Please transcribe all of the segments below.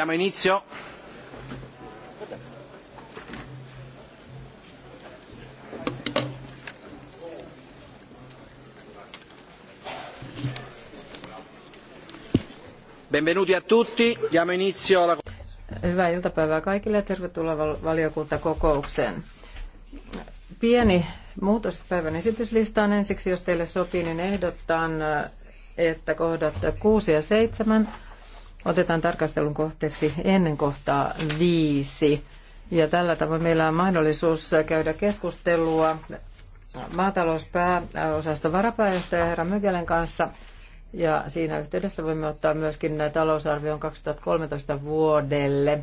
Diamo inizio. Benvenuti a tutti. Diamo inizio alla... Hyvää iltapäivää kaikille ja tervetuloa valiokuntakokoukseen. Pieni muutos päivän esityslistaan ensiksi, jos teille sopii, niin ehdotan, äh, että kohdat 6 ja 7 otetaan tarkastelun kohteeksi ennen kohtaa viisi. Ja tällä tavalla meillä on mahdollisuus käydä keskustelua maatalouspääosaston varapääjohtaja herra Mykelen kanssa. Ja siinä yhteydessä voimme ottaa myöskin talousarvion 2013 vuodelle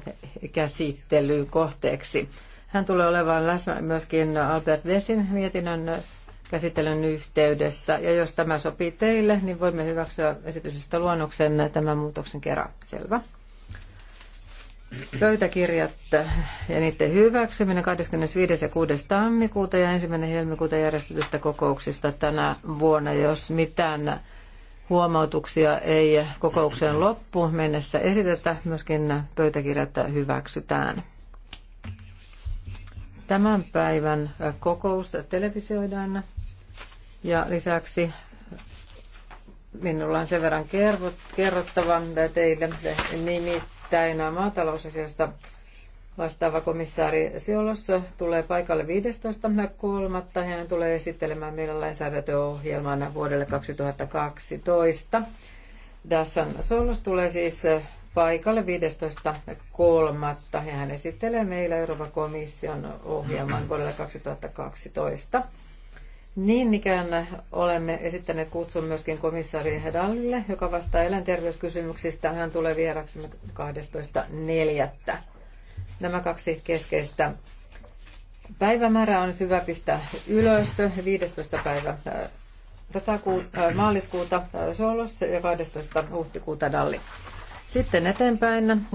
käsittelyyn kohteeksi. Hän tulee olemaan läsnä myöskin Albert Vesin mietinnön käsittelyn yhteydessä. Ja jos tämä sopii teille, niin voimme hyväksyä esityksestä luonnoksen tämän muutoksen kerran. Selvä. Pöytäkirjat ja niiden hyväksyminen 25. ja 6. tammikuuta ja 1. helmikuuta järjestetystä kokouksista tänä vuonna, jos mitään huomautuksia ei kokouksen loppu mennessä esitetä, myöskin pöytäkirjat hyväksytään. Tämän päivän kokous televisioidaan ja lisäksi minulla on sen verran kerrottava teille nimittäin maatalousasiasta Vastaava komissaari Siolossa tulee paikalle 15.3. hän tulee esittelemään meillä lainsäädäntöohjelman vuodelle 2012. Dassan Solos tulee siis paikalle 15.3. ja hän esittelee meillä Euroopan komission ohjelman vuodelle 2012. Niin ikään olemme esittäneet kutsun myöskin komissaari Hedallille, joka vastaa eläinterveyskysymyksistä. Hän tulee vieraksi 12.4. Nämä kaksi keskeistä päivämäärää on nyt hyvä pistää ylös. 15. päivä äh, tätä äh, maaliskuuta äh, Solossa ja 12. huhtikuuta Dalli. Sitten eteenpäin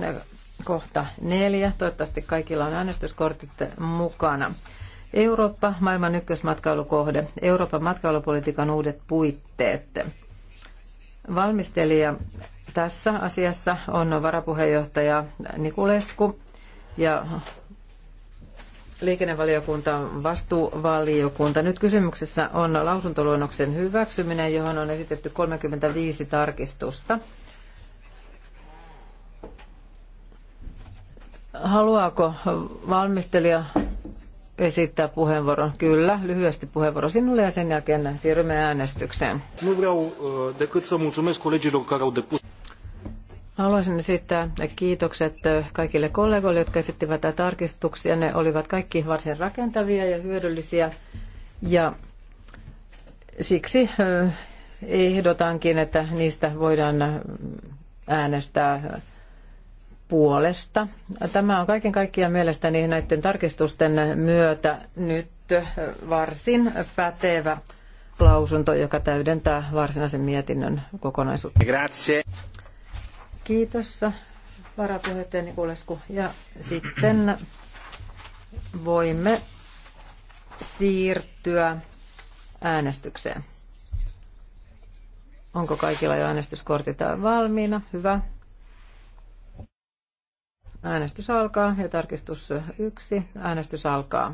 kohta neljä. Toivottavasti kaikilla on äänestyskortit mukana. Eurooppa, maailman ykkösmatkailukohde, Euroopan matkailupolitiikan uudet puitteet. Valmistelija tässä asiassa on varapuheenjohtaja Nikulesku ja liikennevaliokunta on vastuuvaliokunta. Nyt kysymyksessä on lausuntoluonnoksen hyväksyminen, johon on esitetty 35 tarkistusta. Haluaako valmistelija esittää puheenvuoron? Kyllä, lyhyesti puheenvuoro sinulle ja sen jälkeen siirrymme äänestykseen. Nu uh, Haluaisin esittää kiitokset uh, kaikille kollegoille, jotka esittivät tarkistuksia. Ne olivat kaikki varsin rakentavia ja hyödyllisiä. Ja siksi uh, ehdotankin, että niistä voidaan äänestää puolesta. Tämä on kaiken kaikkiaan mielestäni näiden tarkistusten myötä nyt varsin pätevä lausunto, joka täydentää varsinaisen mietinnön kokonaisuutta. Grazie. Kiitos varapuheenjohtaja Nikulesku. Ja sitten voimme siirtyä äänestykseen. Onko kaikilla jo äänestyskortit valmiina? Hyvä. Äänestys alkaa ja tarkistus yksi. Äänestys alkaa.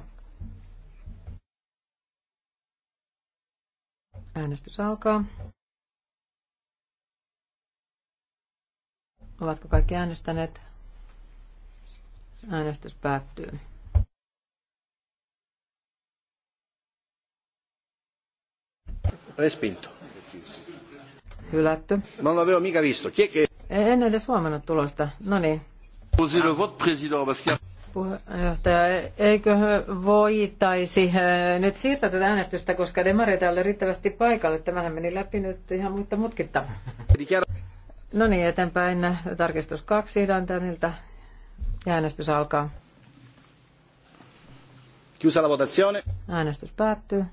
Äänestys alkaa. Ovatko kaikki äänestäneet? Äänestys päättyy. Respinto. Hylätty. Non l'avevo mica visto. Chi è che... En edes huomannut tulosta. No niin, Puheenjohtaja, eikö voitaisi äh, nyt siirtää tätä äänestystä, koska demareita ei ole riittävästi paikalla. Tämähän meni läpi nyt ihan muutta mutkitta. No niin, eteenpäin. Tarkistus kaksi Dantanilta. Ja äänestys alkaa. Chiusa la votazione. Äänestys päättyy.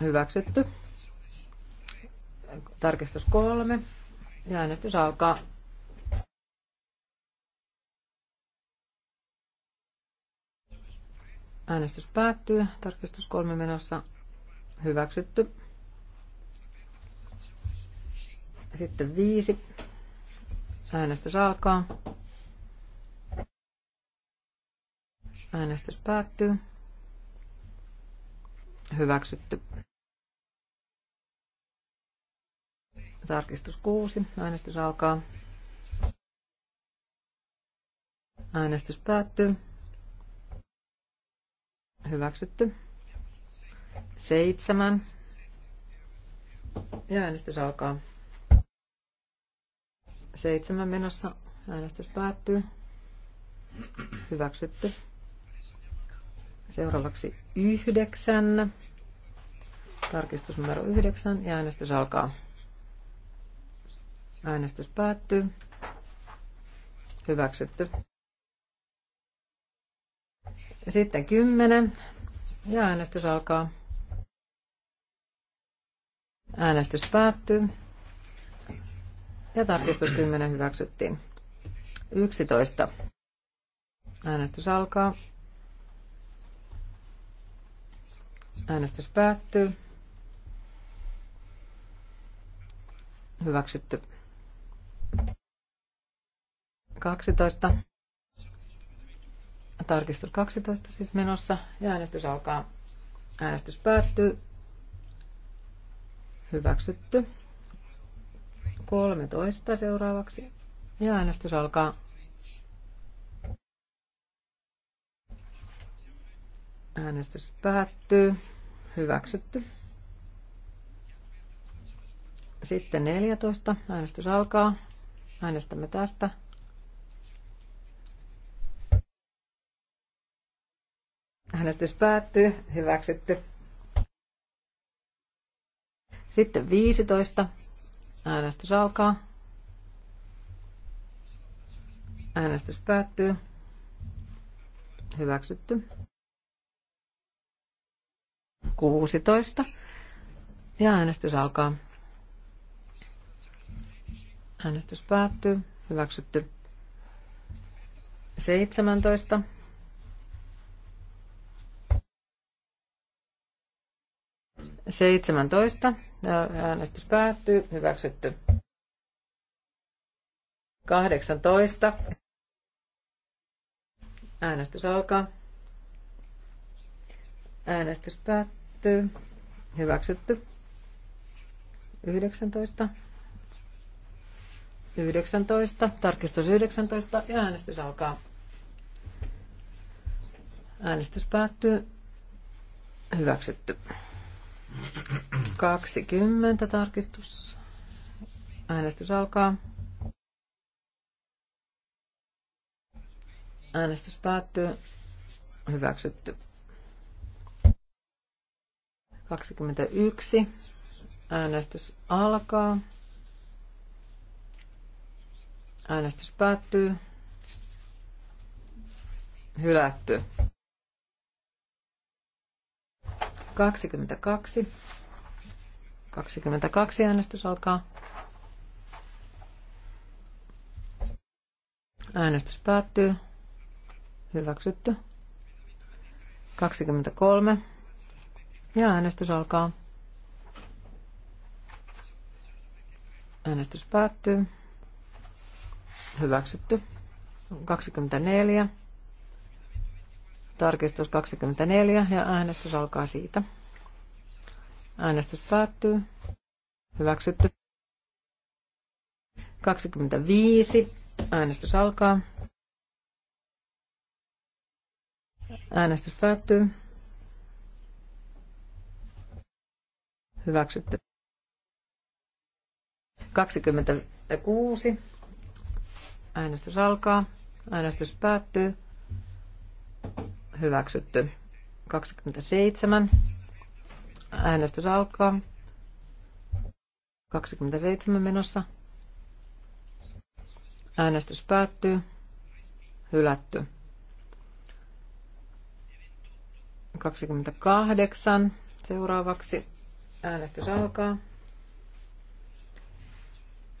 Hyväksytty. Tarkistus kolme. Ja äänestys alkaa. Äänestys päättyy. Tarkistus kolme menossa. Hyväksytty. Sitten viisi. Äänestys alkaa. Äänestys päättyy. Hyväksytty. Tarkistus kuusi. Äänestys alkaa. Äänestys päättyy. Hyväksytty. Seitsemän. Ja äänestys alkaa. Seitsemän menossa. Äänestys päättyy. Hyväksytty. Seuraavaksi yhdeksän. Tarkistus numero yhdeksän ja äänestys alkaa. Äänestys päättyy. Hyväksytty. Sitten kymmenen ja äänestys alkaa. Äänestys päättyy. Ja tarkistus 10 hyväksyttiin. 11. Äänestys alkaa. Äänestys päättyy. Hyväksytty. 12. Tarkistus 12 siis menossa ja äänestys alkaa. Äänestys päättyy. Hyväksytty. 13 seuraavaksi ja äänestys alkaa. Äänestys päättyy. Hyväksytty. Sitten 14. Äänestys alkaa. Äänestämme tästä. Äänestys päättyy. Hyväksytty. Sitten 15. Äänestys alkaa. Äänestys päättyy. Hyväksytty. 16. Ja äänestys alkaa. Äänestys päättyy. Hyväksytty. 17. 17. Äänestys päättyy. Hyväksytty. 18. Äänestys alkaa. Äänestys päättyy. Hyväksytty. 19. 19. Tarkistus 19 ja äänestys alkaa. Äänestys päättyy. Hyväksytty. 20 tarkistus. Äänestys alkaa. Äänestys päättyy. Hyväksytty. 21. Äänestys alkaa. Äänestys päättyy. Hylätty. 22. 22 äänestys alkaa. Äänestys päättyy. Hyväksytty. 23. Ja äänestys alkaa. Äänestys päättyy. Hyväksytty. 24. Tarkistus 24 ja äänestys alkaa siitä. Äänestys päättyy. Hyväksytty. 25. Äänestys alkaa. Äänestys päättyy. Hyväksytty. 26. Äänestys alkaa. Äänestys päättyy hyväksytty. 27. Äänestys alkaa. 27 menossa. Äänestys päättyy. Hylätty. 28. Seuraavaksi äänestys alkaa.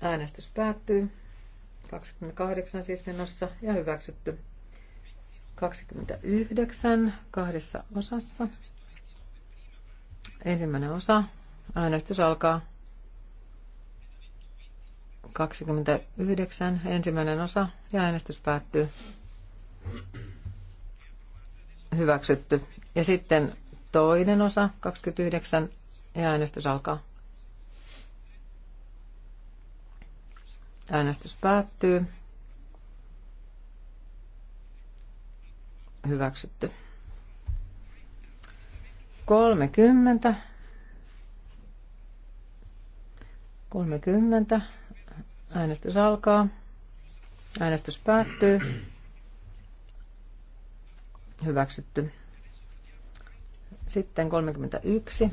Äänestys päättyy. 28 siis menossa ja hyväksytty. 29 kahdessa osassa. Ensimmäinen osa. Äänestys alkaa. 29 ensimmäinen osa ja äänestys päättyy. Hyväksytty. Ja sitten toinen osa 29 ja äänestys alkaa. Äänestys päättyy. hyväksytty. 30. 30. Äänestys alkaa. Äänestys päättyy. Hyväksytty. Sitten 31.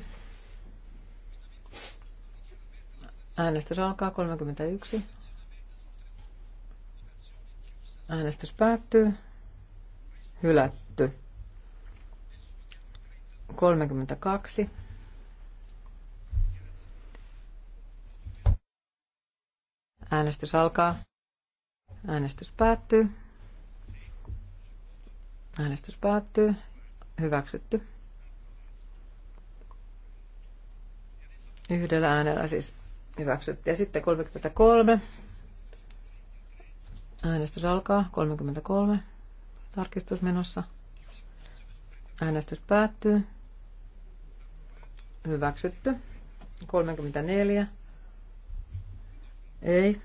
Äänestys alkaa 31. Äänestys päättyy hylätty. 32. Äänestys alkaa. Äänestys päättyy. Äänestys päättyy. Hyväksytty. Yhdellä äänellä siis hyväksytty. Ja sitten 33. Äänestys alkaa. 33. Tarkistus menossa. Äänestys päättyy. Hyväksytty. 34. Ei.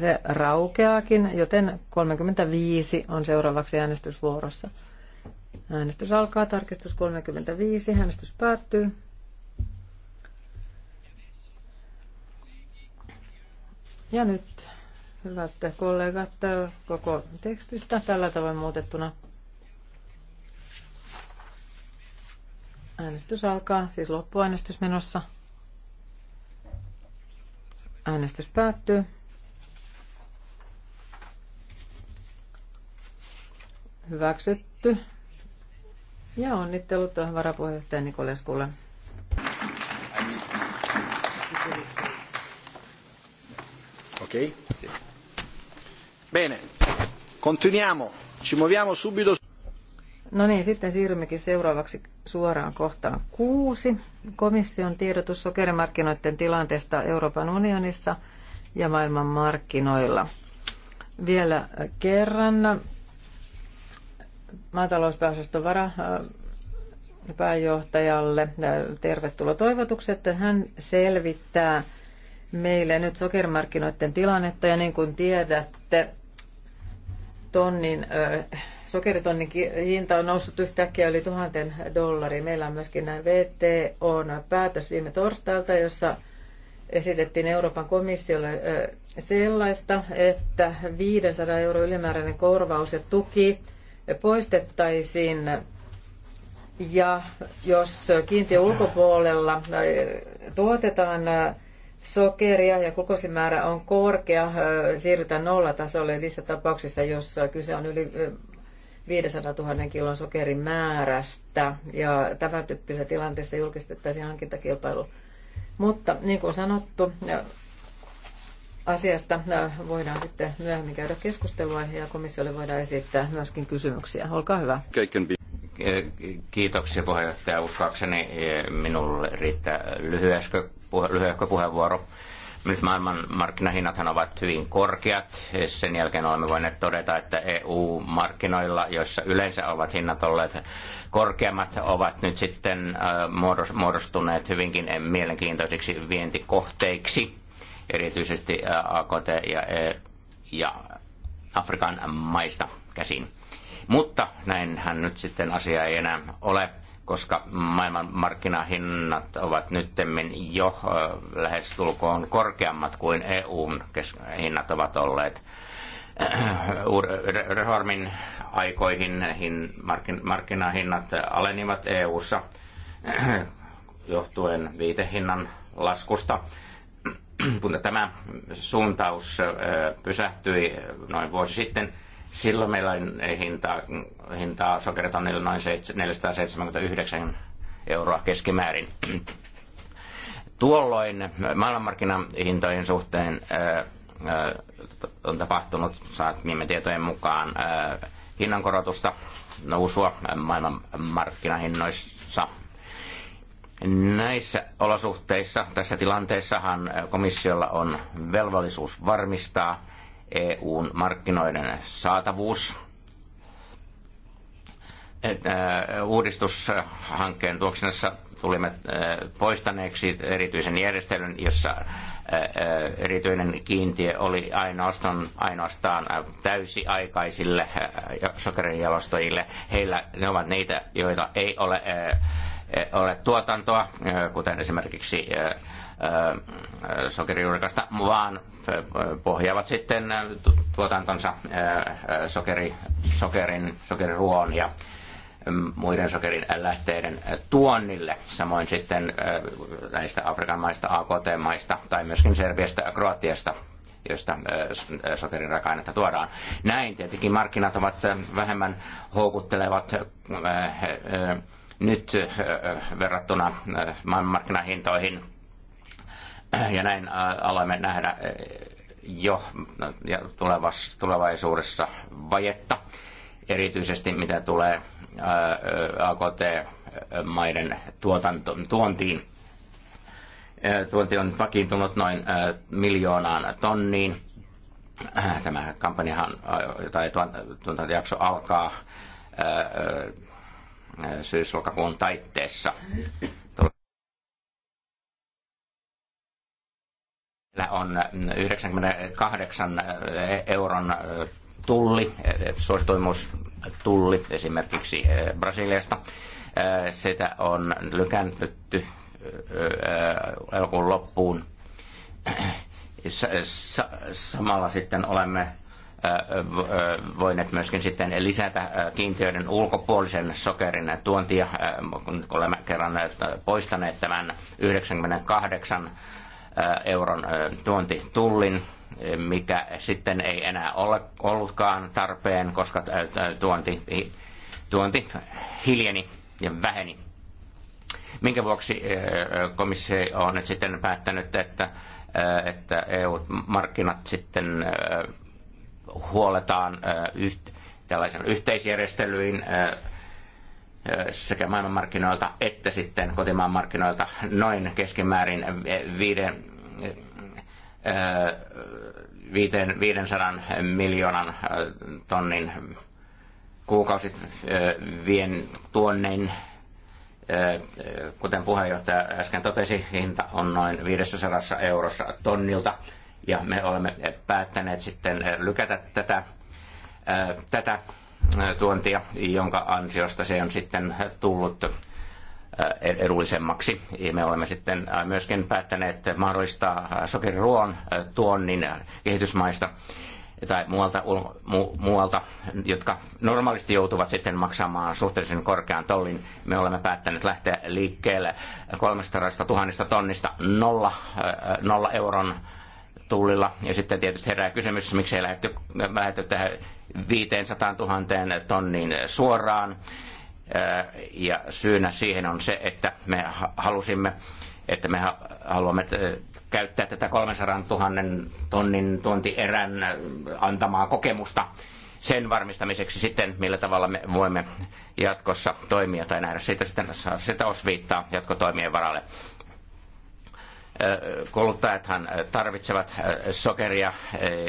Se raukeakin, joten 35 on seuraavaksi äänestysvuorossa. Äänestys alkaa, tarkistus 35, äänestys päättyy. Ja nyt Hyvät kollegat, koko tekstistä tällä tavoin muutettuna. Äänestys alkaa, siis loppuäänestys menossa. Äänestys päättyy. Hyväksytty. Ja onnittelut varapuheenjohtaja Nikoleskulle. Okei. Okay. Bene, continuiamo. Ci muoviamo subito. No niin, sitten siirrymmekin seuraavaksi suoraan kohtaan kuusi. Komission tiedotus sokerimarkkinoiden tilanteesta Euroopan unionissa ja maailman markkinoilla. Vielä kerran maatalouspääosaston vara äh, pääjohtajalle äh, tervetuloa toivotukset, että hän selvittää meille nyt sokerimarkkinoiden tilannetta ja niin kuin tiedätte, tonnin, sokeritonnin hinta on noussut yhtäkkiä yli tuhanten dollariin. Meillä on myöskin VTOn päätös viime torstailta, jossa esitettiin Euroopan komissiolle sellaista, että 500 euro ylimääräinen korvaus ja tuki poistettaisiin ja jos kiintiön ulkopuolella tuotetaan sokeria ja glukosimäärä on korkea, siirrytään nollatasolle niissä tapauksissa, jossa kyse on yli 500 000 kilon sokerin määrästä. Ja tämän tyyppisessä tilanteessa julkistettaisiin hankintakilpailu. Mutta niin kuin sanottu, asiasta voidaan sitten myöhemmin käydä keskustelua ja komissiolle voidaan esittää myöskin kysymyksiä. Olkaa hyvä. Kiitoksia puheenjohtaja. Uskoakseni e, minulle riittää lyhyesti puhe, lyhyehkö puheenvuoro. Nyt maailmanmarkkinahinnathan ovat hyvin korkeat. Sen jälkeen olemme voineet todeta, että EU-markkinoilla, joissa yleensä ovat hinnat olleet korkeammat, ovat nyt sitten äh, muodostuneet hyvinkin eh, mielenkiintoisiksi vientikohteiksi, erityisesti äh, AKT ja, e ja Afrikan maista käsin. Mutta näinhän nyt sitten asia ei enää ole koska maailmanmarkkinahinnat ovat nyt jo lähestulkoon korkeammat kuin EUn hinnat ovat olleet. Reformin aikoihin markkinahinnat alenivat EUssa johtuen viitehinnan laskusta. Kun tämä suuntaus pysähtyi noin vuosi sitten, Silloin meillä oli hintaa, hintaa sokeritonnilla noin 479 euroa keskimäärin. Tuolloin maailmanmarkkinahintojen suhteen on tapahtunut saamiemme tietojen mukaan hinnankorotusta, nousua maailmanmarkkinahinnoissa. Näissä olosuhteissa, tässä tilanteessahan komissiolla on velvollisuus varmistaa, EUn markkinoiden saatavuus. Uudistushankkeen tuoksinnassa tulimme poistaneeksi erityisen järjestelyn, jossa erityinen kiintiö oli ainoastaan, ainoastaan täysiaikaisille sokerijalostajille. Heillä ne ovat niitä, joita ei ole, ole tuotantoa, kuten esimerkiksi sokerijuurikasta, vaan pohjaavat sitten tuotantonsa sokeri, sokerin, sokeriruon ja muiden sokerin lähteiden tuonnille, samoin sitten näistä Afrikan maista, AKT-maista tai myöskin Serbiasta ja Kroatiasta josta sokerin raaka-ainetta tuodaan. Näin tietenkin markkinat ovat vähemmän houkuttelevat nyt verrattuna maailmanmarkkinahintoihin Ja näin aloimme nähdä jo no, tulevaisuudessa vajetta, erityisesti mitä tulee AKT-maiden tuotanto, tuontiin. Tuonti on vakiintunut noin miljoonaan tonniin. Äh, tämä kampanjahan tai tuotantojakso alkaa syys taitteessa. on 98 euron tulli, tulli esimerkiksi Brasiliasta. Sitä on lykännytty elokuun loppuun. Samalla sitten olemme voineet myöskin sitten lisätä kiintiöiden ulkopuolisen sokerin tuontia, kun olemme kerran poistaneet tämän 98 euron tuontitullin, mikä sitten ei enää ole ollutkaan tarpeen, koska tuonti, tuonti hiljeni ja väheni. Minkä vuoksi komissio on nyt sitten päättänyt, että, että EU-markkinat sitten huoletaan tällaisen yhteisjärjestelyin sekä maailmanmarkkinoilta että sitten kotimaan markkinoilta noin keskimäärin viiden, eh, viiden, 500 miljoonan eh, tonnin kuukausit eh, vien tuonnein. Kuten puheenjohtaja äsken totesi, hinta on noin 500 eurossa tonnilta ja me olemme päättäneet sitten lykätä tätä, tätä tuontia, jonka ansiosta se on sitten tullut eh, edullisemmaksi. Me olemme sitten eh, myöskin päättäneet mahdollistaa eh, sokeriruoan tuonnin kehitysmaista tai muualta, mu, muualta, jotka normaalisti joutuvat sitten maksamaan suhteellisen korkean tollin. Me olemme päättäneet lähteä liikkeelle 300 000 tonnista nolla, nolla euron tullilla. Ja sitten tietysti herää kysymys, miksi ei lähdetty, lähdetty tähän 500 000 tonniin suoraan. Äh, ja syynä siihen on se, että me halusimme, että me haluamme äh, käyttää tätä 300 000 tonnin tuontierän äh, antamaa kokemusta sen varmistamiseksi sitten, millä tavalla me voimme jatkossa toimia tai nähdä siitä sitten sitä osviittaa jatkotoimien varalle. Kuluttajathan tarvitsevat äh, sokeria, äh,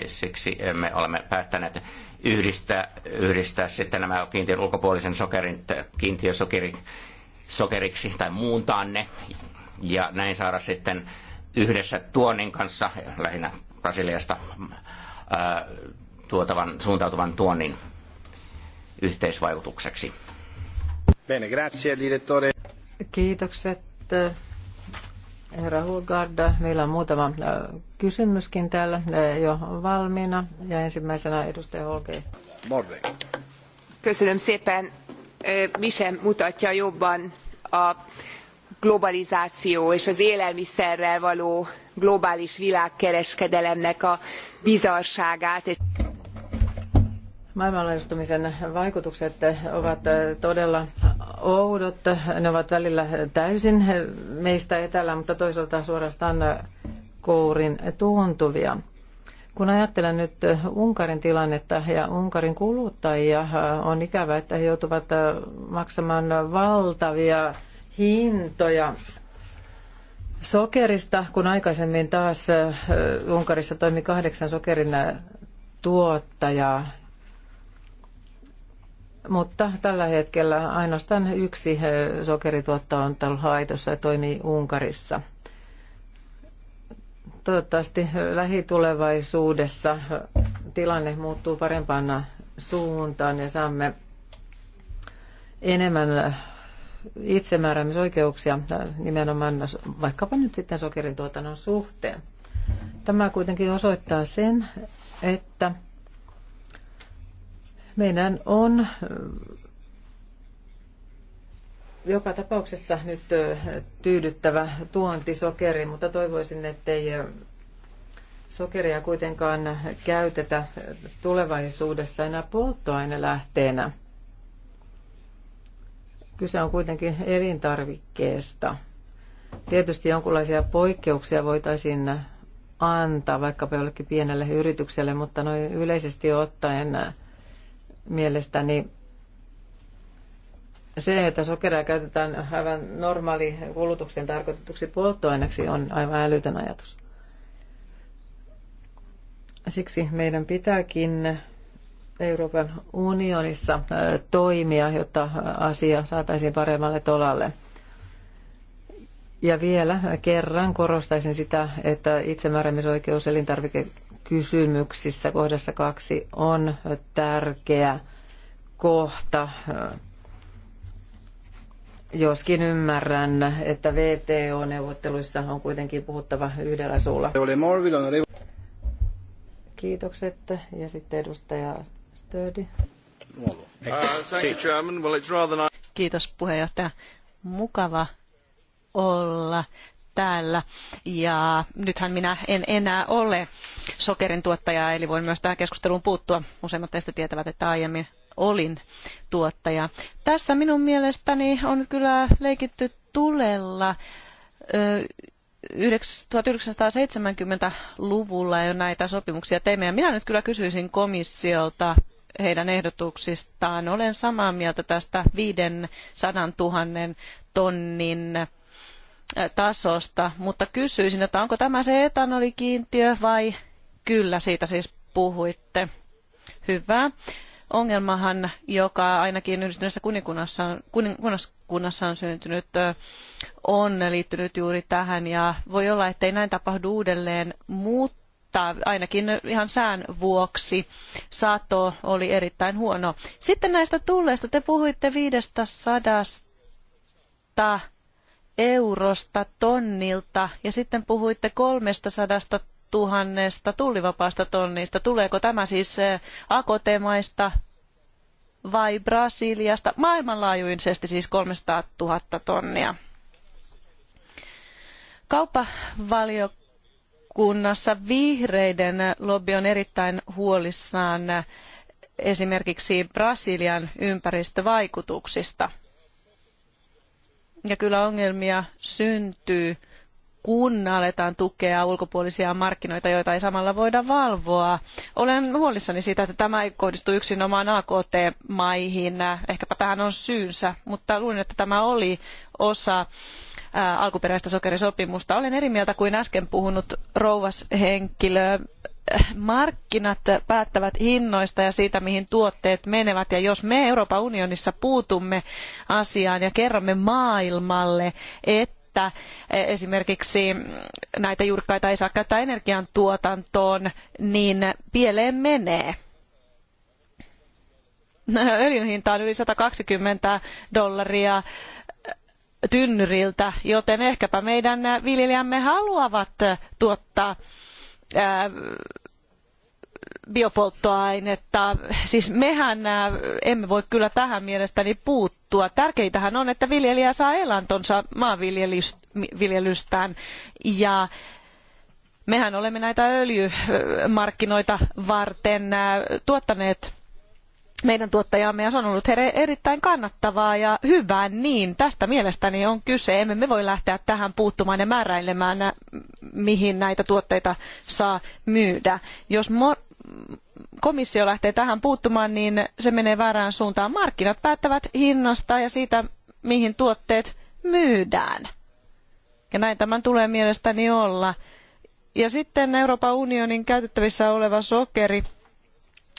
siksi me olemme päättäneet yhdistää, yhdistää sitten nämä kiintiön ulkopuolisen sokerin kiintiösokeri sokeriksi tai muuntaa ne ja näin saada sitten yhdessä tuonnin kanssa, lähinnä Brasiliasta äh, tuotavan, suuntautuvan tuonnin yhteisvaikutukseksi. Bene, grazie, direttore. Kiitokset Herra Hulgard, meillä on muutama äh, kysymyskin täällä äh, jo valmiina. Ja ensimmäisenä edustaja Holke. Morde. Köszönöm szépen. Mi sem mutatja jobban a globalizáció és az élelmiszerrel való globális világkereskedelemnek a bizarságát. Maailmanlaajuistumisen vaikutukset ovat todella oudot. Ne ovat välillä täysin meistä etällä mutta toisaalta suorastaan kourin tuntuvia. Kun ajattelen nyt Unkarin tilannetta ja Unkarin kuluttajia, on ikävä, että he joutuvat maksamaan valtavia hintoja sokerista, kun aikaisemmin taas Unkarissa toimi kahdeksan sokerin tuottajaa mutta tällä hetkellä ainoastaan yksi eh, sokerituottaja on täällä haitossa ja toimii Unkarissa. Toivottavasti lähitulevaisuudessa tilanne muuttuu parempaan suuntaan ja saamme enemmän itsemääräämisoikeuksia eh, nimenomaan vaikkapa nyt sitten sokerin tuotannon suhteen. Tämä kuitenkin osoittaa sen, että meidän on joka tapauksessa nyt tyydyttävä tuontisokeri, mutta toivoisin, ettei sokeria kuitenkaan käytetä tulevaisuudessa enää polttoainelähteenä. Kyse on kuitenkin elintarvikkeesta. Tietysti jonkinlaisia poikkeuksia voitaisiin antaa vaikkapa jollekin pienelle yritykselle, mutta noin yleisesti ottaen mielestäni se, että sokeria käytetään aivan normaali kulutuksen tarkoitetuksi polttoaineeksi, on aivan älytön ajatus. Siksi meidän pitääkin Euroopan unionissa toimia, jotta asia saataisiin paremmalle tolalle. Ja vielä kerran korostaisin sitä, että itsemääräämisoikeus elintarvike- kysymyksissä kohdassa kaksi on tärkeä kohta. Joskin ymmärrän, että VTO-neuvotteluissa on kuitenkin puhuttava yhdellä suulla. Kiitokset. Ja sitten edustaja Stödi. Kiitos puheenjohtaja. Mukava olla täällä. Ja nythän minä en enää ole sokerin tuottaja, eli voin myös tähän keskusteluun puuttua. Useimmat teistä tietävät, että aiemmin olin tuottaja. Tässä minun mielestäni on kyllä leikitty tulella. 1970-luvulla jo näitä sopimuksia teimme, ja minä nyt kyllä kysyisin komissiolta heidän ehdotuksistaan. Olen samaa mieltä tästä 500 000 tonnin tasosta, mutta kysyisin, että onko tämä se etanolikiintiö vai kyllä, siitä siis puhuitte. Hyvä. Ongelmahan, joka ainakin yhdistyneessä kuninkunnassa on, kuninkunnassa on syntynyt, on liittynyt juuri tähän ja voi olla, ettei näin tapahdu uudelleen, mutta mutta ainakin ihan sään vuoksi sato oli erittäin huono. Sitten näistä tulleista te puhuitte 500 eurosta tonnilta ja sitten puhuitte 300 tuhannesta tullivapaasta tonnista. Tuleeko tämä siis eh, akotemaista vai Brasiliasta? Maailmanlaajuisesti siis 300 000 tonnia. Kauppavaliokunnassa vihreiden lobby on erittäin huolissaan eh, esimerkiksi Brasilian ympäristövaikutuksista – ja kyllä ongelmia syntyy, kun aletaan tukea ulkopuolisia markkinoita, joita ei samalla voida valvoa. Olen huolissani siitä, että tämä ei kohdistu yksinomaan AKT-maihin. Ehkäpä tähän on syynsä, mutta luulen, että tämä oli osa alkuperäistä sokerisopimusta. Olen eri mieltä kuin äsken puhunut rouvas henkilö markkinat päättävät hinnoista ja siitä, mihin tuotteet menevät. Ja jos me Euroopan unionissa puutumme asiaan ja kerromme maailmalle, että että esimerkiksi näitä jurkkaita ei saa käyttää energiantuotantoon, niin pieleen menee. Öljyn hinta on yli 120 dollaria tynnyriltä, joten ehkäpä meidän viljelijämme haluavat tuottaa biopolttoainetta. Siis mehän emme voi kyllä tähän mielestäni puuttua. Tärkeintähän on, että viljelijä saa elantonsa maanviljelystään ja mehän olemme näitä öljymarkkinoita varten tuottaneet meidän tuottajamme ja se on ollut erittäin kannattavaa ja hyvää niin. Tästä mielestäni on kyse. Emme me voi lähteä tähän puuttumaan ja määräilemään, äh, mihin näitä tuotteita saa myydä. Jos komissio lähtee tähän puuttumaan, niin se menee väärään suuntaan. Markkinat päättävät hinnasta ja siitä, mihin tuotteet myydään. Ja näin tämän tulee mielestäni olla. Ja sitten Euroopan unionin käytettävissä oleva sokeri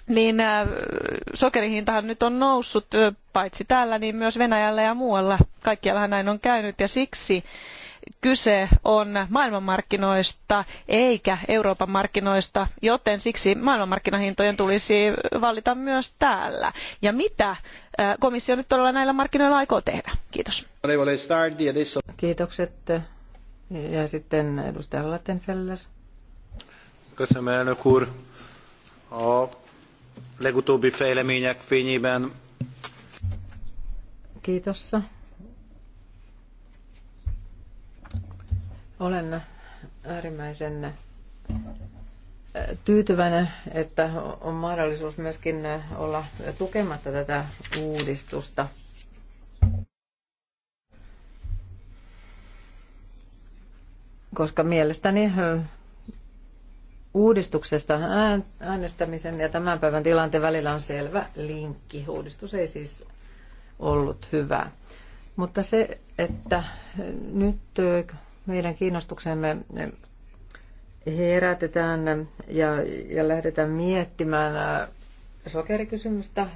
niin äh, sokerihintahan nyt on noussut paitsi täällä, niin myös Venäjällä ja muualla. Kaikkiallahan näin on käynyt ja siksi kyse on maailmanmarkkinoista eikä Euroopan markkinoista, joten siksi maailmanmarkkinahintojen tulisi vallita myös täällä. Ja mitä äh, komissio nyt todella näillä markkinoilla aikoo tehdä? Kiitos. Kiitokset. Ja sitten edustaja Lattenfeller. Köszönöm, legutóbbi fejlemények fényében. Kiitos. Olen äärimmäisen tyytyväinen, että on mahdollisuus myöskin olla tukematta tätä uudistusta. Koska mielestäni uudistuksesta äänestämisen ja tämän päivän tilanteen välillä on selvä linkki. Uudistus ei siis ollut hyvä. Mutta se, että nyt meidän kiinnostuksemme herätetään ja, ja lähdetään miettimään sokerikysymystä,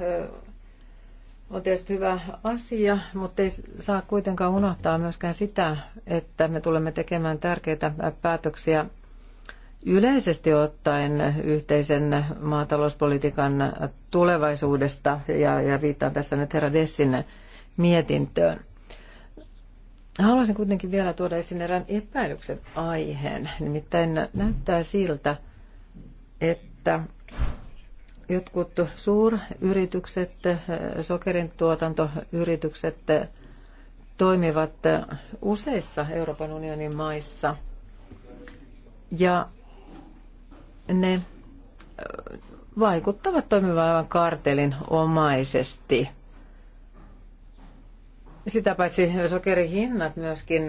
on tietysti hyvä asia, mutta ei saa kuitenkaan unohtaa myöskään sitä, että me tulemme tekemään tärkeitä päätöksiä yleisesti ottaen yhteisen maatalouspolitiikan tulevaisuudesta, ja, ja viittaan tässä nyt herra Dessin mietintöön. Haluaisin kuitenkin vielä tuoda esiin erään epäilyksen aiheen. Nimittäin näyttää siltä, että jotkut suuryritykset, sokerin tuotantoyritykset toimivat useissa Euroopan unionin maissa. Ja ne vaikuttavat toimivan aivan kartelin omaisesti. Sitä paitsi sokerihinnat myöskin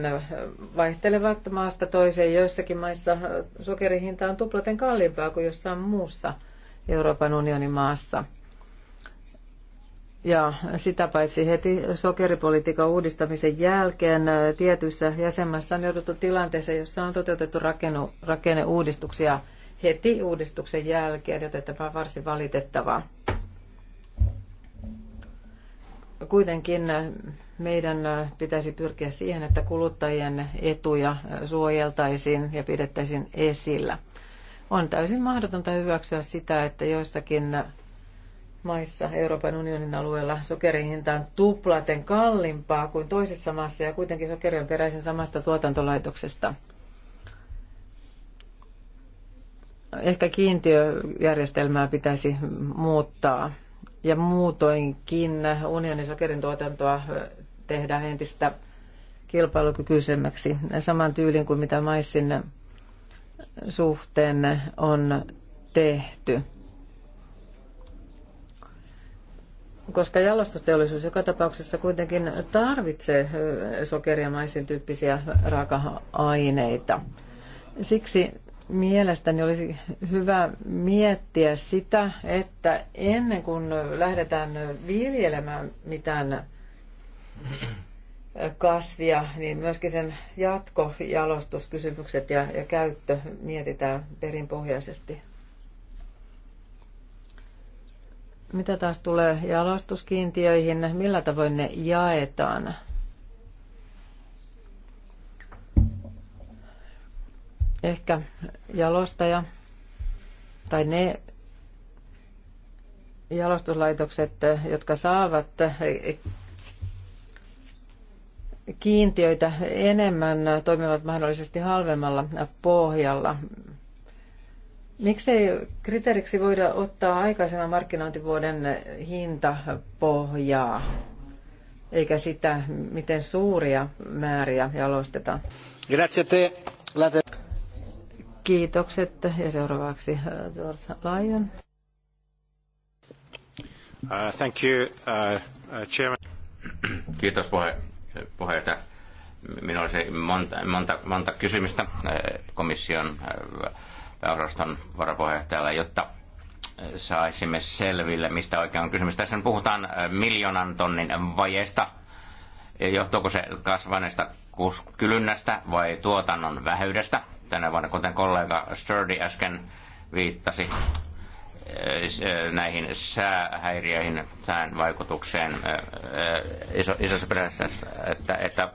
vaihtelevat maasta toiseen. Joissakin maissa sokerihinta on tuplaten kalliimpaa kuin jossain muussa Euroopan unionin maassa. Ja sitä paitsi heti sokeripolitiikan uudistamisen jälkeen tietyissä jäsenmaissa on jouduttu tilanteeseen, jossa on toteutettu rakenne, rakenneuudistuksia – heti uudistuksen jälkeen, joten tämä on varsin valitettavaa. Kuitenkin meidän pitäisi pyrkiä siihen, että kuluttajien etuja suojeltaisiin ja pidettäisiin esillä. On täysin mahdotonta hyväksyä sitä, että joissakin maissa Euroopan unionin alueella sokerin hinta on tuplaten kalliimpaa kuin toisessa maassa ja kuitenkin sokeri on peräisin samasta tuotantolaitoksesta – ehkä kiintiöjärjestelmää pitäisi muuttaa ja muutoinkin unionin sokerin tuotantoa tehdään entistä kilpailukykyisemmäksi saman tyylin kuin mitä maissin suhteen on tehty. Koska jalostusteollisuus joka tapauksessa kuitenkin tarvitsee sokeria maisin tyyppisiä raaka-aineita. Siksi mielestäni olisi hyvä miettiä sitä, että ennen kuin lähdetään viljelemään mitään kasvia, niin myöskin sen jatkojalostuskysymykset ja, ja käyttö mietitään perinpohjaisesti. Mitä taas tulee jalostuskiintiöihin, millä tavoin ne jaetaan? ehkä jalostaja tai ne jalostuslaitokset, jotka saavat kiintiöitä enemmän, toimivat mahdollisesti halvemmalla pohjalla. Miksei kriteeriksi voida ottaa aikaisemman markkinointivuoden hintapohjaa, eikä sitä, miten suuria määriä jalostetaan? Grazie te. Kiitokset. Ja seuraavaksi äh, George Lyon. Uh, thank you, uh, uh chairman. Kiitos puhe, puheenjohtaja. Minulla olisi monta, monta, monta kysymystä äh, komission äh, pääosaston varapuheenjohtajalle, jotta saisimme selville, mistä oikein on kysymys. Tässä puhutaan miljoonan tonnin vajeesta. Johtuuko se kasvaneesta kylynnästä vai tuotannon vähyydestä? tänä vuonna, kuten kollega Sturdy äsken viittasi eh, eh, näihin säähäiriöihin, sään vaikutukseen eh, isossa perässä, että, että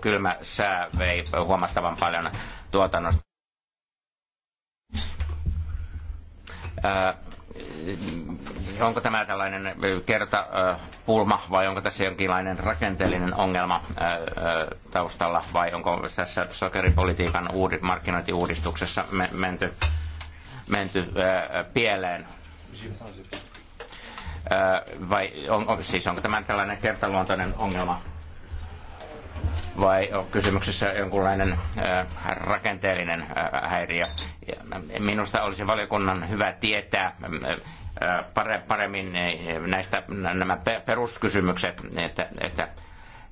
kylmä sää vei huomattavan paljon tuotannosta onko tämä tällainen kerta pulma vai onko tässä jonkinlainen rakenteellinen ongelma taustalla vai onko tässä sokeripolitiikan uudit, markkinointiuudistuksessa menty, menty pieleen? Vai on, siis onko tämä tällainen kertaluontoinen ongelma? vai on kysymyksessä jonkunlainen äh, rakenteellinen äh, häiriö. Äh, minusta olisi valiokunnan hyvä tietää paremmin näistä nämä peruskysymykset, että, että,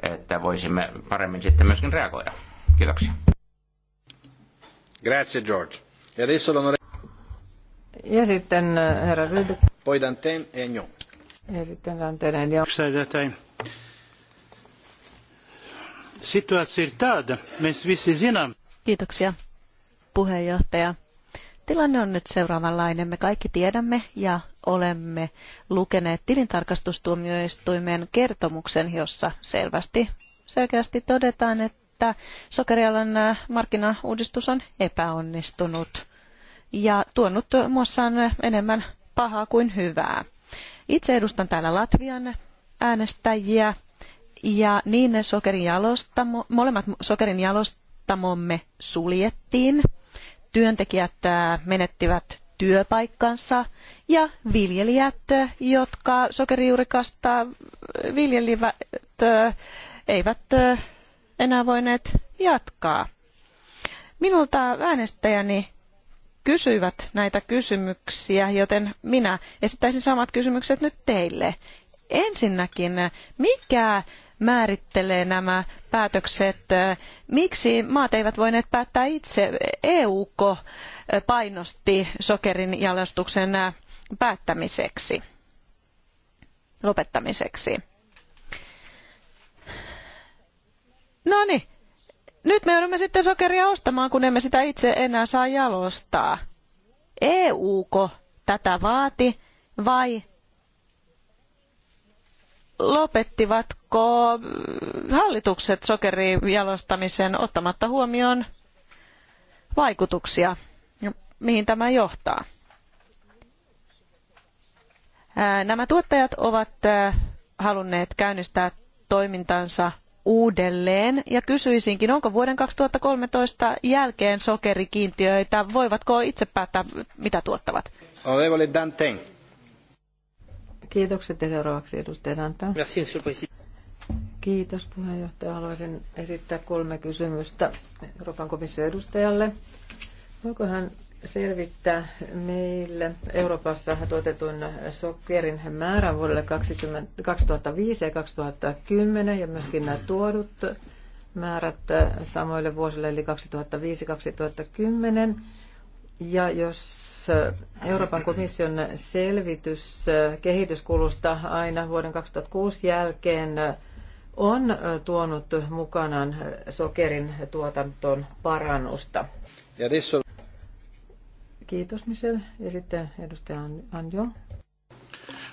että voisimme paremmin sitten myöskin reagoida. Kiitoksia. Grazie George. Ja, e Ja sitten herra Ryby. Poi Dante e Ja sitten Dante e situācija ir tāda, mēs visi zinām. Kiitoksia, puheenjohtaja. Tilanne on nyt seuraavanlainen. Me kaikki tiedämme ja olemme lukeneet tilintarkastustuomioistuimen kertomuksen, jossa selvästi, selkeästi todetaan, että sokerialan äh, markkinauudistus on epäonnistunut ja tuonut muassaan äh, enemmän pahaa kuin hyvää. Itse edustan täällä Latvian äänestäjiä ja niin sokerin jalostamo, molemmat sokerin jalostamomme suljettiin. Työntekijät äh, menettivät työpaikkansa ja viljelijät, äh, jotka sokerijuurikasta äh, viljelivät, eivät enää voineet jatkaa. Minulta äänestäjäni kysyivät näitä kysymyksiä, joten minä esittäisin samat kysymykset nyt teille. Ensinnäkin, mikä määrittelee nämä päätökset. Miksi maat eivät voineet päättää itse? E ko painosti sokerin jalostuksen päättämiseksi, lopettamiseksi? No niin, nyt me joudumme sitten sokeria ostamaan, kun emme sitä itse enää saa jalostaa. E ko tätä vaati vai lopettivatko hallitukset sokerin jalostamisen ottamatta huomioon vaikutuksia, mihin tämä johtaa? Nämä tuottajat ovat halunneet käynnistää toimintansa uudelleen ja kysyisinkin, onko vuoden 2013 jälkeen sokerikiintiöitä, voivatko itse päättää mitä tuottavat? Kiitokset ja seuraavaksi edustaja Ranta. Kiitos puheenjohtaja. Haluaisin esittää kolme kysymystä Euroopan komission edustajalle. Voiko hän selvittää meille Euroopassa tuotetun sokerin määrän vuodelle 20, 2005 ja 2010 ja myöskin nämä tuodut määrät samoille vuosille eli 2005-2010 ja jos äh, Euroopan komission selvitys äh, kehityskulusta aina vuoden 2006 jälkeen äh, on tuonut mukanaan sokerin tuotanton parannusta. Ja on... Kiitos Michel. Ja sitten edustaja Anjo.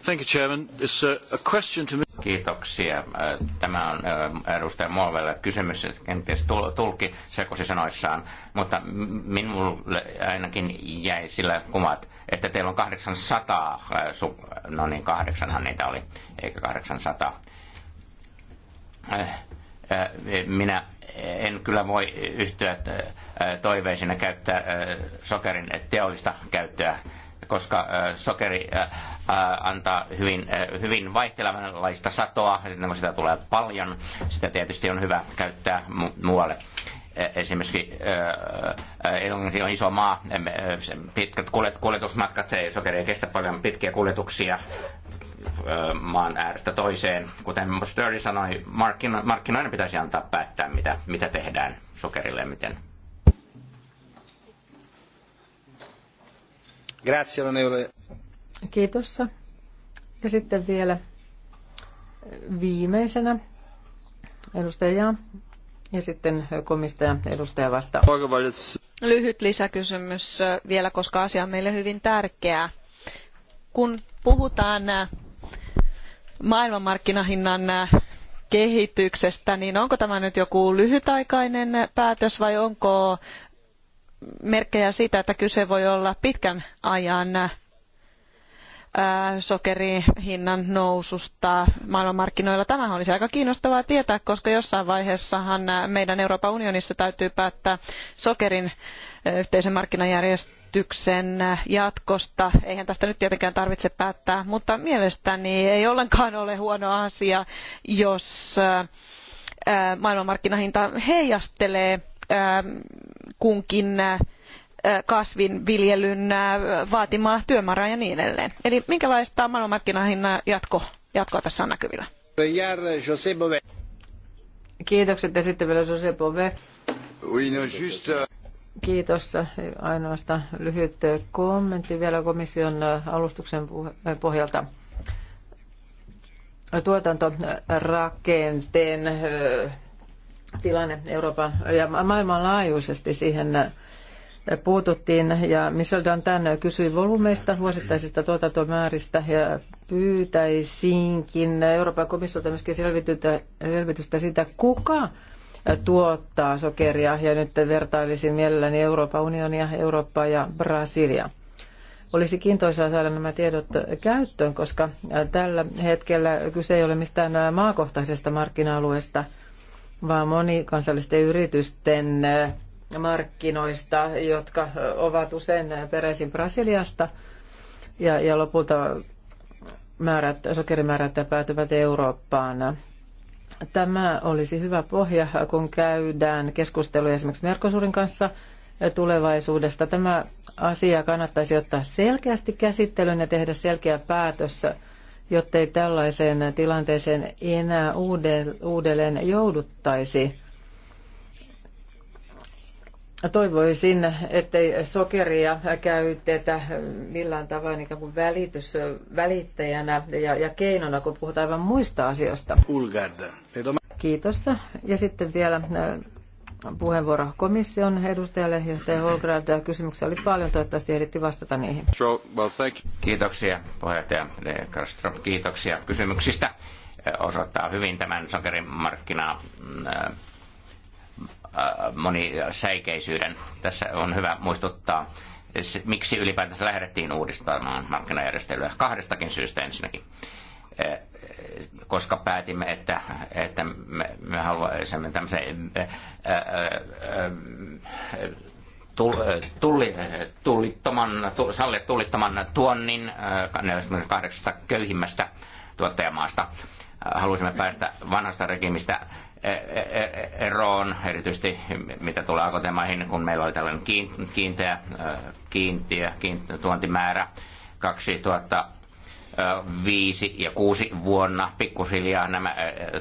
Thank you, Chairman. Uh, a question to Kiitoksia. Äh, tämä on äh, edustaja Muovelle kysymys, kenties tulki sekosi sanoissaan, mutta minulle ainakin jäi sillä kumat, että teillä on 800, äh, no niin kahdeksanhan niitä oli, eikä 800. Minä en kyllä voi yhtyä toiveisina käyttää sokerin teollista käyttöä koska sokeri antaa hyvin, hyvin vaihtelevanlaista satoa, sitä tulee paljon. Sitä tietysti on hyvä käyttää muualle e, esimerkiksi Englanti on iso maa, pitkät kuljetusmatkat, se sokeri ei kestä paljon pitkiä kuljetuksia maan äärestä toiseen. Kuten Sturdy sanoi, markkinoiden pitäisi antaa päättää, mitä, mitä tehdään sokerille ja miten Grazie, onorevole. Kiitos. Ja sitten vielä viimeisenä edustaja ja sitten komistaja edustaja vastaa. Lyhyt lisäkysymys vielä, koska asia on meille hyvin tärkeä. Kun puhutaan maailmanmarkkinahinnan kehityksestä, niin onko tämä nyt joku lyhytaikainen päätös vai onko merkkejä siitä, että kyse voi olla pitkän ajan äh, sokerihinnan noususta maailmanmarkkinoilla. Tämähän olisi aika kiinnostavaa tietää, koska jossain vaiheessahan äh, meidän Euroopan unionissa täytyy päättää sokerin äh, yhteisen markkinajärjestyksen jatkosta. Eihän tästä nyt tietenkään tarvitse päättää, mutta mielestäni ei ollenkaan ole huono asia, jos maailmanmarkkinahinta heijastelee ähm, kunkin kasvin kasvinviljelyn vaatimaa työmaraa ja niin edelleen. Eli minkälaista maailmanmarkkinahinnan jatko, jatkoa tässä on näkyvillä? Kiitokset ja sitten vielä Jose Bove. No, Kiitos. Ainoastaan lyhyt kommentti vielä komission alustuksen pohjalta. Tuotantorakenteen tilanne Euroopan ja maailmanlaajuisesti siihen äh, puututtiin ja Michel Dantan kysyi volumeista, vuosittaisista tuotantomääristä ja pyytäisinkin Euroopan komissiolta myöskin selvitystä siitä, kuka äh, tuottaa sokeria ja nyt vertailisin mielelläni Euroopan unionia, Eurooppaa ja Brasilia. Olisi kiintoisaa saada nämä tiedot käyttöön, koska äh, tällä hetkellä kyse ei ole mistään maakohtaisesta markkina-alueesta – vaan monikansallisten yritysten äh, markkinoista, jotka äh, ovat usein äh, peräisin Brasiliasta ja, ja lopulta määrät, sokerimäärät päätyvät Eurooppaan. Tämä olisi hyvä pohja, kun käydään keskustelua esimerkiksi Merkosurin kanssa tulevaisuudesta. Tämä asia kannattaisi ottaa selkeästi käsittelyyn ja tehdä selkeä päätös jottei tällaiseen tilanteeseen enää uudelleen jouduttaisi. Toivoisin, ettei sokeria käytetä millään tavoin ikään kuin välitys, välittäjänä ja, ja keinona, kun puhutaan aivan muista asioista. Kiitos. Ja sitten vielä puheenvuoro komission edustajalle, johtaja Holgrad. Kysymyksiä oli paljon, toivottavasti ehditti vastata niihin. Kiitoksia puheenjohtaja De Castro, kiitoksia kysymyksistä. Osoittaa hyvin tämän sokerimarkkinaa mm, monisäikeisyyden. Tässä on hyvä muistuttaa, miksi ylipäätänsä lähdettiin uudistamaan markkinajärjestelyä. Kahdestakin syystä ensinnäkin koska päätimme, että, että me, me haluaisimme tämmöisen tulli, tullittoman, salle tullittoman tuonnin 48 köyhimmästä tuottajamaasta. Haluaisimme päästä vanhasta regimistä eroon, erityisesti mitä tulee akotemaihin, kun meillä oli tällainen kiinteä, kiinteä, kiinteä tuontimäärä 2000 viisi ja kuusi vuonna pikkusiljaa nämä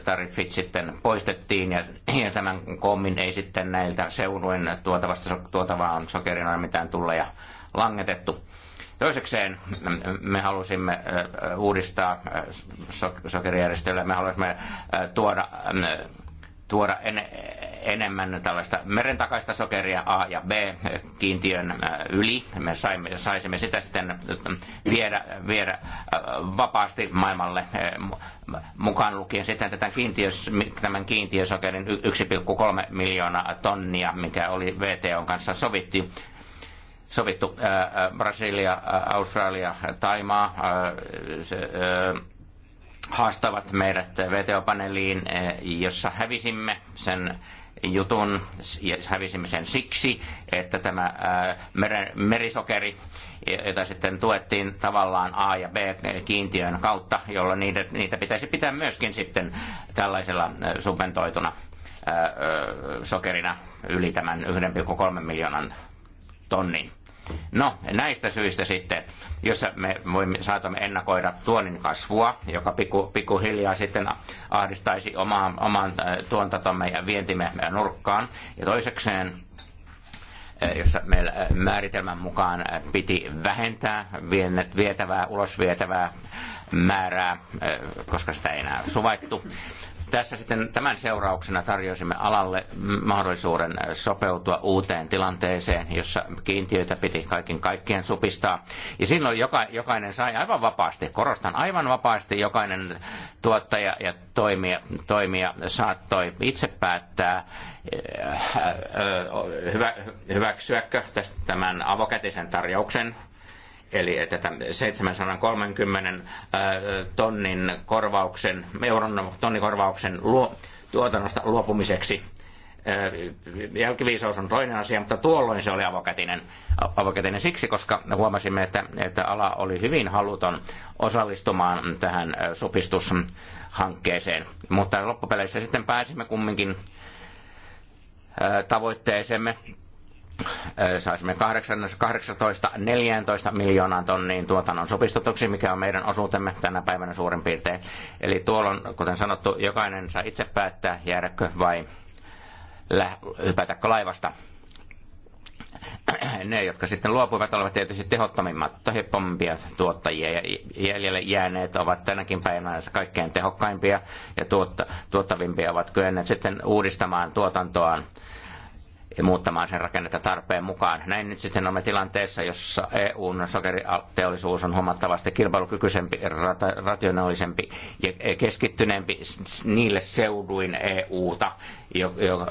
tariffit sitten poistettiin ja, ja tämän kommin ei sitten näiltä seuduin tuotavasta, tuotavaan sokerina mitään ja langetettu. Toisekseen me halusimme uudistaa sokerijärjestöllä, me halusimme tuoda tuoda en, enemmän tällaista merentakaista sokeria A ja B kiintiön yli. Me saimme, saisimme sitä sitten viedä, viedä vapaasti maailmalle mukaan lukien sitten tätä kiintiös, tämän kiintiösokerin 1,3 miljoonaa tonnia, mikä oli VTOn kanssa sovittu sovittu Brasilia, Australia, Taimaa, haastavat meidät VTO-paneeliin, eh, jossa hävisimme sen jutun, ja hävisimme sen siksi, että tämä eh, mer- merisokeri, eh, jota sitten tuettiin tavallaan A- ja B-kiintiön kautta, jolla niitä, niitä pitäisi pitää myöskin sitten tällaisella subventoituna sokerina yli tämän 1,3 miljoonan tonnin No, näistä syistä sitten, jossa me voimme, saatamme ennakoida tuonin kasvua, joka pikku, pikkuhiljaa sitten ahdistaisi omaan, oman tuontatomme ja vientimme nurkkaan. Ja toisekseen jossa meillä määritelmän mukaan piti vähentää viennet, vietävää, ulos määrää, koska sitä ei enää suvaittu. Tässä sitten tämän seurauksena tarjosimme alalle mahdollisuuden sopeutua uuteen tilanteeseen, jossa kiintiöitä piti kaiken kaikkien supistaa. Ja silloin joka, jokainen sai aivan vapaasti, korostan aivan vapaasti, jokainen tuottaja ja toimija, toimija saattoi itse päättää, eh, eh, hyvä, hyväksyäkö tästä tämän avokätisen tarjouksen Eli että 730 tonnin korvauksen, euron korvauksen luo, tuotannosta luopumiseksi jälkiviisaus on toinen asia, mutta tuolloin se oli avokätinen, avokätinen siksi, koska huomasimme, että, että ala oli hyvin haluton osallistumaan tähän supistushankkeeseen. Mutta loppupeleissä sitten pääsimme kumminkin tavoitteeseemme saisimme 18-14 miljoonaan tonniin tuotannon supistutuksi, mikä on meidän osuutemme tänä päivänä suurin piirtein. Eli on kuten sanottu, jokainen saa itse päättää, jäädäkö vai lä- hypätäkö laivasta. Ne, jotka sitten luopuivat, olivat tietysti tehottomimmat, tehottomimpia tuottajia ja jäljelle jääneet ovat tänäkin päivänä kaikkein tehokkaimpia ja tuotta, tuottavimpia ovat kyenneet sitten uudistamaan tuotantoaan muuttamaan sen rakennetta tarpeen mukaan. Näin nyt sitten olemme tilanteessa, jossa EUn sokeriteollisuus on huomattavasti kilpailukykyisempi, rationaalisempi ja keskittyneempi niille seuduin EUta,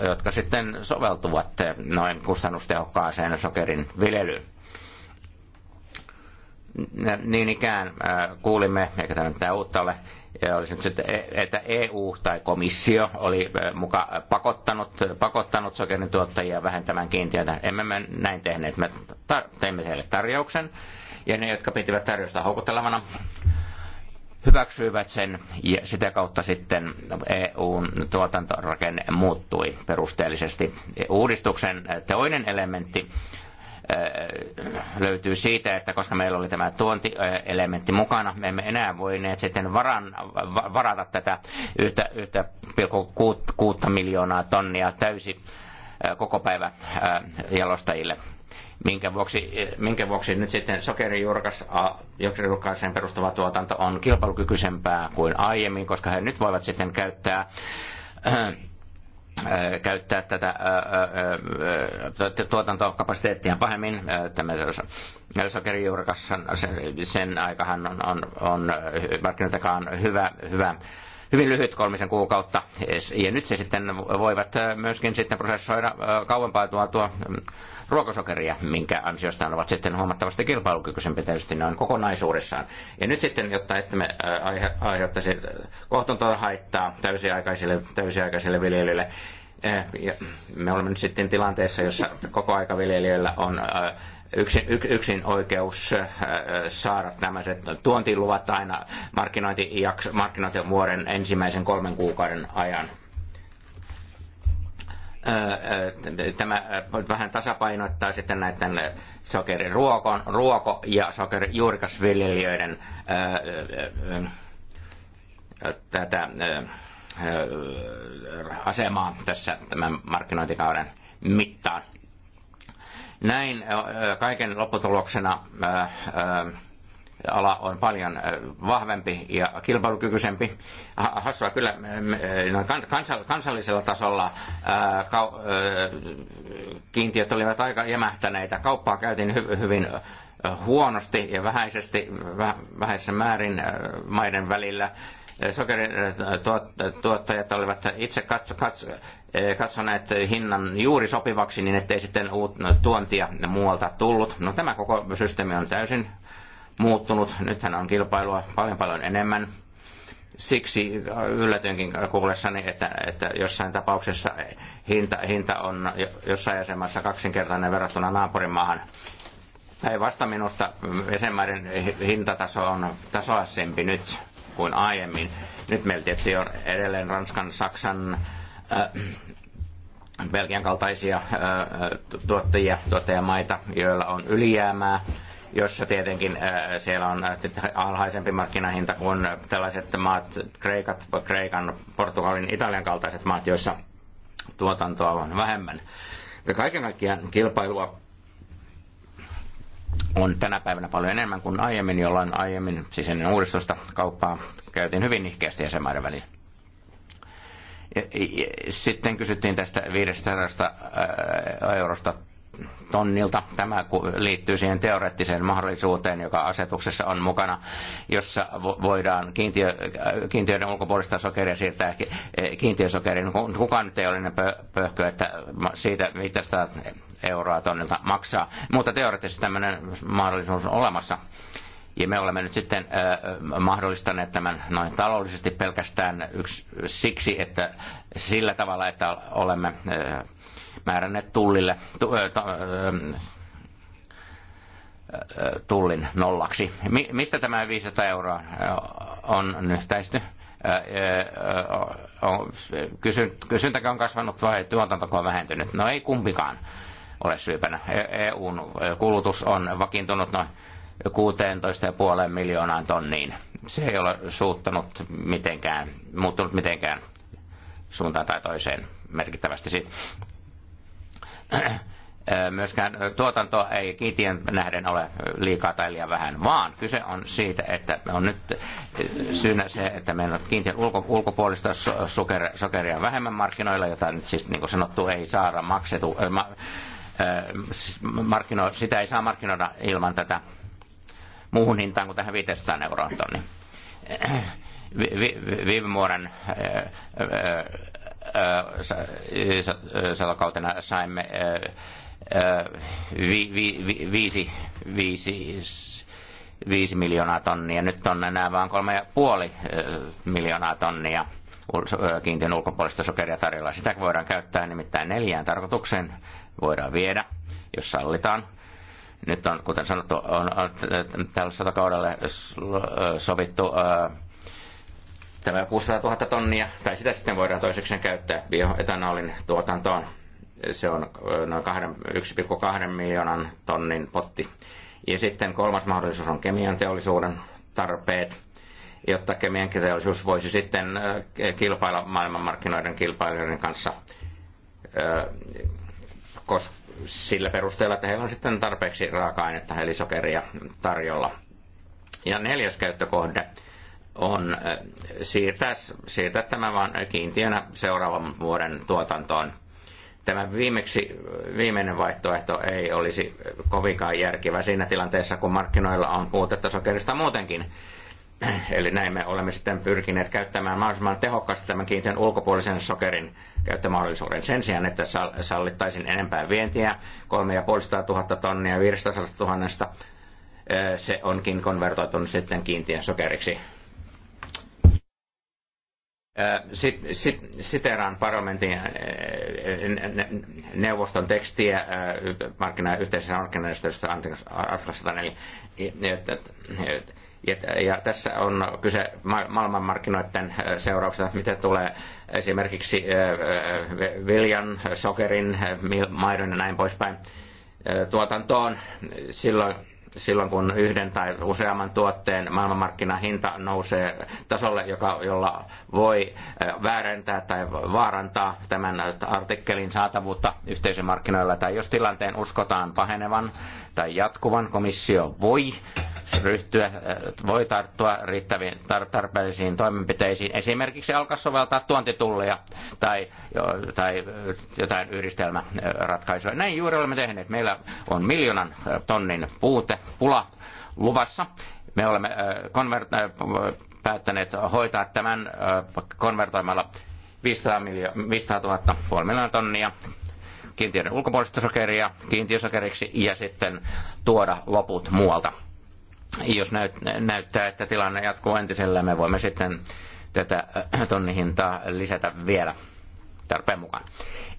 jotka sitten soveltuvat noin kustannustehokkaaseen sokerin viljelyyn niin ikään äh, kuulimme, eikä tämä uutta ole, olisi nyt e, että EU tai komissio oli muka pakottanut, pakottanut sokerin tuottajia vähentämään kiintiötä. Emme me näin tehneet. Me tar- teimme heille tarjouksen ja ne, jotka pitivät tarjousta houkuttelevana, hyväksyivät sen ja sitä kautta sitten EUn tuotantorakenne muuttui perusteellisesti. Uudistuksen toinen elementti Äh, löytyy siitä, että koska meillä oli tämä tuontielementti mukana, me emme enää voineet sitten varan, varata tätä 1,6 miljoonaa tonnia täysi äh, koko päivä äh, jalostajille. Minkä vuoksi, minkä vuoksi nyt sitten sokerijurkaseen perustuva tuotanto on kilpailukykyisempää kuin aiemmin, koska he nyt voivat sitten käyttää käyttää tätä tuotantokapasiteettia pahemmin. Tämä sokerijuurikas, sen, sen aikahan on, on, on markkinoitakaan hyvä, hyvä hyvin lyhyt kolmisen kuukautta. Ja nyt se sitten voivat äh, myöskin sitten prosessoida äh, kauempaa tuo, tuo mm, ruokasokeria, minkä ansiostaan ovat sitten huomattavasti kilpailukykyisempi tietysti noin kokonaisuudessaan. Ja nyt sitten, jotta ette me äh, aihe, aiheuttaisi kohtontoa haittaa täysiaikaisille, täysiaikaisille viljelijöille, me olemme nyt sitten tilanteessa, jossa koko aika viljelijöillä on yksin, yksin oikeus äh, saada tämmöiset tuontiluvat aina markkinointivuoden ensimmäisen kolmen kuukauden ajan. Äh, äh, tämä vähän tasapainottaa sitten näiden sokeriruokon, ruoko- ja sokerijuurikasviljelijöiden tätä asemaa tässä tämän markkinointikauden mittaan näin kaiken lopputuloksena ala on paljon vahvempi ja kilpailukykyisempi. Hassua kyllä no, kansallisella tasolla kiintiöt olivat aika jämähtäneitä. Kauppaa käytiin hyvin huonosti ja vähäisesti, vähäisessä määrin maiden välillä sokerituottajat olivat itse katso. katso, Eh, katsoneet hinnan juuri sopivaksi, niin ettei sitten uut tuontia muualta tullut. No tämä koko systeemi on täysin muuttunut. Nythän on kilpailua paljon paljon enemmän. Siksi yllätyinkin kuullessani, että, että jossain tapauksessa hinta, hinta on jossain jäsenmaassa kaksinkertainen verrattuna naapurimaahan. Ei vasta minusta jäsenmaiden hintataso on tasoisempi nyt kuin aiemmin. Nyt meillä tietysti on edelleen Ranskan, Saksan, Äh, Belgian kaltaisia äh, tuottajia, tuottajamaita, joilla on ylijäämää, jossa tietenkin äh, siellä on alhaisempi markkinahinta kuin tällaiset maat, Kreikat, Kreikan, Portugalin, Italian kaltaiset maat, joissa tuotantoa on vähemmän. Ja kaiken kaikkiaan kilpailua on tänä päivänä paljon enemmän kuin aiemmin, jolloin aiemmin, siis ennen uudistusta, kauppaa käytiin hyvin nihkeästi jäsenmaiden välillä sitten kysyttiin tästä 500 äh, eurosta tonnilta. Tämä liittyy siihen teoreettiseen mahdollisuuteen, joka asetuksessa on mukana, jossa voidaan kiintiö, äh, kiintiöiden ulkopuolista sokeria siirtää äh, kiintiösokeriin. Kukaan nyt ei ole niin pöhkö, että siitä 500 euroa tonnilta maksaa, mutta teoreettisesti tämmöinen mahdollisuus on olemassa. Ja me olemme nyt sitten mahdollistaneet tämän noin taloudellisesti pelkästään yksi, siksi, että sillä tavalla, että olemme määränneet tullille, tu, äh, tullin nollaksi. mistä tämä 500 euroa on nyhtäisty? Kysyntäkö on kasvanut vai tuotantoko on vähentynyt? No ei kumpikaan ole syypänä. E, EUn kulutus on vakiintunut noin 16,5 miljoonaan tonniin. Se ei ole suuttunut mitenkään, muuttunut mitenkään suuntaan tai toiseen merkittävästi. Myöskään tuotanto ei kiitien nähden ole liikaa tai liian vähän, vaan kyse on siitä, että on nyt syynä se, että meillä on kiintiön ulko, ulkopuolista sokeria vähemmän markkinoilla, jota nyt siis niin kuin sanottu ei saada maksetu, ma, markkino, sitä ei saa markkinoida ilman tätä muuhun hintaan kuin tähän 500 euroon tonni. Niin, eh, Viime vuoden eh, eh, satakautena saimme viisi, viisi, viisi miljoonaa tonnia. Nyt on enää vain kolme ja puoli miljoonaa tonnia kiintiön ulkopuolista sokeria tarjolla. Sitä voidaan käyttää nimittäin neljään tarkoitukseen. Voidaan viedä, jos sallitaan nyt on, kuten sanottu, on äh, tällä satakaudella äh, sovittu äh, tämä 600 000 tonnia, tai sitä sitten voidaan toisekseen käyttää bioetanolin tuotantoon. Se on noin 1,2 miljoonan tonnin potti. Ja sitten kolmas mahdollisuus on kemian teollisuuden tarpeet, jotta kemian teollisuus voisi sitten kilpailla maailmanmarkkinoiden kilpailijoiden kanssa, koska sillä perusteella, että heillä on sitten tarpeeksi raaka-ainetta eli sokeria tarjolla. Ja neljäs käyttökohde on äh, siirtää, siirtää tämä vaan kiintiönä seuraavan vuoden tuotantoon. Tämä viimeksi, viimeinen vaihtoehto ei olisi kovinkaan järkevä siinä tilanteessa, kun markkinoilla on puutetta sokerista muutenkin. Eli näin me olemme sitten pyrkineet käyttämään mahdollisimman tehokkaasti tämän kiintiön ulkopuolisen sokerin käyttömahdollisuuden. Sen sijaan, että sallittaisiin enempää vientiä, 3500 000 tonnia 500 000, se onkin konvertoitunut sitten kiintien sokeriksi. siteraan parlamentin neuvoston tekstiä markkina- yhteisestä markkinajärjestöstä artiklasta 104, ja, tässä on kyse maailmanmarkkinoiden äh, seurauksena, mitä tulee esimerkiksi äh, äh, viljan, sokerin, maidon ja näin poispäin tuotantoon silloin, silloin, kun yhden tai useamman tuotteen maailmanmarkkinahinta nousee tasolle, joka, jolla voi väärentää tai vaarantaa tämän artikkelin saatavuutta yhteisömarkkinoilla, tai jos tilanteen uskotaan pahenevan tai jatkuvan, komissio voi ryhtyä, äh, voi tarttua riittäviin tar- tarpeellisiin toimenpiteisiin. Esimerkiksi alkaa soveltaa tuontitulleja tai, tai jotain yhdistelmäratkaisua. Näin juuri olemme tehneet. Meillä on miljoonan äh, tonnin puute, pula luvassa. Me olemme äh, konver- päättäneet hoitaa tämän konvertoimalla 500, miljo- 500 000 puoli miljoonaa tonnia kiintiöiden ulkopuolista sokeria kiintiösokeriksi ja sitten tuoda loput muualta. Jos näyt, näyttää, että tilanne jatkuu entisellä, me voimme sitten tätä äh, tonnihintaa lisätä vielä tarpeen mukaan.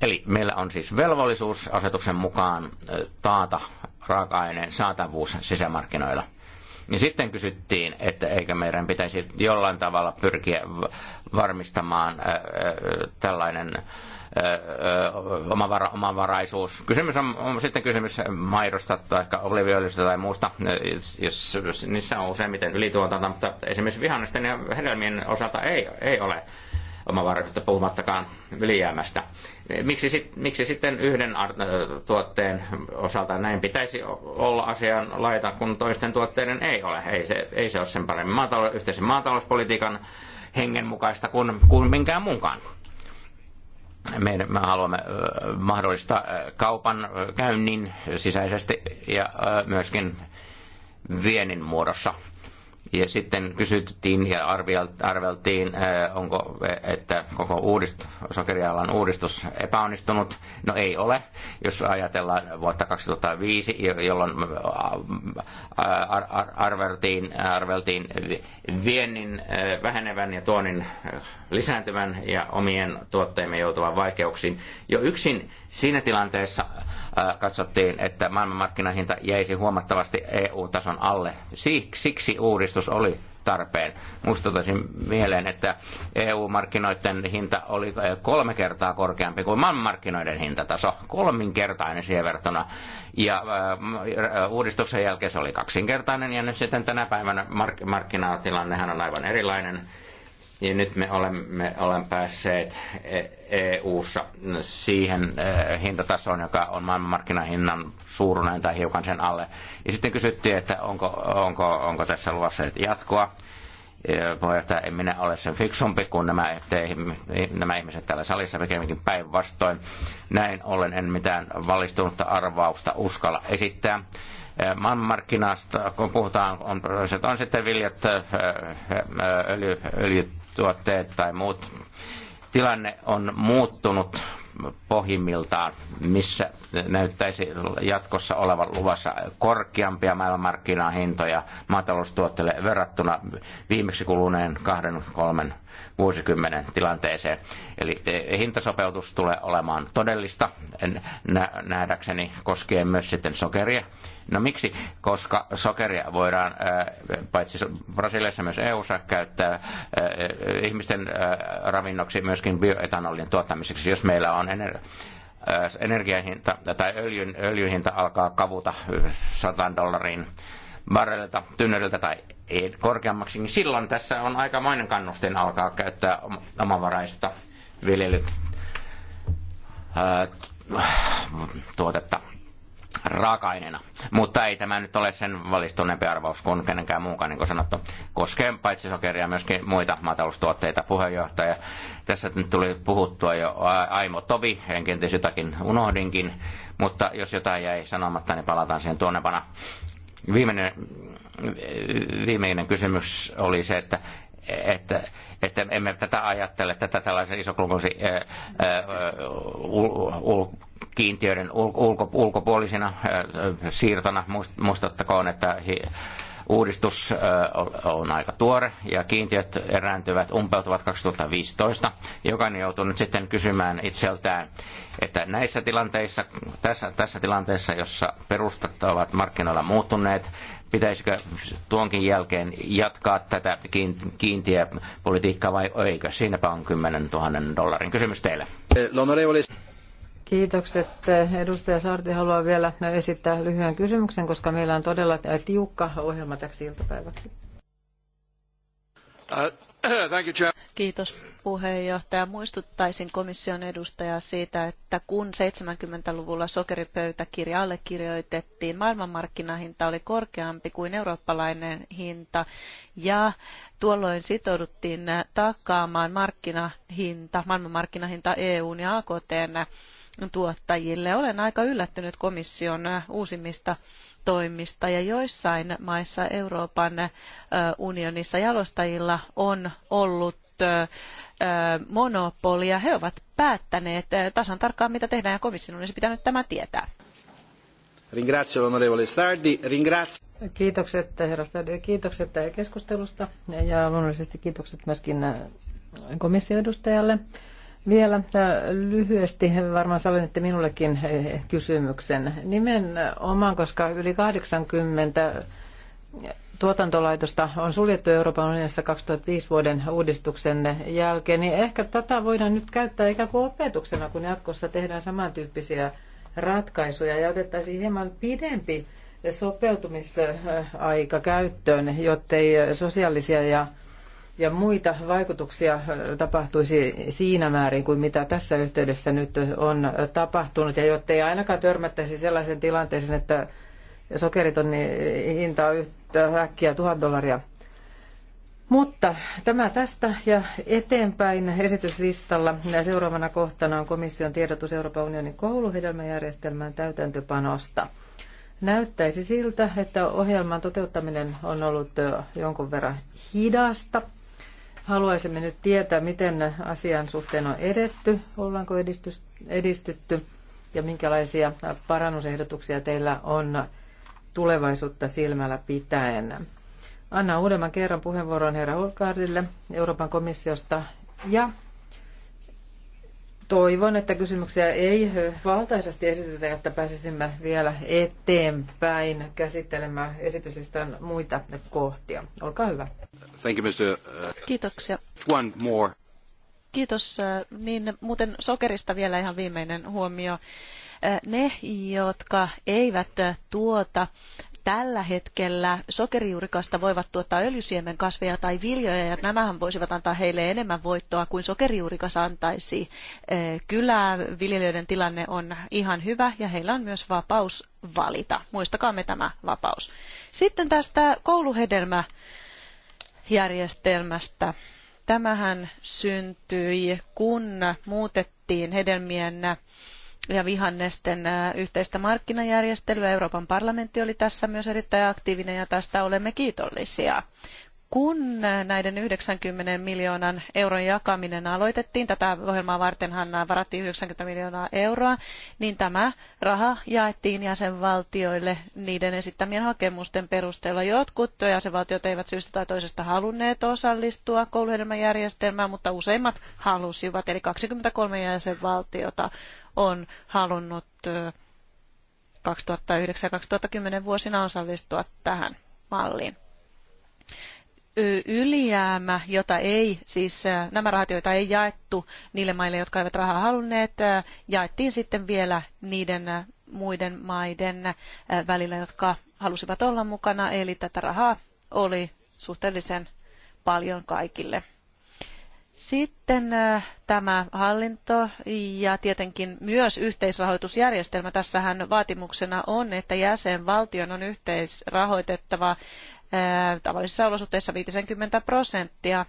Eli meillä on siis velvollisuus asetuksen mukaan äh, taata raaka-aineen saatavuus sisämarkkinoilla. Niin sitten kysyttiin, että eikö meidän pitäisi jollain tavalla pyrkiä varmistamaan äh, tällainen omavara, omavaraisuus. Kysymys on, on sitten kysymys maidosta tai oliviöljystä tai muusta, jos, jos niissä on useimmiten ylituotanto, mutta esimerkiksi vihannesten ja hedelmien osalta ei, ei ole omavaraisuutta puhumattakaan ylijäämästä. Miksi, sit, miksi sitten yhden tuotteen osalta näin pitäisi olla asian laita, kun toisten tuotteiden ei ole? Ei se, ei se ole sen paremmin Maatalo, yhteisen maatalouspolitiikan hengen mukaista kuin, kuin minkään muunkaan me, me haluamme mahdollistaa kaupan käynnin sisäisesti ja myöskin viennin muodossa. Ja sitten kysyttiin ja arveltiin, äh, onko että koko uudist, sokerialan uudistus epäonnistunut. No ei ole, jos ajatellaan vuotta 2005, jolloin äh, arveltiin, arveltiin viennin äh, vähenevän ja tuonin lisääntyvän ja omien tuotteemme joutuvan vaikeuksiin. Jo yksin siinä tilanteessa katsottiin, että maailmanmarkkinahinta jäisi huomattavasti EU-tason alle. Siksi uudistus muutos oli tarpeen. Musta tosin mieleen, että EU-markkinoiden hinta oli eh, kolme kertaa korkeampi kuin maailmanmarkkinoiden hintataso, kolminkertainen siihen verrattuna. Ja eh, eh, uudistuksen jälkeen se oli kaksinkertainen, ja nyt sitten tänä päivänä mark- markkinatilannehan on aivan erilainen ja nyt me olemme, olemme päässeet EU-ssa e siihen e, hintatasoon, joka on maailmanmarkkinahinnan suuruinen tai hiukan sen alle. Ja sitten kysyttiin, että onko, onko, onko tässä luvassa jatkoa puheenjohtaja, en minä ole sen fiksumpi kuin nämä, te, nämä ihmiset täällä salissa, pikemminkin päinvastoin. Näin ollen en mitään valistunutta arvausta uskalla esittää. E, Maailmanmarkkinasta, kun puhutaan, on, on sitten viljat, öljyt, tuotteet tai muut. Tilanne on muuttunut pohjimmiltaan, missä näyttäisi jatkossa olevan luvassa korkeampia maailmanmarkkinahintoja maataloustuotteille verrattuna viimeksi kuluneen kahden kolmen vuosikymmenen tilanteeseen. Eli eh, hintasopeutus tulee olemaan todellista nähdäkseni koskien myös sitten sokeria. No miksi? Koska sokeria voidaan eh, paitsi Brasiliassa myös EU-ssa käyttää eh, ihmisten ravinnoksi myöskin bioetanolin tuottamiseksi, jos meillä on energia energiahinta tai öljyn, öljyhinta alkaa kavuta 100 dollariin barrelilta, tynnyriltä tai korkeammaksi, niin silloin tässä on aika mainen kannustin alkaa käyttää omavaraista viljelytuotetta äh, raaka-aineena. Mutta ei tämä nyt ole sen valistuneempi arvaus kuin kenenkään muukaan, niin kuin sanottu. Koskee paitsi sokeria myöskin muita maataloustuotteita. Puheenjohtaja, tässä nyt tuli puhuttua jo Aimo Tovi, en kenties jotakin unohdinkin, mutta jos jotain jäi sanomatta, niin palataan siihen tuonnepana. Viimeinen, viimeinen kysymys oli se, että että, että emme tätä ajattele, tätä tällaisen isokulkuisen ul, ul, kiintiöiden ul, ulko, ulkopuolisina ää, siirtona. Muistattakoon, että hi, Uudistus on aika tuore ja kiintiöt erääntyvät, umpeutuvat 2015. Jokainen joutuu nyt sitten kysymään itseltään, että näissä tilanteissa, tässä, tässä tilanteessa, jossa perustat ovat markkinoilla muuttuneet, pitäisikö tuonkin jälkeen jatkaa tätä kiintiöpolitiikkaa vai eikö? Siinäpä on 10 000 dollarin kysymys teille. Eh, Kiitokset. Edustaja Saarti haluaa vielä esittää lyhyen kysymyksen, koska meillä on todella tiukka ohjelma täksi iltapäiväksi. Uh, Kiitos puheenjohtaja. Muistuttaisin komission edustajaa siitä, että kun 70-luvulla sokeripöytäkirja allekirjoitettiin, maailmanmarkkinahinta oli korkeampi kuin eurooppalainen hinta ja tuolloin sitouduttiin takaamaan markkinahinta, maailmanmarkkinahinta EUn ja AKTn tuottajille. Olen aika yllättynyt komission uusimmista toimista ja joissain maissa Euroopan unionissa jalostajilla on ollut monopolia. He ovat päättäneet tasan tarkkaan, mitä tehdään ja komission olisi pitänyt tämä tietää. Ringrazio l'onorevole Stardi. Ringrazio. Kiitokset herra Stardi. Kiitokset keskustelusta ja luonnollisesti kiitokset myöskin komission edustajalle. Vielä äh, lyhyesti, varmaan sallinette minullekin äh, kysymyksen. Nimenomaan, koska yli 80 tuotantolaitosta on suljettu Euroopan unionissa 2005 vuoden uudistuksen jälkeen, niin ehkä tätä voidaan nyt käyttää ikään kuin opetuksena, kun jatkossa tehdään samantyyppisiä ratkaisuja ja otettaisiin hieman pidempi sopeutumisaika käyttöön, jottei sosiaalisia ja ja muita vaikutuksia tapahtuisi siinä määrin kuin mitä tässä yhteydessä nyt on tapahtunut. Ja jottei ainakaan törmättäisi sellaisen tilanteeseen, että sokeriton hinta on äkkiä tuhat dollaria. Mutta tämä tästä ja eteenpäin esityslistalla. Ja seuraavana kohtana on komission tiedotus Euroopan unionin kouluhedelmäjärjestelmän täytäntöpanosta. Näyttäisi siltä, että ohjelman toteuttaminen on ollut jonkun verran hidasta – Haluaisimme nyt tietää, miten asian suhteen on edetty, ollaanko edistys, edistytty ja minkälaisia parannusehdotuksia teillä on tulevaisuutta silmällä pitäen. Anna uudemman kerran puheenvuoron herra Holkaardille Euroopan komissiosta ja Toivon, että kysymyksiä ei valtaisesti esitetä, jotta pääsisimme vielä eteenpäin käsittelemään esityslistan muita kohtia. Olkaa hyvä. Thank you, Mr. Uh, Kiitoksia. One more. Kiitos. Uh, niin muuten sokerista vielä ihan viimeinen huomio. Uh, ne, jotka eivät tuota tällä hetkellä sokerijuurikasta voivat tuottaa öljysiemenkasveja tai viljoja, ja nämähän voisivat antaa heille enemmän voittoa kuin sokerijuurikas antaisi. Kyllä viljelijöiden tilanne on ihan hyvä, ja heillä on myös vapaus valita. Muistakaamme tämä vapaus. Sitten tästä kouluhedelmäjärjestelmästä. Tämähän syntyi, kun muutettiin hedelmien ja vihannesten äh, yhteistä markkinajärjestelyä. Euroopan parlamentti oli tässä myös erittäin aktiivinen ja tästä olemme kiitollisia. Kun äh, näiden 90 miljoonan euron jakaminen aloitettiin, tätä ohjelmaa vartenhan äh, varattiin 90 miljoonaa euroa, niin tämä raha jaettiin jäsenvaltioille niiden esittämien hakemusten perusteella. Jotkut jäsenvaltiot eivät syystä tai toisesta halunneet osallistua kouluhedelmäjärjestelmään, mutta useimmat halusivat, eli 23 jäsenvaltiota on halunnut 2009 2010 vuosina osallistua tähän malliin. Ylijäämä, jota ei, siis nämä rahat, joita ei jaettu niille maille, jotka eivät rahaa halunneet, jaettiin sitten vielä niiden muiden maiden välillä, jotka halusivat olla mukana. Eli tätä rahaa oli suhteellisen paljon kaikille. Sitten äh, tämä hallinto ja tietenkin myös yhteisrahoitusjärjestelmä. Tässähän vaatimuksena on, että jäsenvaltion on yhteisrahoitettava äh, tavallisissa olosuhteissa 50 prosenttia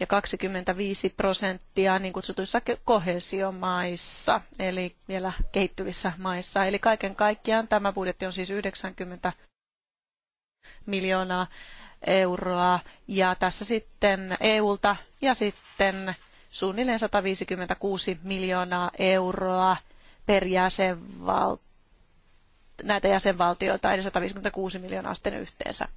ja 25 prosenttia niin kutsutuissa kohesiomaissa, eli vielä kehittyvissä maissa. Eli kaiken kaikkiaan tämä budjetti on siis 90 miljoonaa euroa ja tässä sitten EUlta ja sitten suunnilleen 156 miljoonaa euroa per jäsenval... näitä jäsenvaltioita, eli 156 miljoonaa sitten yhteensä.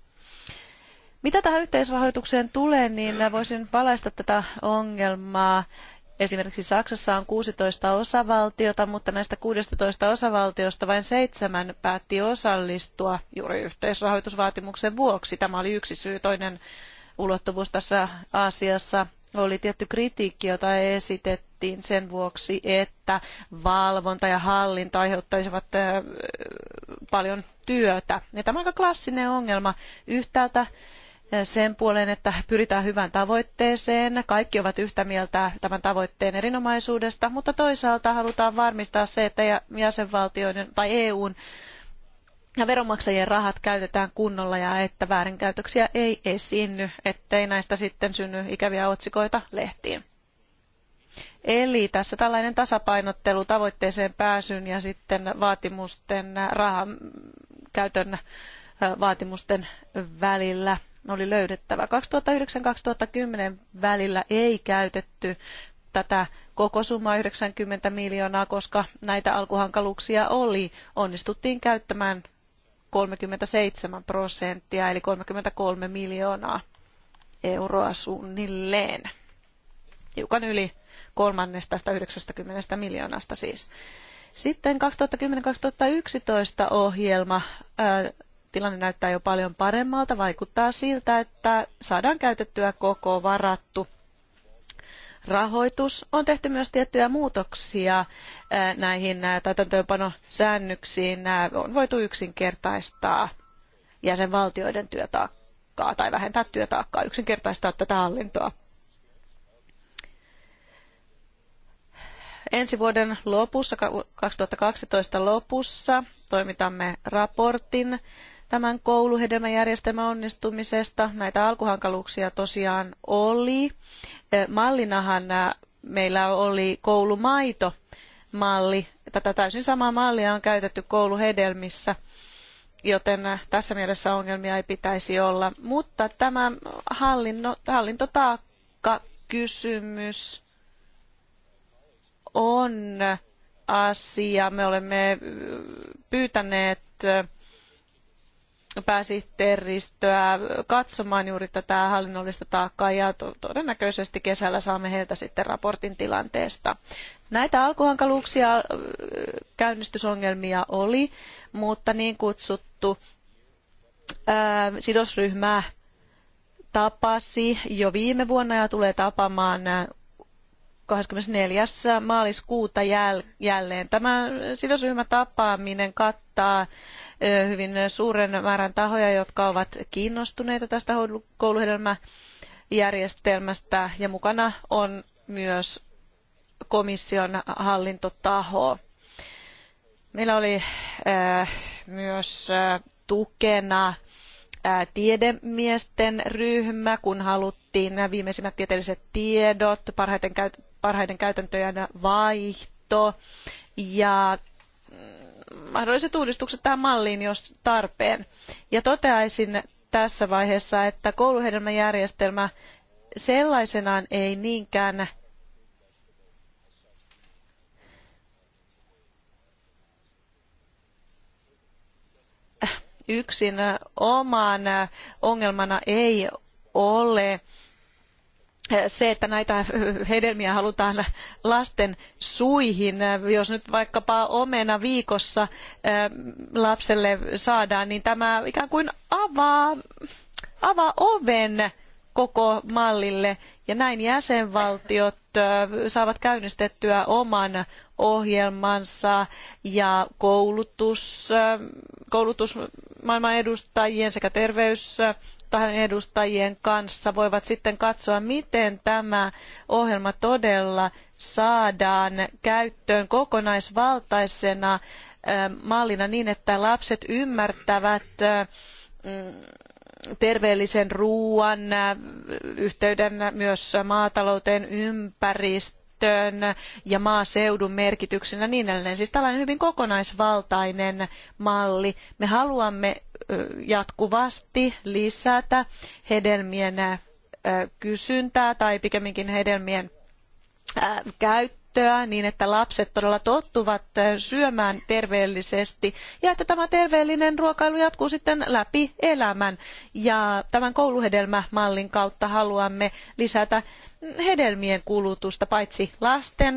Mitä tähän yhteisrahoitukseen tulee, niin voisin valaista tätä ongelmaa Esimerkiksi Saksassa on 16 osavaltiota, mutta näistä 16 osavaltiosta vain seitsemän päätti osallistua juuri yhteisrahoitusvaatimuksen vuoksi. Tämä oli yksi syy. Toinen ulottuvuus tässä asiassa oli tietty kritiikki, jota esitettiin sen vuoksi, että valvonta ja hallinta aiheuttaisivat paljon työtä. Ja tämä on aika klassinen ongelma. Yhtäältä sen puoleen, että pyritään hyvään tavoitteeseen. Kaikki ovat yhtä mieltä tämän tavoitteen erinomaisuudesta, mutta toisaalta halutaan varmistaa se, että jäsenvaltioiden tai EUn ja veronmaksajien rahat käytetään kunnolla ja että väärinkäytöksiä ei esiinny, ettei näistä sitten synny ikäviä otsikoita lehtiin. Eli tässä tällainen tasapainottelu tavoitteeseen pääsyn ja sitten vaatimusten rahan käytön vaatimusten välillä oli löydettävä. 2009-2010 välillä ei käytetty tätä koko summaa 90 miljoonaa, koska näitä alkuhankaluuksia oli. Onnistuttiin käyttämään 37 prosenttia eli 33 miljoonaa euroa suunnilleen. Hiukan yli kolmannesta tästä 90 miljoonasta siis. Sitten 2010-2011 ohjelma tilanne näyttää jo paljon paremmalta. Vaikuttaa siltä, että saadaan käytettyä koko varattu rahoitus. On tehty myös tiettyjä muutoksia näihin täytäntöönpanosäännöksiin. On voitu yksinkertaistaa jäsenvaltioiden työtaakkaa tai vähentää työtaakkaa, yksinkertaistaa tätä hallintoa. Ensi vuoden lopussa, 2012 lopussa, toimitamme raportin tämän kouluhedelmäjärjestelmän onnistumisesta. Näitä alkuhankaluuksia tosiaan oli. Mallinahan meillä oli koulumaito malli. Tätä täysin samaa mallia on käytetty kouluhedelmissä, joten tässä mielessä ongelmia ei pitäisi olla. Mutta tämä hallinno, hallintotaakka kysymys on asia. Me olemme pyytäneet pääsihteeristöä katsomaan juuri tätä hallinnollista taakkaa ja to- todennäköisesti kesällä saamme heiltä sitten raportin tilanteesta. Näitä alkuhankaluuksia, käynnistysongelmia oli, mutta niin kutsuttu ää, sidosryhmä tapasi jo viime vuonna ja tulee tapaamaan 24. maaliskuuta jälleen. Tämä sidosryhmätapaaminen kattaa hyvin suuren määrän tahoja, jotka ovat kiinnostuneita tästä kouluhedelmäjärjestelmästä ja mukana on myös komission hallintotaho. Meillä oli myös tukena tiedemiesten ryhmä, kun haluttiin viimeisimmät tieteelliset tiedot, parhaiten parhaiden käytäntöjen vaihto ja mahdolliset uudistukset tähän malliin, jos tarpeen. Ja toteaisin tässä vaiheessa, että kouluhedelmäjärjestelmä sellaisenaan ei niinkään yksin omaan ongelmana ei ole se, että näitä hedelmiä halutaan lasten suihin, jos nyt vaikkapa omena viikossa lapselle saadaan, niin tämä ikään kuin avaa, avaa oven koko mallille ja näin jäsenvaltiot saavat käynnistettyä oman ohjelmansa ja koulutus, koulutusmaailman edustajien sekä terveys kansanedustajien edustajien kanssa voivat sitten katsoa, miten tämä ohjelma todella saadaan käyttöön kokonaisvaltaisena mallina niin, että lapset ymmärtävät mm, terveellisen ruoan, yhteyden myös maatalouteen, ympäristöön, käyttöön ja maaseudun ja niin edelleen. Siis tällainen hyvin kokonaisvaltainen malli. Me haluamme jatkuvasti lisätä hedelmien kysyntää tai pikemminkin hedelmien käyttöä käyttöä niin, että lapset todella tottuvat syömään terveellisesti ja että tämä terveellinen ruokailu jatkuu sitten läpi elämän. Ja tämän kouluhedelmämallin kautta haluamme lisätä hedelmien kulutusta paitsi lasten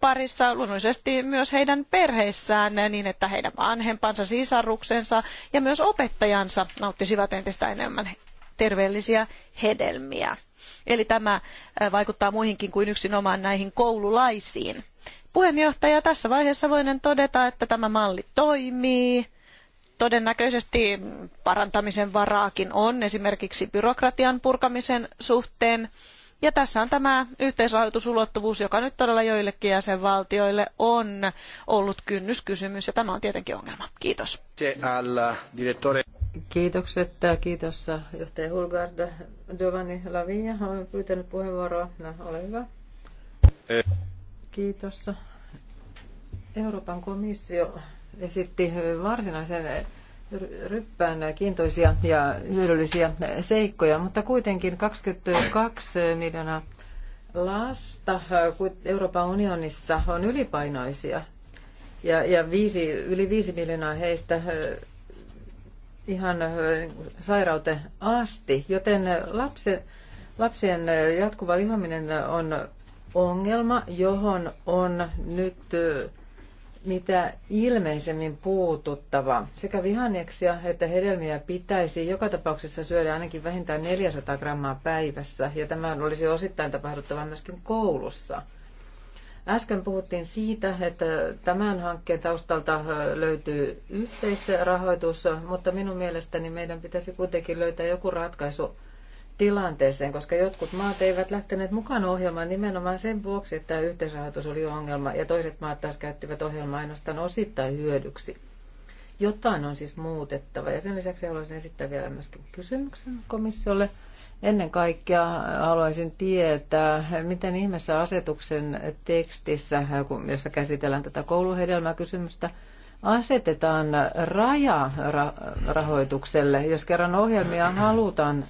parissa, luonnollisesti myös heidän perheissään niin, että heidän vanhempansa, sisaruksensa ja myös opettajansa nauttisivat entistä enemmän terveellisiä hedelmiä. Eli tämä äh, vaikuttaa muihinkin kuin yksinomaan näihin koululaisiin. Puheenjohtaja, tässä vaiheessa voinen todeta, että tämä malli toimii todennäköisesti parantamisen varaakin on esimerkiksi byrokratian purkamisen suhteen ja tässä on tämä yhteisrahoitusulottuvuus, joka nyt todella joillekin jäsenvaltioille on ollut kynnyskysymys, ja tämä on tietenkin ongelma. Kiitos. Kiitokset. Kiitos johtaja Hulgard. Giovanni Lavia on pyytänyt puheenvuoroa. No, ole hyvä. Kiitos. Euroopan komissio esitti varsinaisen ryppään kiintoisia ja hyödyllisiä seikkoja, mutta kuitenkin 22 miljoonaa lasta Euroopan unionissa on ylipainoisia ja, ja viisi, yli 5 miljoonaa heistä ihan niin sairauteen asti, joten lapsien jatkuva lihominen on ongelma, johon on nyt mitä ilmeisemmin puututtava. Sekä vihanneksia että hedelmiä pitäisi joka tapauksessa syödä ainakin vähintään 400 grammaa päivässä, ja tämä olisi osittain tapahduttava myöskin koulussa. Äsken puhuttiin siitä, että tämän hankkeen taustalta löytyy yhteisrahoitus, mutta minun mielestäni meidän pitäisi kuitenkin löytää joku ratkaisu tilanteeseen, koska jotkut maat eivät lähteneet mukaan ohjelmaan nimenomaan sen vuoksi, että yhteisrahoitus oli ongelma ja toiset maat taas käyttivät ohjelmaa ainoastaan osittain hyödyksi. Jotain on siis muutettava ja sen lisäksi haluaisin esittää vielä myöskin kysymyksen komissiolle. Ennen kaikkea haluaisin tietää, miten ihmeessä asetuksen tekstissä, jossa käsitellään tätä kouluhedelmäkysymystä, asetetaan raja rahoitukselle, jos kerran ohjelmia halutaan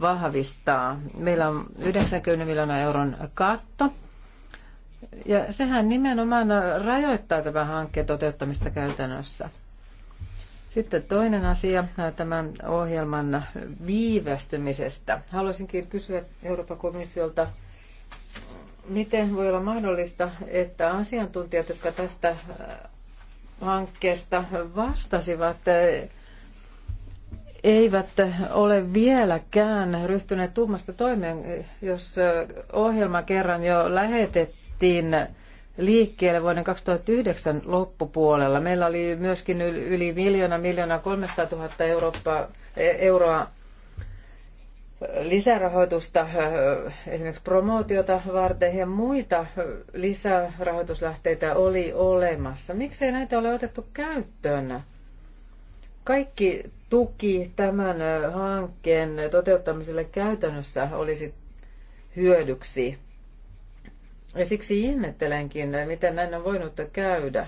vahvistaa. Meillä on 90 miljoonaa euron katto. Ja sehän nimenomaan rajoittaa tämän hankkeen toteuttamista käytännössä. Sitten toinen asia tämän ohjelman viivästymisestä. Haluaisinkin kysyä Euroopan komissiolta, miten voi olla mahdollista, että asiantuntijat, jotka tästä hankkeesta vastasivat, eivät ole vieläkään ryhtyneet tuumasta toimeen, jos ohjelma kerran jo lähetettiin liikkeelle vuoden 2009 loppupuolella. Meillä oli myöskin yli miljoona, miljoona 300 000 Eurooppa, e-, euroa lisärahoitusta esimerkiksi promootiota varten ja muita lisärahoituslähteitä oli olemassa. Miksei näitä ole otettu käyttöön? Kaikki tuki tämän hankkeen toteuttamiselle käytännössä olisi hyödyksi. Ja siksi ihmettelenkin, miten näin on voinut käydä.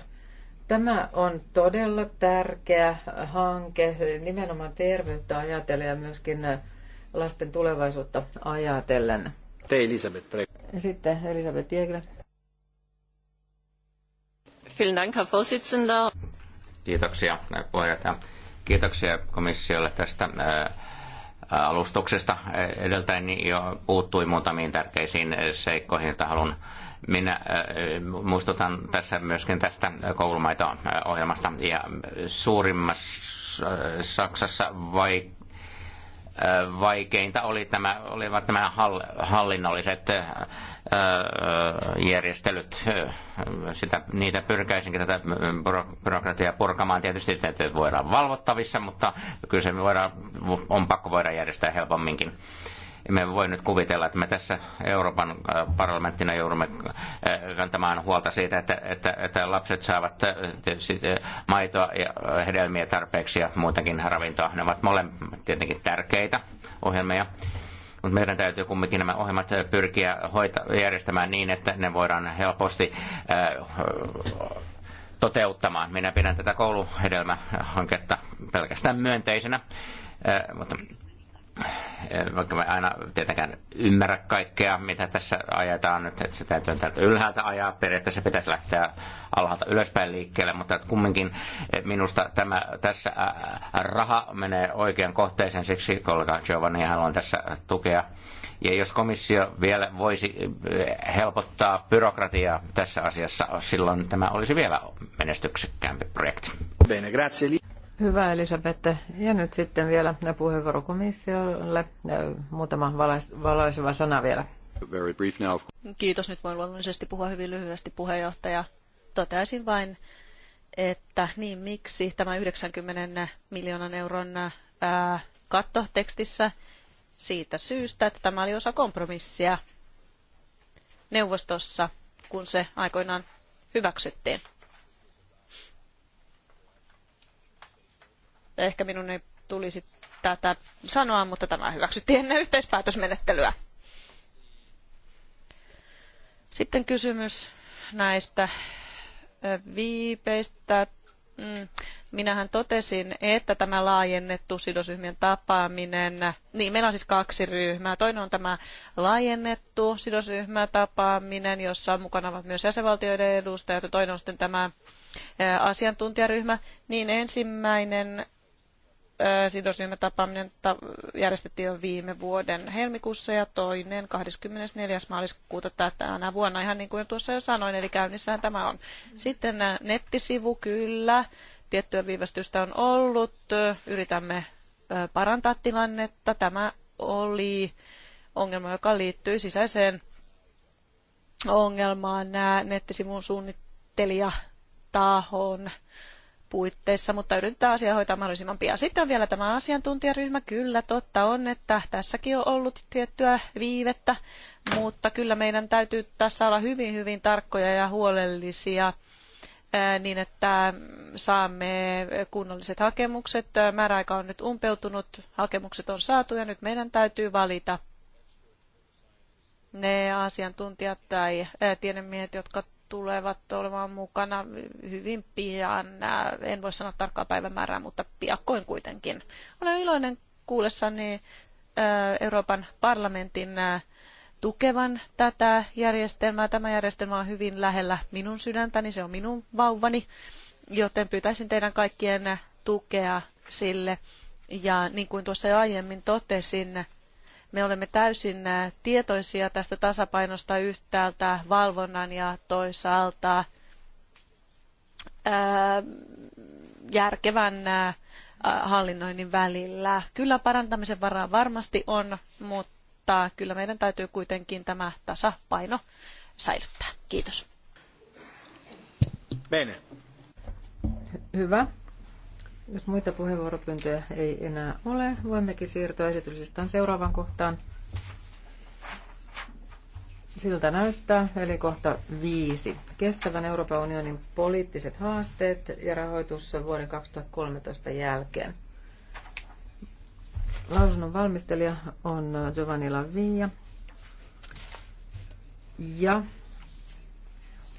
Tämä on todella tärkeä hanke nimenomaan terveyttä ajatellen ja myöskin lasten tulevaisuutta ajatellen. Te Elisabeth. Sitten Elisabeth Jäkilä. Vielen Dank, Herr Vorsitzender. Kiitoksia, puheenjohtaja Kiitoksia komissiolle tästä alustuksesta. E, Edeltäen jo puuttui muutamiin tärkeisiin seikkoihin, joita haluan minä muistutan tässä myöskin tästä koulumaito-ohjelmasta ja suurimmassa Saksassa, vaikka vaikeinta oli tämä, olivat nämä hallinnolliset järjestelyt. Sitä, niitä pyrkäisinkin tätä byrokratiaa purkamaan. Tietysti ne voidaan valvottavissa, mutta kyllä se voidaan, on pakko voida järjestää helpomminkin me voi nyt kuvitella, että me tässä Euroopan äh, parlamenttina joudumme äh, kantamaan huolta siitä, että, että, että lapset saavat äh, maitoa ja hedelmiä tarpeeksi ja muutenkin ravintoa. Ne ovat molemmat tietenkin tärkeitä ohjelmia. Mutta meidän täytyy kumminkin nämä ohjelmat pyrkiä hoita, järjestämään niin, että ne voidaan helposti toteuttamaan. Minä pidän tätä kouluhedelmähanketta pelkästään myönteisenä. Mutta Eh, vaikka mä aina tietenkään ymmärrä kaikkea, mitä tässä ajetaan nyt, että se täytyy täältä ylhäältä ajaa, periaatteessa pitäisi lähteä alhaalta ylöspäin liikkeelle, mutta kumminkin eh, minusta tämä, tässä raha menee oikean kohteeseen, siksi kollega Giovanni haluan tässä tukea. Ja jos komissio vielä voisi eh, helpottaa byrokratiaa tässä asiassa, silloin tämä olisi vielä menestyksekkäämpi projekti. Bene, grazie. Hyvä Elisabette. Ja nyt sitten vielä puheenvuoro komissiolle. Muutama valaiseva sana vielä. Very brief now. Kiitos. Nyt voin luonnollisesti puhua hyvin lyhyesti puheenjohtaja. Toteaisin vain, että niin miksi tämä 90 miljoonan euron ää, katto tekstissä siitä syystä, että tämä oli osa kompromissia neuvostossa, kun se aikoinaan hyväksyttiin. Ehkä minun ei tulisi tätä sanoa, mutta tämä hyväksyttiin ennen yhteispäätösmenettelyä. Sitten kysymys näistä viipeistä. Mm, minähän totesin, että tämä laajennettu sidosryhmien tapaaminen, niin meillä on siis kaksi ryhmää. Toinen on tämä laajennettu tapaaminen, jossa on mukana ovat myös jäsenvaltioiden edustajat, ja toinen on sitten tämä asiantuntijaryhmä. Niin ensimmäinen sidosryhmätapaaminen järjestettiin jo viime vuoden helmikuussa ja toinen 24. maaliskuuta tänä vuonna, ihan niin kuin tuossa jo sanoin, eli käynnissään tämä on. Sitten nettisivu kyllä, tiettyä viivästystä on ollut, yritämme parantaa tilannetta. Tämä oli ongelma, joka liittyy sisäiseen ongelmaan nettisivun suunnittelija tahon puitteissa, mutta yritetään asia hoitaa mahdollisimman pian. Sitten on vielä tämä asiantuntijaryhmä. Kyllä, totta on, että tässäkin on ollut tiettyä viivettä, mutta kyllä meidän täytyy tässä olla hyvin, hyvin tarkkoja ja huolellisia niin, että saamme kunnolliset hakemukset. Määräaika on nyt umpeutunut, hakemukset on saatu ja nyt meidän täytyy valita ne asiantuntijat tai tiedemiehet, jotka tulevat olemaan mukana hyvin pian. En voi sanoa tarkkaa päivämäärää, mutta piakkoin kuitenkin. Olen iloinen kuullessani Euroopan parlamentin tukevan tätä järjestelmää. Tämä järjestelmä on hyvin lähellä minun sydäntäni, se on minun vauvani, joten pyytäisin teidän kaikkien tukea sille. Ja niin kuin tuossa jo aiemmin totesin, me olemme täysin tietoisia tästä tasapainosta yhtäältä valvonnan ja toisaalta järkevän hallinnoinnin välillä. Kyllä parantamisen varaa varmasti on, mutta kyllä meidän täytyy kuitenkin tämä tasapaino säilyttää. Kiitos. Bene. Hyvä. Jos muita puheenvuoropyyntöjä ei enää ole, voimmekin siirtyä esityslistan seuraavaan kohtaan. Siltä näyttää, eli kohta viisi. Kestävän Euroopan unionin poliittiset haasteet ja rahoitus vuoden 2013 jälkeen. Lausunnon valmistelija on Giovanni Lavia. Ja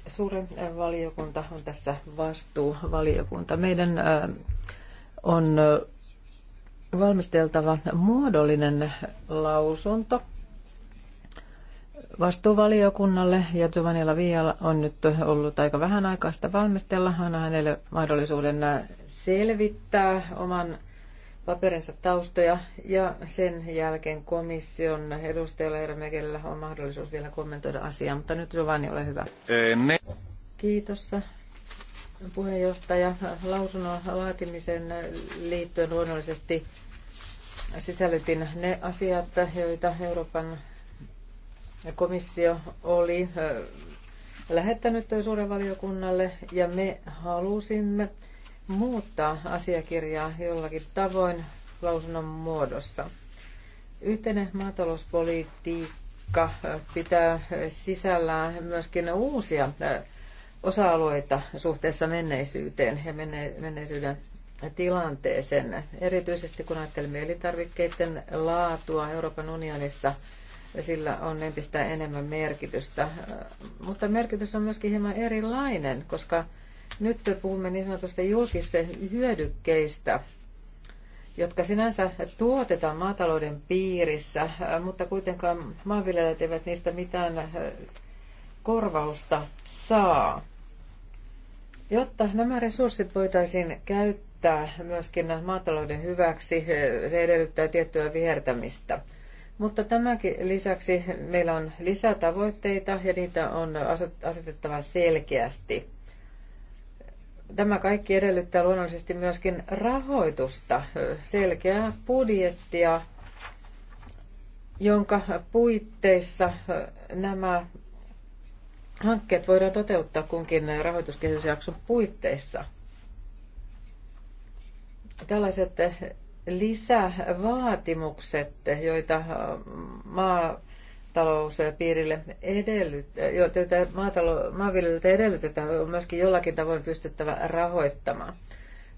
suuren valiokunta on tässä vastuuvaliokunta. Meidän äh, on valmisteltava muodollinen lausunto vastuuvaliokunnalle ja Giovanni Lavialla on nyt ollut aika vähän aikaa sitä valmistella. on hänelle mahdollisuuden selvittää oman paperinsa taustoja ja sen jälkeen komission edustajalla Hermekellä on mahdollisuus vielä kommentoida asiaa, mutta nyt Giovanni, ole hyvä. Ne. Kiitos puheenjohtaja. Lausunnon laatimisen liittyen luonnollisesti sisällytin ne asiat, joita Euroopan komissio oli lähettänyt suuren valiokunnalle ja me halusimme muuttaa asiakirjaa jollakin tavoin lausunnon muodossa. Yhteinen maatalouspolitiikka pitää sisällään myöskin uusia osa-alueita suhteessa menneisyyteen ja menneisyyden tilanteeseen. Erityisesti kun ajattelemme elintarvikkeiden laatua Euroopan unionissa, sillä on entistä enemmän merkitystä. Mutta merkitys on myöskin hieman erilainen, koska nyt puhumme niin sanotusta julkisista hyödykkeistä, jotka sinänsä tuotetaan maatalouden piirissä, mutta kuitenkaan maanviljelijät eivät niistä mitään korvausta saa. Jotta nämä resurssit voitaisiin käyttää myöskin maatalouden hyväksi, se edellyttää tiettyä vihertämistä. Mutta tämänkin lisäksi meillä on lisätavoitteita ja niitä on asetettava selkeästi. Tämä kaikki edellyttää luonnollisesti myöskin rahoitusta, selkeää budjettia, jonka puitteissa nämä hankkeet voidaan toteuttaa kunkin rahoituskehysjakson puitteissa. Tällaiset lisävaatimukset, joita maatalouspiirille edellyt, maatalo, maanviljelijöiltä edellytetään, on myöskin jollakin tavoin pystyttävä rahoittamaan.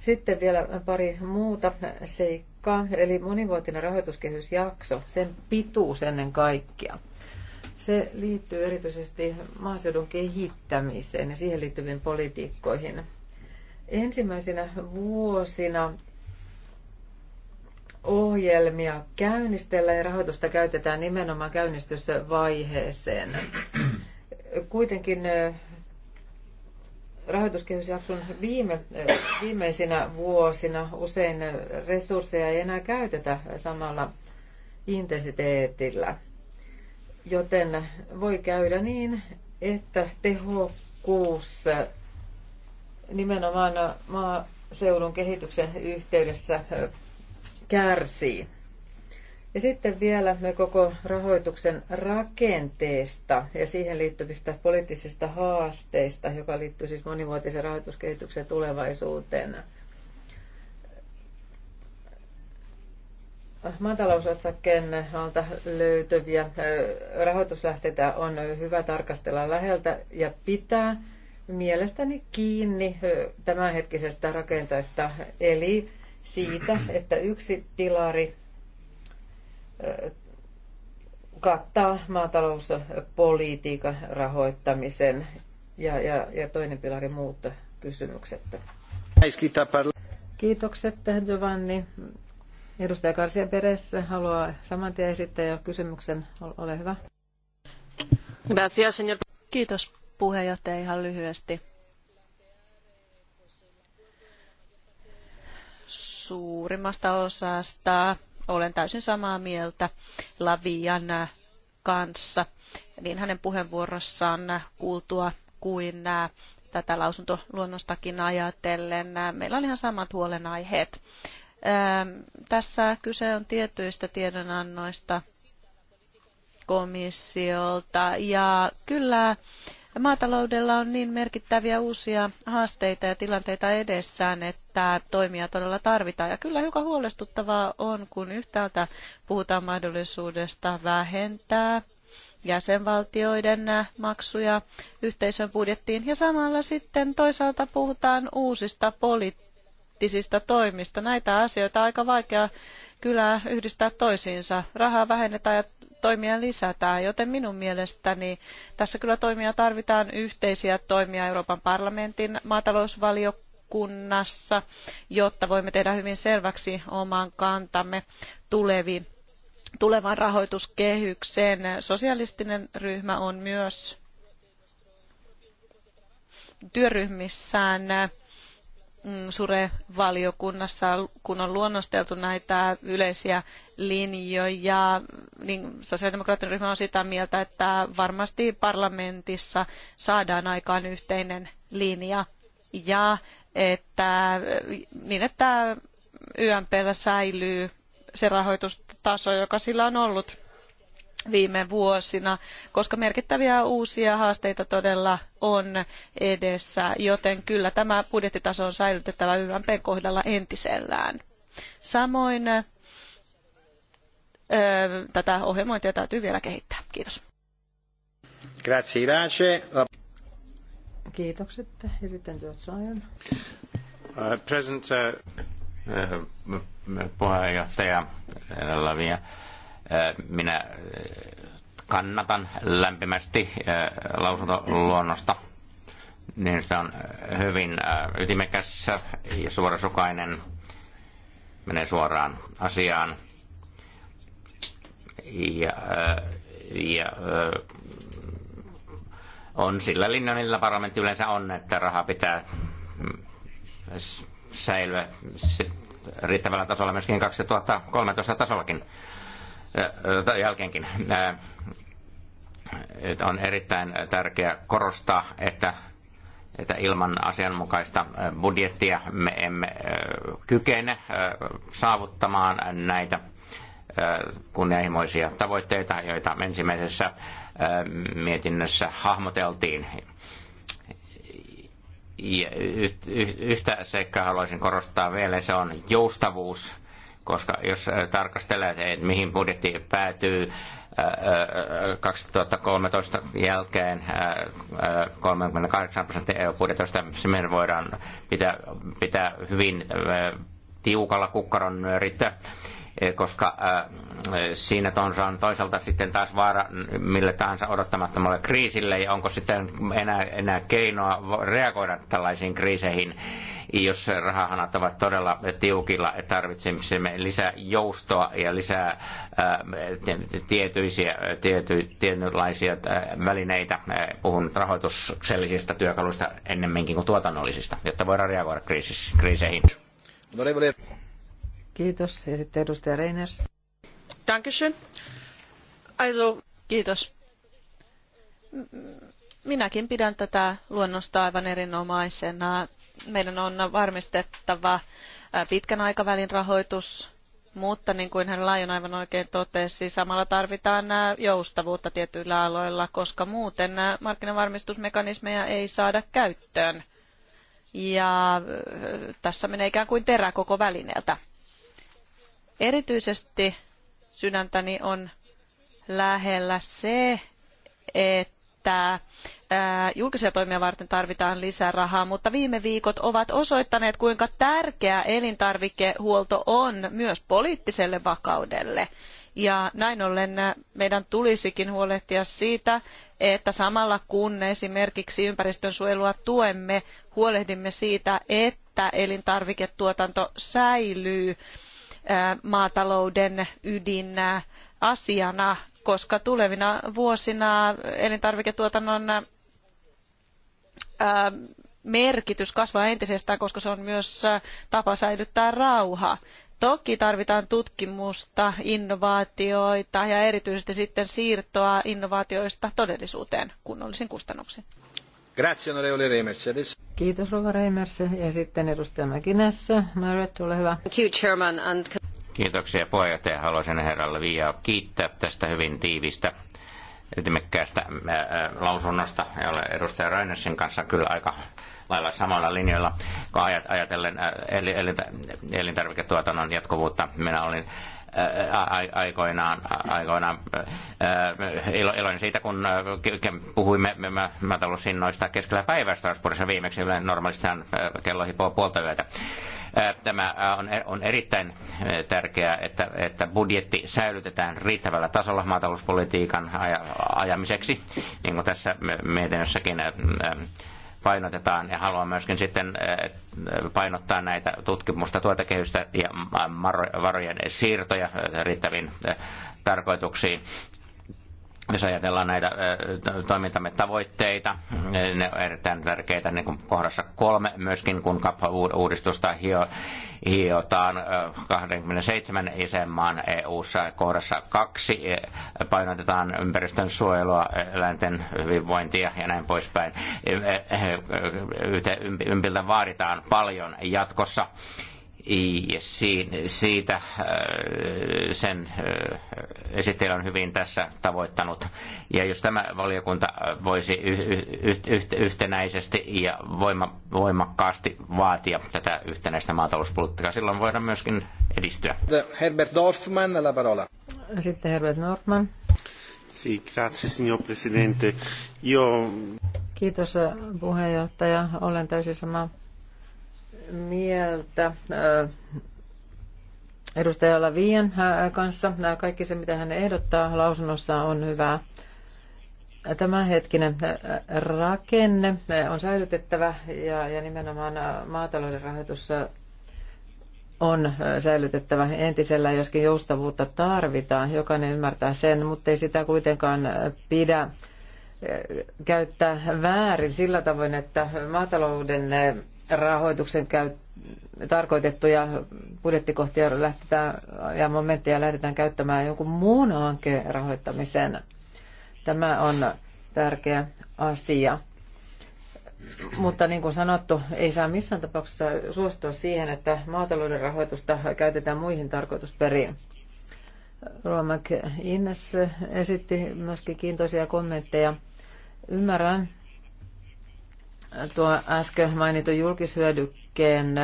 Sitten vielä pari muuta seikkaa, eli monivuotinen rahoituskehysjakso, sen pituus ennen kaikkea. Se liittyy erityisesti maaseudun kehittämiseen ja siihen liittyviin politiikkoihin. Ensimmäisenä vuosina ohjelmia käynnistellään ja rahoitusta käytetään nimenomaan käynnistysvaiheeseen. Kuitenkin rahoituskehysjakson viime, viimeisinä vuosina usein resursseja ei enää käytetä samalla intensiteetillä. Joten voi käydä niin, että tehokkuus nimenomaan maaseudun kehityksen yhteydessä kärsii. Ja sitten vielä me koko rahoituksen rakenteesta ja siihen liittyvistä poliittisista haasteista, joka liittyy siis monivuotisen rahoituskehityksen tulevaisuuteen. Maatalousotsakkeen alta löytyviä rahoituslähteitä on hyvä tarkastella läheltä ja pitää mielestäni kiinni tämänhetkisestä rakenteesta, eli siitä, että yksi pilari kattaa maatalouspolitiikan rahoittamisen ja, ja, ja toinen pilari muut kysymykset. Kiitokset Giovanni. Edustaja Karsia peres haluaa saman tien esittää jo kysymyksen. Ole hyvä. Kiitos puheenjohtaja ihan lyhyesti. Suurimmasta osasta olen täysin samaa mieltä Lavian kanssa. Niin hänen puheenvuorossaan kuultua kuin tätä lausuntoluonnostakin ajatellen. Meillä on ihan samat huolenaiheet. Tässä kyse on tietyistä tiedonannoista komissiolta ja kyllä maataloudella on niin merkittäviä uusia haasteita ja tilanteita edessään, että toimia todella tarvitaan. Ja kyllä hiukan huolestuttavaa on, kun yhtäältä puhutaan mahdollisuudesta vähentää jäsenvaltioiden maksuja yhteisön budjettiin ja samalla sitten toisaalta puhutaan uusista poliittisista poliittisista toimista. Näitä asioita on aika vaikea kyllä yhdistää toisiinsa. Rahaa vähennetään ja toimia lisätään, joten minun mielestäni tässä kyllä toimia tarvitaan yhteisiä toimia Euroopan parlamentin maatalousvaliokunnassa, jotta voimme tehdä hyvin selväksi oman kantamme tuleviin tulevan rahoituskehykseen. Sosialistinen ryhmä on myös työryhmissään Mm, sure-valiokunnassa, kun on luonnosteltu näitä yleisiä linjoja, niin sosiaalidemokraattinen ryhmä on sitä mieltä, että varmasti parlamentissa saadaan aikaan yhteinen linja ja että, niin, että YMPllä säilyy se rahoitustaso, joka sillä on ollut viime vuosina, koska merkittäviä uusia haasteita todella on edessä, joten kyllä tämä budjettitaso on säilytettävä YMPn kohdalla entisellään. Samoin tätä ohjelmointia täytyy vielä kehittää. Kiitos. Grazie, Kiitokset. Ja sitten George uh, President, uh, uh, puheenjohtaja Lavia. Minä kannatan lämpimästi lausuntoluonnosta. Niin se on hyvin ytimekäs ja suorasukainen. Menee suoraan asiaan. Ja, ja on sillä linjanilla parlamentti yleensä on, että raha pitää mm, säilyä riittävällä tasolla myöskin 2013 tasollakin tai jälkeenkin. On erittäin tärkeää korostaa, että että ilman asianmukaista budjettia me emme kykene saavuttamaan näitä kunnianhimoisia tavoitteita, joita ensimmäisessä mietinnössä hahmoteltiin. Yhtä seikkaa haluaisin korostaa vielä, se on joustavuus koska jos äh, tarkastelee, että mihin budjetti päätyy 2013 äh, äh, jälkeen 38 prosenttia EU-budjetista, niin voidaan pitää, pitää hyvin tiukalla kukkaron nyörittä Eh, koska äh, siinä on toisaalta sitten taas vaara mille tahansa odottamattomalle kriisille, ja onko sitten enää, enää keinoa reagoida tällaisiin kriiseihin, jos rahahanat ovat todella tiukilla, että tarvitsemme lisää joustoa ja lisää äh, tietyisiä, tiety, tietynlaisia äh, välineitä, puhun rahoituksellisista työkaluista ennemminkin kuin tuotannollisista, jotta voidaan reagoida kriisi, kriiseihin. Kiitos. Ja sitten edustaja Reiners. Dankeschön. Also... Kiitos. Minäkin pidän tätä luonnosta aivan erinomaisena. Meidän on varmistettava pitkän aikavälin rahoitus, mutta niin kuin hän Laajon aivan oikein totesi, samalla tarvitaan joustavuutta tietyillä aloilla, koska muuten markkinavarmistusmekanismeja ei saada käyttöön. Ja tässä menee ikään kuin terä koko välineeltä. Erityisesti sydäntäni on lähellä se, että julkisia toimia varten tarvitaan lisää rahaa, mutta viime viikot ovat osoittaneet, kuinka tärkeä elintarvikehuolto on myös poliittiselle vakaudelle. Ja näin ollen meidän tulisikin huolehtia siitä, että samalla kun esimerkiksi ympäristönsuojelua tuemme, huolehdimme siitä, että elintarviketuotanto säilyy maatalouden ydin asiana, koska tulevina vuosina elintarviketuotannon merkitys kasvaa entisestään, koska se on myös tapa säilyttää rauha. Toki tarvitaan tutkimusta, innovaatioita ja erityisesti sitten siirtoa innovaatioista todellisuuteen kunnollisin kustannuksin. Kiitos, Rova Reimers. Ja sitten edustaja Mäkinässä. Margaret, ole hyvä. Kiitoksia puheenjohtaja. Haluaisin herralle Viiaa kiittää tästä hyvin tiivistä ytimekkäästä lausunnosta. Olen edustaja Rainersin kanssa kyllä aika lailla samalla linjoilla, kun ajatellen elintarviketuotannon jatkuvuutta. Minä olin aikoinaan, aikoinaan iloinen siitä, kun puhuimme maataloushinnoista keskellä päivää Strasbourgissa viimeksi, normaalisti kello hipoo puolta yötä. Tämä on, e, on erittäin tärkeää, että, että budjetti säilytetään riittävällä tasolla maatalouspolitiikan ajamiseksi, niin kuin tässä mietinnössäkin painotetaan ja haluan myöskin sitten eh, painottaa näitä tutkimusta, tuotekehystä ja varojen siirtoja riittäviin eh, tarkoituksiin jos ajatellaan näitä toimintamme tavoitteita, ne on erittäin tärkeitä niin kuin kohdassa kolme myöskin, kun kappa-uudistusta hio, hiotaan 27 isänmaan EU-ssa. Kohdassa kaksi painotetaan ympäristön suojelua, eläinten hyvinvointia ja näin poispäin. Ympiltä vaaditaan paljon jatkossa siitä äh, sen äh, esittely on hyvin tässä tavoittanut. Ja jos tämä valiokunta äh, voisi yhtenäisesti ja voimakkaasti vaatia tätä yhtenäistä maatalouspolitiikkaa, silloin voidaan myöskin edistyä. Herbert Dorfman, la parola. Sitten Herbert Norman. Sì, grazie signor Presidente. Io... Kiitos puheenjohtaja. Olen täysin samaa mieltä äh, edustaja Lavien äh, kanssa. Kaikki se, mitä hän ehdottaa lausunnossa, on hyvää. Tämänhetkinen äh, rakenne on säilytettävä ja, ja nimenomaan maatalouden rahoitus on säilytettävä entisellä, joskin joustavuutta tarvitaan. Jokainen ymmärtää sen, mutta ei sitä kuitenkaan pidä käyttää väärin sillä tavoin, että maatalouden rahoituksen käyt tarkoitettuja budjettikohtia lähtetään ja momentteja lähdetään käyttämään jonkun muun hankkeen rahoittamiseen. Tämä on tärkeä asia. Mutta niin kuin sanottu, ei saa missään tapauksessa suostua siihen, että maatalouden rahoitusta käytetään muihin tarkoitusperiin. Ruomak Innes esitti myöskin kiintoisia kommentteja. Ymmärrän, tuo äsken mainitun julkishyödykkeen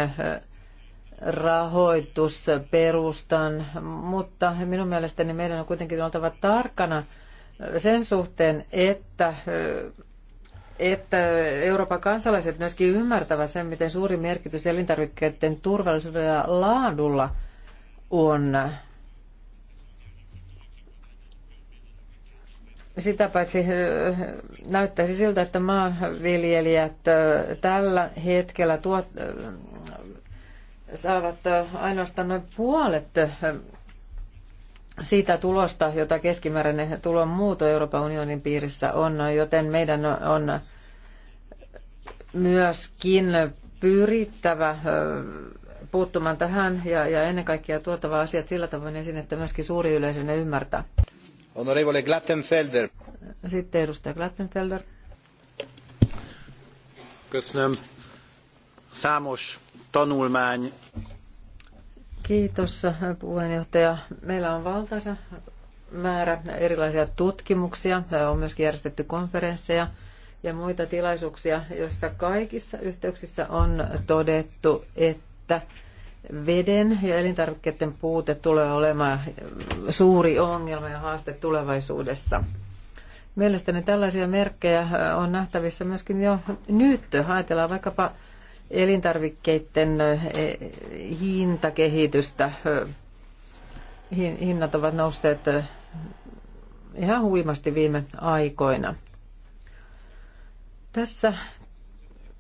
rahoitusperustan, mutta minun mielestäni meidän on kuitenkin oltava tarkkana sen suhteen, että, että Euroopan kansalaiset myöskin ymmärtävät sen, miten suuri merkitys elintarvikkeiden turvallisuudella ja laadulla on Sitä paitsi eh, näyttäisi siltä, että maanviljelijät eh, tällä hetkellä tuot, eh, saavat ainoastaan noin puolet siitä tulosta, jota keskimääräinen tulon muuto Euroopan unionin piirissä on, joten meidän on myöskin pyrittävä puuttumaan tähän ja, ja ennen kaikkea tuotava asiat sillä tavoin esiin, että myöskin suuri yleisö ne ymmärtää. Honorevole Glattenfelder. Sitten edustaja Glattenfelder. Köszönöm. Számos tanulmány. Kiitos puheenjohtaja. Meillä on valtaisa määrä erilaisia tutkimuksia. On myös järjestetty konferensseja ja muita tilaisuuksia, joissa kaikissa yhteyksissä on todettu, että Veden ja elintarvikkeiden puute tulee olemaan suuri ongelma ja haaste tulevaisuudessa. Mielestäni tällaisia merkkejä on nähtävissä myöskin jo nyt. Ajatellaan vaikkapa elintarvikkeiden eh, hintakehitystä. Hinnat ovat nousseet eh, ihan huimasti viime aikoina. Tässä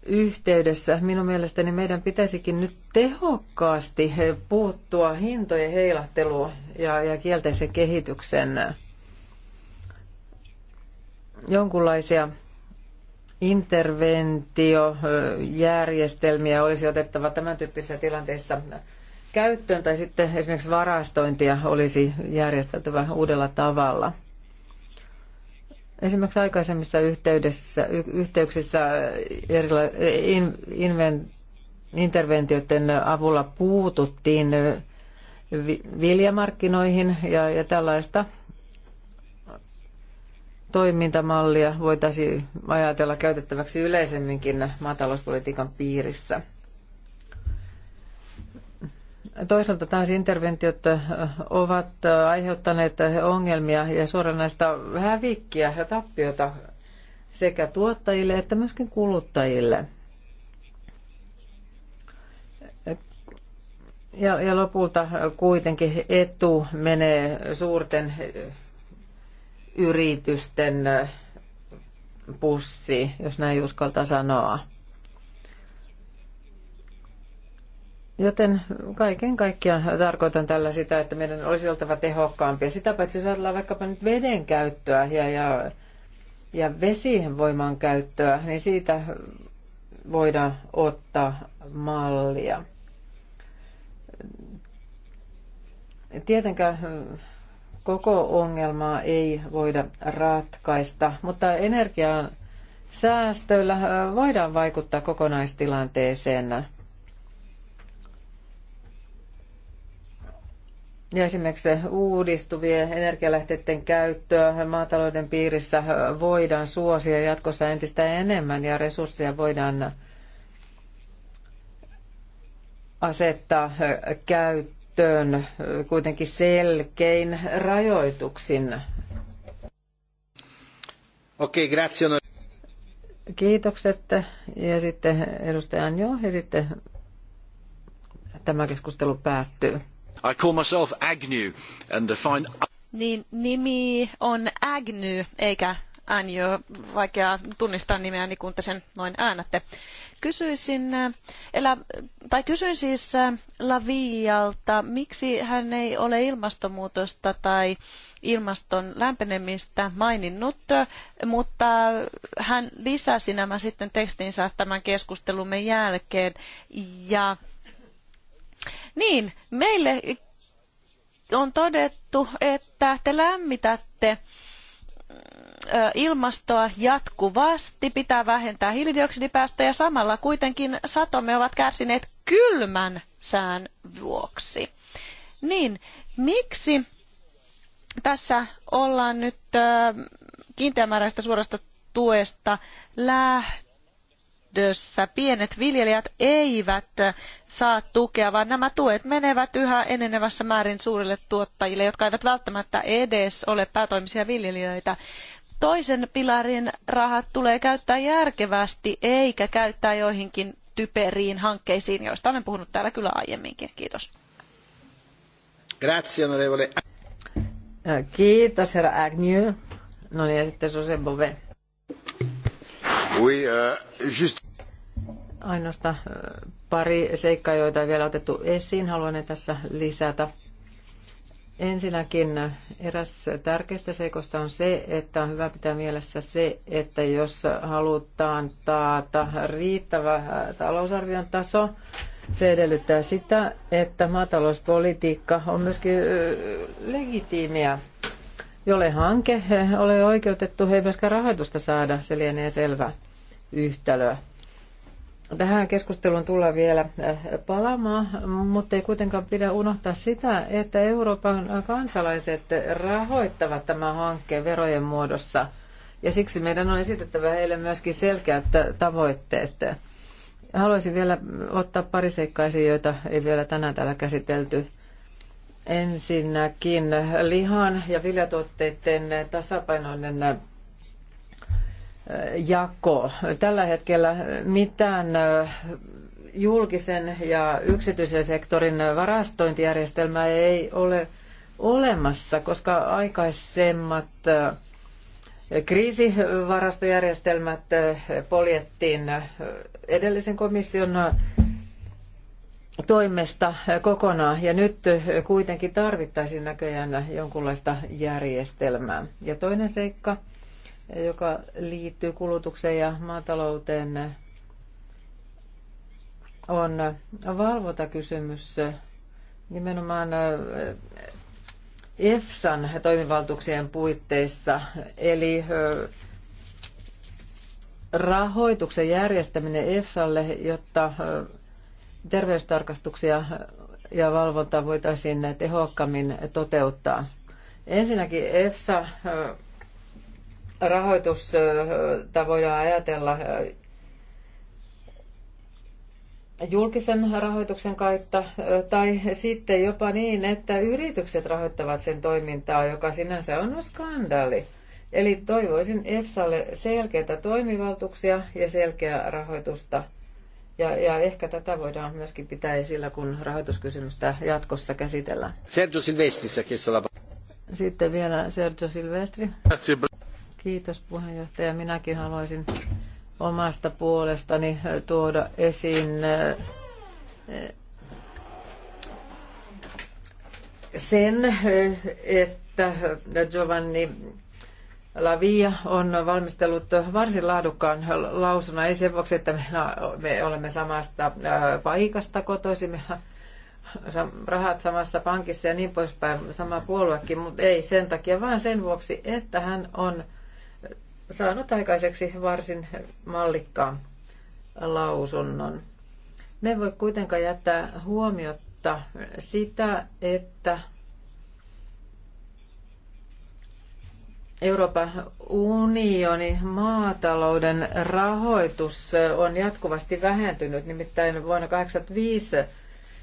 yhteydessä minun mielestäni meidän pitäisikin nyt tehokkaasti puuttua hintojen heilahteluun ja, ja kielteisen kehityksen jonkunlaisia interventiojärjestelmiä olisi otettava tämän tyyppisissä tilanteissa käyttöön tai sitten esimerkiksi varastointia olisi järjesteltävä uudella tavalla – Esimerkiksi aikaisemmissa yhteydessä, yhteyksissä erila- in, inven, interventioiden avulla puututtiin viljamarkkinoihin ja, ja tällaista toimintamallia voitaisiin ajatella käytettäväksi yleisemminkin maatalouspolitiikan piirissä. Toisaalta taas interventiot ovat aiheuttaneet ongelmia ja suoranaista hävikkiä ja tappiota sekä tuottajille että myöskin kuluttajille. Ja, ja lopulta kuitenkin etu menee suurten yritysten pussi, jos näin uskaltaa sanoa. Joten kaiken kaikkiaan tarkoitan tällä sitä, että meidän olisi oltava tehokkaampia. Sitä paitsi jos ajatellaan vaikkapa nyt veden käyttöä ja, ja, ja vesivoiman käyttöä, niin siitä voidaan ottaa mallia. Tietenkään koko ongelmaa ei voida ratkaista, mutta energian säästöillä voidaan vaikuttaa kokonaistilanteeseen ja esimerkiksi uudistuvien energialähteiden käyttöä maatalouden piirissä voidaan suosia jatkossa entistä enemmän ja resursseja voidaan asettaa käyttöön kuitenkin selkein rajoituksin. Okei, okay, grazie. Kiitokset. Ja sitten edustajan jo, ja sitten tämä keskustelu päättyy. I call myself Agnew and fine Niin nimi on Agnew eikä Agnew. Vaikea tunnistaa niin kun te sen noin äänätte. Kysyisin, äh, elä, tai kysyin siis äh, Lavialta, miksi hän ei ole ilmastonmuutosta tai ilmaston lämpenemistä maininnut, mutta hän lisäsi nämä sitten tekstinsä tämän keskustelumme jälkeen. Ja niin, meille on todettu, että te lämmitätte ilmastoa jatkuvasti, pitää vähentää hiilidioksidipäästöjä samalla kuitenkin satomme ovat kärsineet kylmän sään vuoksi. Niin, miksi tässä ollaan nyt kiinteämääräistä suorasta tuesta lähtenyt? käytössä pienet viljelijät eivät saa tukea, vaan nämä tuet menevät yhä enenevässä määrin suurille tuottajille, jotka eivät välttämättä edes ole päätoimisia viljelijöitä. Toisen pilarin rahat tulee käyttää järkevästi eikä käyttää joihinkin typeriin hankkeisiin, joista olen puhunut täällä kyllä aiemminkin. Kiitos. Grazie, onorevole. Kiitos, herra Agnew. No niin, ja sitten Bove. Euh, Ainoastaan äh, pari seikkaa, joita ei vielä otettu esiin, haluan ne tässä lisätä. Ensinnäkin äh, eräs tärkeistä seikoista on se, että on hyvä pitää mielessä se, että jos halutaan taata riittävä äh, talousarvion taso, se edellyttää sitä, että maatalouspolitiikka on myöskin legitiimiä. Jolle hanke ole oikeutettu, ei myöskään rahoitusta saada, se lienee selvää yhtälö. Tähän keskusteluun tullaan vielä äh, palaamaan, mutta ei kuitenkaan pidä unohtaa sitä, että Euroopan kansalaiset rahoittavat tämän hankkeen verojen muodossa. Ja siksi meidän on esitettävä heille myöskin selkeät tavoitteet. Haluaisin vielä ottaa pari seikkaisia, joita ei vielä tänään täällä käsitelty. Ensinnäkin lihan ja viljatuotteiden tasapainoinen jako. Tällä hetkellä mitään julkisen ja yksityisen sektorin varastointijärjestelmää ei ole olemassa, koska aikaisemmat kriisivarastojärjestelmät poljettiin edellisen komission toimesta kokonaan ja nyt kuitenkin tarvittaisiin näköjään jonkunlaista järjestelmää. Ja toinen seikka, joka liittyy kulutukseen ja maatalouteen, on valvontakysymys nimenomaan äh, EFSAn toimivaltuuksien puitteissa, eli äh, rahoituksen järjestäminen EFSAlle, jotta äh, terveystarkastuksia ja valvontaa voitaisiin tehokkaammin toteuttaa. Ensinnäkin EFSA tai voidaan ajatella julkisen rahoituksen kautta tai sitten jopa niin, että yritykset rahoittavat sen toimintaa, joka sinänsä on skandaali. Eli toivoisin EFSAlle selkeitä toimivaltuuksia ja selkeää rahoitusta. Ja, ja ehkä tätä voidaan myöskin pitää esillä, kun rahoituskysymystä jatkossa käsitellään. Sergio Silvestri, Sitten vielä Sergio Silvestri. Kiitos puheenjohtaja. Minäkin haluaisin omasta puolestani tuoda esiin eh, sen, että Giovanni Lavia on valmistellut varsin laadukkaan lausuna. Ei sen vuoksi, että me olemme samasta eh, paikasta kotoisin, rahat samassa pankissa ja niin poispäin, sama puoluekin, mutta ei sen takia, vaan sen vuoksi, että hän on – saanut aikaiseksi varsin mallikkaan lausunnon. Me voi kuitenkaan jättää huomiotta sitä, että Euroopan unionin maatalouden rahoitus on jatkuvasti vähentynyt, nimittäin vuonna 1985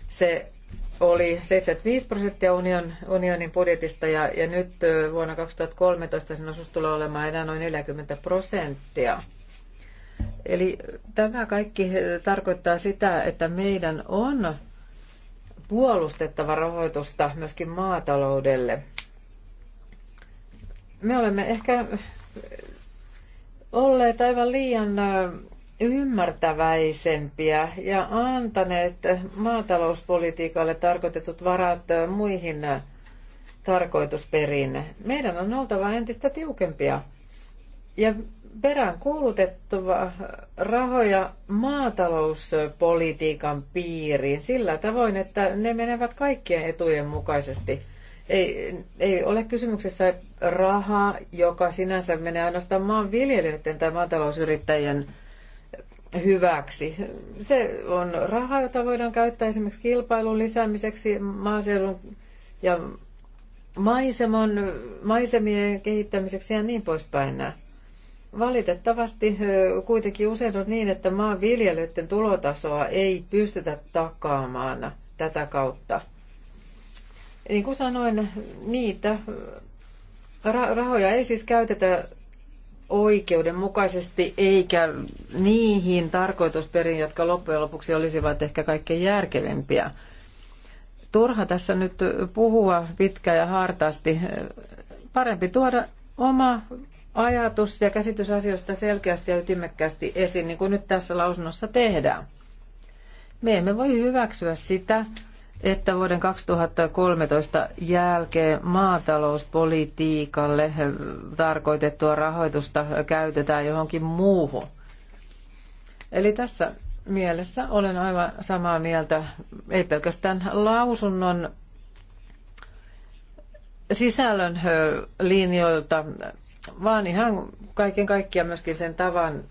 se oli 75 prosenttia union, unionin budjetista ja, ja nyt vuonna 2013 sen osuus tulee olemaan enää noin 40 prosenttia. Eli tämä kaikki tarkoittaa sitä, että meidän on puolustettava rahoitusta myöskin maataloudelle. Me olemme ehkä olleet aivan liian ymmärtäväisempiä ja antaneet maatalouspolitiikalle tarkoitetut varat muihin tarkoitusperiin. Meidän on oltava entistä tiukempia ja perään kuulutettava rahoja maatalouspolitiikan piiriin sillä tavoin, että ne menevät kaikkien etujen mukaisesti. Ei, ei ole kysymyksessä raha, joka sinänsä menee ainoastaan maanviljelijöiden tai maatalousyrittäjien hyväksi. Se on rahaa, jota voidaan käyttää esimerkiksi kilpailun lisäämiseksi, maaseudun ja maiseman maisemien kehittämiseksi ja niin poispäin. Valitettavasti kuitenkin usein on niin, että maanviljelijöiden tulotasoa ei pystytä takaamaan tätä kautta. Niin kuin sanoin, niitä rahoja ei siis käytetä oikeudenmukaisesti eikä niihin tarkoitusperiin, jotka loppujen lopuksi olisivat ehkä kaikkein järkevimpiä. Turha tässä nyt puhua pitkään ja hartaasti. Parempi tuoda oma ajatus ja käsitys asioista selkeästi ja ytimekkäästi esiin, niin kuin nyt tässä lausunnossa tehdään. Me emme voi hyväksyä sitä, että vuoden 2013 jälkeen maatalouspolitiikalle tarkoitettua rahoitusta käytetään johonkin muuhun. Eli tässä mielessä olen aivan samaa mieltä, ei pelkästään lausunnon sisällön linjoilta, vaan ihan kaiken kaikkiaan myöskin sen tavan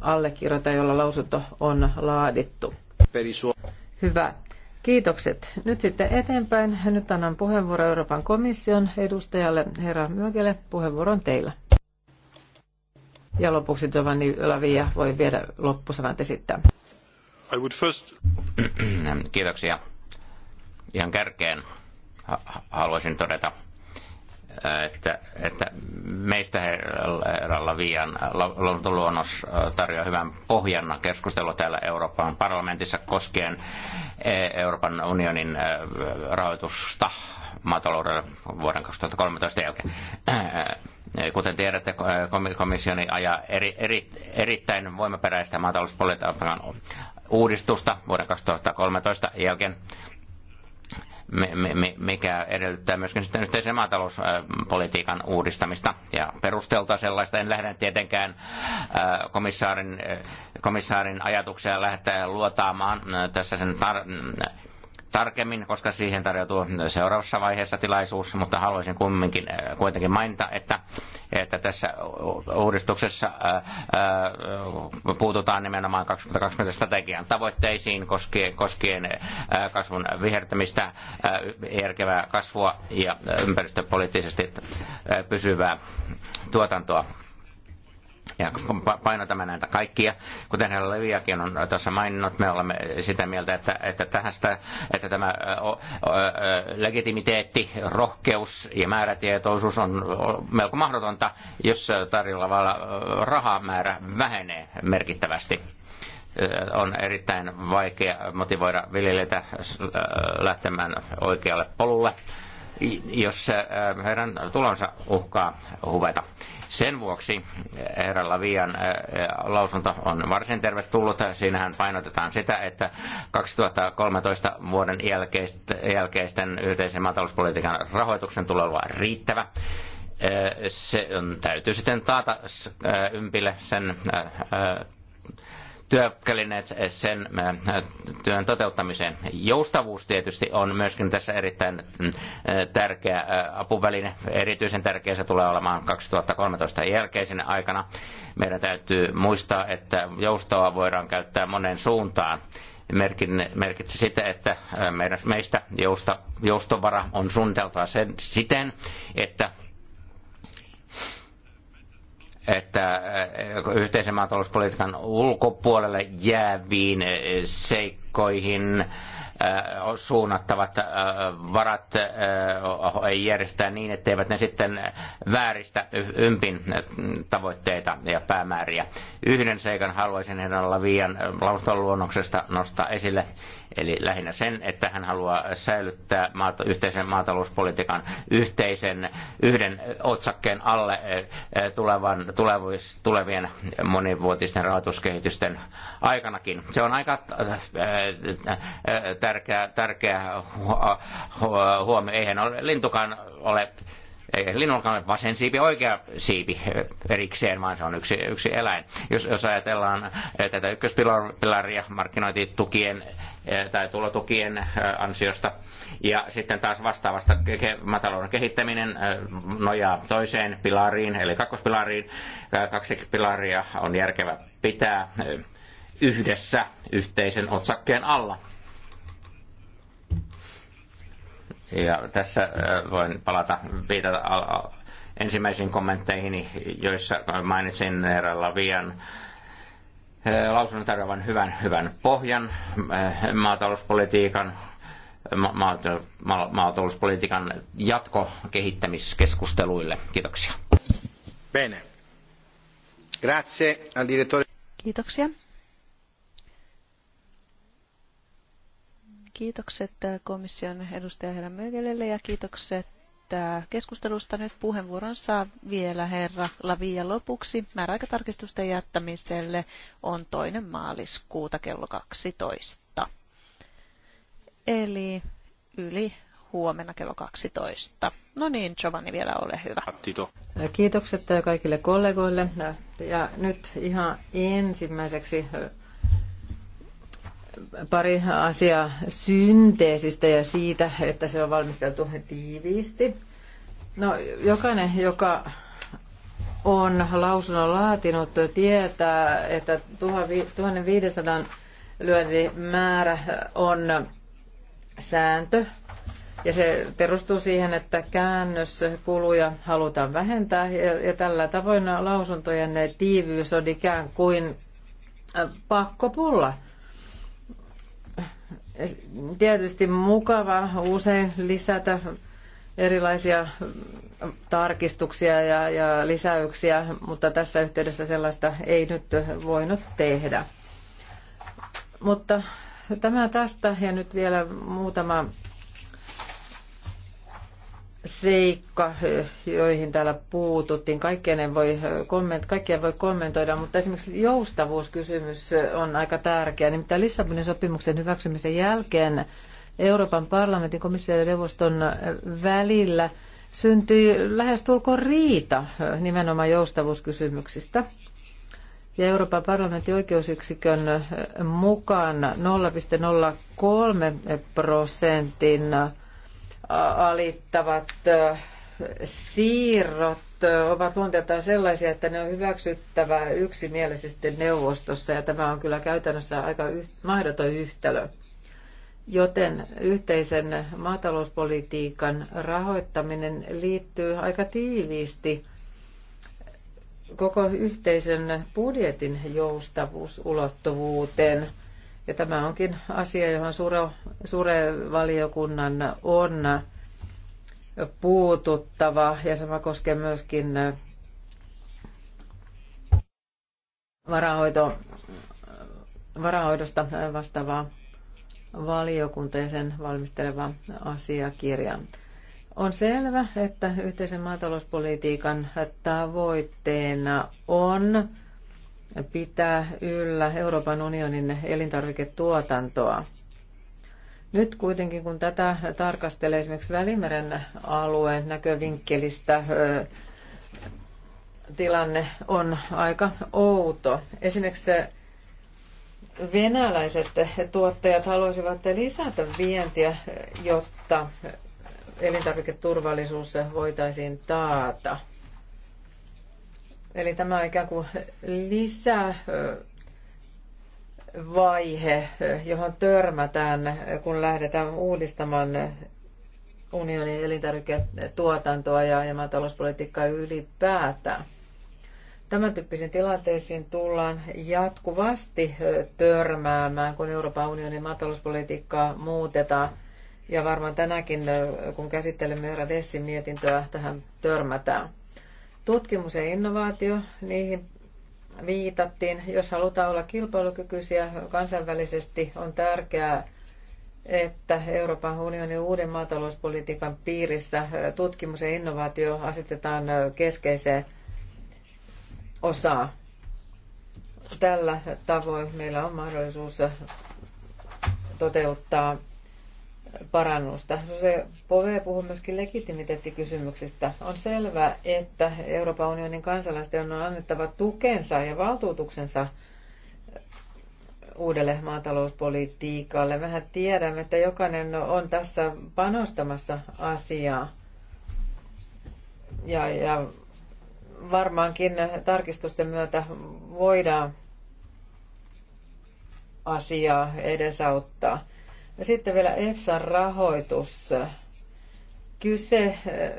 allekirjoita, jolla lausunto on laadittu. Hyvä. Kiitokset. Nyt sitten eteenpäin. Nyt annan puheenvuoro Euroopan komission edustajalle, herra Myökele. Puheenvuoron teillä. Ja lopuksi Giovanni Yläviä voi viedä loppusanat esittää. I would first... Kiitoksia. Ihan kärkeen haluaisin todeta että, että meistä herralla Vian luonnos tarjoaa hyvän pohjan keskustelua täällä Euroopan parlamentissa koskien e, Euroopan unionin rahoitusta maataloudelle vuoden 2013 jälkeen. Kuten tiedätte, komissioni ajaa eri, eri, erittäin voimaperäistä maatalouspolitiikan uudistusta vuoden 2013 jälkeen mikä edellyttää myöskin sitten yhteisen maatalouspolitiikan uudistamista ja perustelta sellaista. En lähde tietenkään äh, komissaarin, äh, komissaarin ajatuksia lähteä luotaamaan äh, tässä sen tar- tarkemmin, koska siihen tarjoutuu seuraavassa vaiheessa tilaisuus, mutta haluaisin kumminkin äh, kuitenkin mainita, että, että tässä uudistuksessa ää, äh, ää, äh, puututaan nimenomaan 2020 strategian tavoitteisiin koskien, koskien ää, kasvun vihertämistä, ää, järkevää kasvua ja ympäristöpoliittisesti ää, pysyvää tuotantoa ja painotamme näitä kaikkia. Kuten herra Leviakin on tuossa maininnut, me olemme sitä mieltä, että, että, tästä, että tämä o, o, legitimiteetti, rohkeus ja määrätietoisuus on melko mahdotonta, jos tarjolla rahamäärä vähenee merkittävästi on erittäin vaikea motivoida viljelijöitä lähtemään oikealle polulle jos äh, heidän tulonsa uhkaa huveta. Sen vuoksi äh, herra Lavian äh, lausunto on varsin tervetullut. Siinähän painotetaan sitä, että 2013 vuoden jälkeisten yhteisen maatalouspolitiikan rahoituksen tulee olla riittävä se on, mm, täytyy sitten taata ympille sen työkälineet sen työn toteuttamiseen. Joustavuus tietysti on myöskin tässä erittäin mm, tärkeä apuväline. Erityisen tärkeä se tulee olemaan 2013 jälkeisen aikana. Meidän täytyy muistaa, että joustoa voidaan käyttää monen suuntaan merkitsi sitä, että meidän, meistä jousta, joustovara on suunniteltava sen, siten, että että äh, yhteisen maatalouspolitiikan ulkopuolelle jääviin äh, seikkoihin poliitikkoihin äh, suunnattavat äh, varat äh, järjestää niin, etteivät ne sitten vääristä ympin tavoitteita ja päämääriä. Yhden seikan haluaisin Lavian lausunnon luonnoksesta nostaa esille, eli lähinnä sen, että hän haluaa säilyttää maata, yhteisen maatalouspolitiikan yhteisen yhden otsakkeen alle tulevan, tulevis, tulevien monivuotisten rahoituskehitysten aikanakin. Se on aika Eh, tärkeä, tärkeä huomio. Eihän ole, lintukaan ole ei linnullakaan ole vasen siipi oikea siipi erikseen, vaan se on yksi, yksi eläin. Jos, jos ajatellaan eh, tätä ykköspilaria markkinointitukien eh, tai tulotukien ansiosta, ja sitten taas vastaavasta matalouden kehittäminen nojaa toiseen pilariin, eli kakkospilariin. Kaksi pilaria on järkevä pitää yhdessä yhteisen otsakkeen alla. Ja tässä äh, voin palata, viitata ensimmäisiin kommentteihin, joissa mainitsin eräällä vian äh, lausunnon tarjoavan hyvän, hyvän pohjan äh, maatalouspolitiikan maatalouspolitiikan jatkokehittämiskeskusteluille. Kiitoksia. Bene. Grazie al direttore. Kiitoksia. Kiitokset äh, komission edustaja herra Mögelelle ja kiitokset äh, keskustelusta. Nyt puheenvuoron saa vielä herra Lavia lopuksi. Määräaikatarkistusten jättämiselle on toinen maaliskuuta kello 12. Eli yli huomenna kello 12. No niin, Giovanni, vielä ole hyvä. Tito. Äh, kiitokset kaikille kollegoille. Ja nyt ihan ensimmäiseksi Pari asiaa synteesistä ja siitä, että se on valmisteltu tiiviisti. No, jokainen, joka on lausunnon laatinut, tietää, että 1500 lyönnin määrä on sääntö, ja se perustuu siihen, että käännöskuluja halutaan vähentää ja, tällä tavoin lausuntojen tiiviys on ikään kuin pakkopulla tietysti mukava usein lisätä erilaisia mm, tarkistuksia ja, ja lisäyksiä, mutta tässä yhteydessä sellaista ei nyt voinut tehdä. Mutta tämä tästä ja nyt vielä muutama seikka, joihin täällä puututtiin. Kaikkien voi, komment- kaikkien voi kommentoida, mutta esimerkiksi joustavuuskysymys on aika tärkeä. Nimittäin Lissabonin sopimuksen hyväksymisen jälkeen Euroopan parlamentin komission ja neuvoston välillä syntyi lähestulkoon riita nimenomaan joustavuuskysymyksistä. Ja Euroopan parlamentin oikeusyksikön mukaan 0,03 prosentin alittavat siirrot ovat luonteeltaan sellaisia, että ne on hyväksyttävä yksimielisesti neuvostossa ja tämä on kyllä käytännössä aika mahdoton yhtälö. Joten yhteisen maatalouspolitiikan rahoittaminen liittyy aika tiiviisti koko yhteisen budjetin joustavuusulottuvuuteen – ja tämä onkin asia, johon suure valiokunnan on puututtava ja sama koskee myöskin varahoito, varahoidosta vastaavaa valiokunta ja sen valmisteleva asiakirja. On selvä, että yhteisen maatalouspolitiikan tavoitteena on pitää yllä Euroopan unionin elintarviketuotantoa. Nyt kuitenkin, kun tätä tarkastelee esimerkiksi Välimeren alueen näkövinkkelistä, tilanne on aika outo. Esimerkiksi venäläiset tuottajat haluaisivat lisätä vientiä, jotta elintarviketurvallisuus voitaisiin taata. Eli tämä on ikään kuin lisävaihe, vaihe, johon törmätään, kun lähdetään uudistamaan unionin elintarviketuotantoa ja, ja maatalouspolitiikkaa ylipäätään. Tämän tyyppisiin tilanteisiin tullaan jatkuvasti törmäämään, kun Euroopan unionin maatalouspolitiikkaa muutetaan. Ja varmaan tänäkin, kun käsittelemme Herra Dessin mietintöä, tähän törmätään. Tutkimus ja innovaatio, niihin viitattiin. Jos halutaan olla kilpailukykyisiä kansainvälisesti, on tärkeää, että Euroopan unionin uuden maatalouspolitiikan piirissä tutkimus ja innovaatio asetetaan keskeiseen osaan. Tällä tavoin meillä on mahdollisuus toteuttaa parannusta. Se Pove puhui myöskin legitimiteettikysymyksistä. On selvää, että Euroopan unionin kansalaisten on annettava tukensa ja valtuutuksensa uudelle maatalouspolitiikalle. Mehän tiedämme, että jokainen on tässä panostamassa asiaa. Ja, ja varmaankin tarkistusten myötä voidaan asiaa edesauttaa. Ja sitten vielä EFSAn rahoitus. Kyse eh,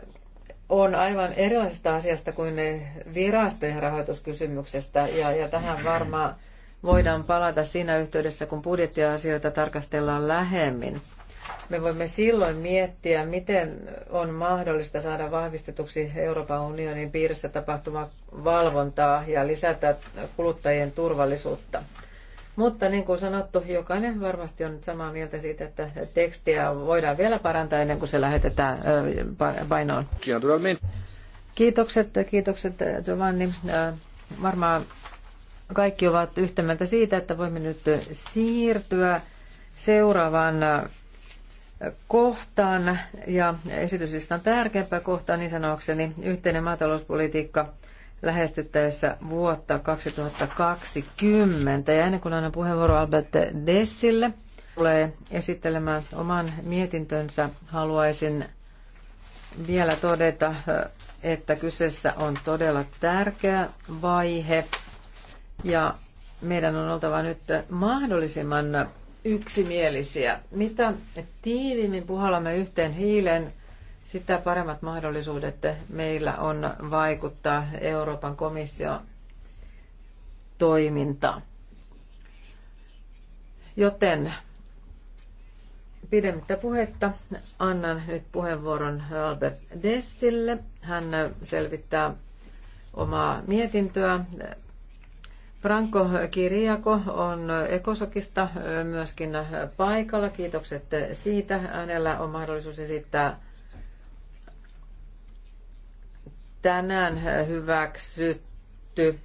on aivan erilaisesta asiasta kuin ne virastojen rahoituskysymyksestä, ja, ja tähän varmaan voidaan palata siinä yhteydessä, kun budjettiasioita tarkastellaan lähemmin. Me voimme silloin miettiä, miten on mahdollista saada vahvistetuksi Euroopan unionin piirissä tapahtuvaa valvontaa ja lisätä kuluttajien turvallisuutta. Mutta niin kuin sanottu, jokainen varmasti on samaa mieltä siitä, että tekstiä voidaan vielä parantaa ennen kuin se lähetetään painoon. Kiitokset, kiitokset Giovanni. Varmaan kaikki ovat yhtä mieltä siitä, että voimme nyt siirtyä seuraavaan kohtaan ja esityslistan tärkeämpää kohtaan niin sanokseni yhteinen maatalouspolitiikka – lähestyttäessä vuotta 2020. Ja ennen kuin annan puheenvuoro Albert Dessille, tulee esittelemään oman mietintönsä, haluaisin vielä todeta, että kyseessä on todella tärkeä vaihe ja meidän on oltava nyt mahdollisimman yksimielisiä. Mitä tiivimmin puhallamme yhteen hiilen, sitä paremmat mahdollisuudet meillä on vaikuttaa Euroopan komission toimintaan. Joten pidemmittä puhetta annan nyt puheenvuoron Albert Dessille. Hän selvittää omaa mietintöä. Franco Kiriako on Ekosokista myöskin paikalla. Kiitokset siitä. Hänellä on mahdollisuus esittää tänään hyväksytty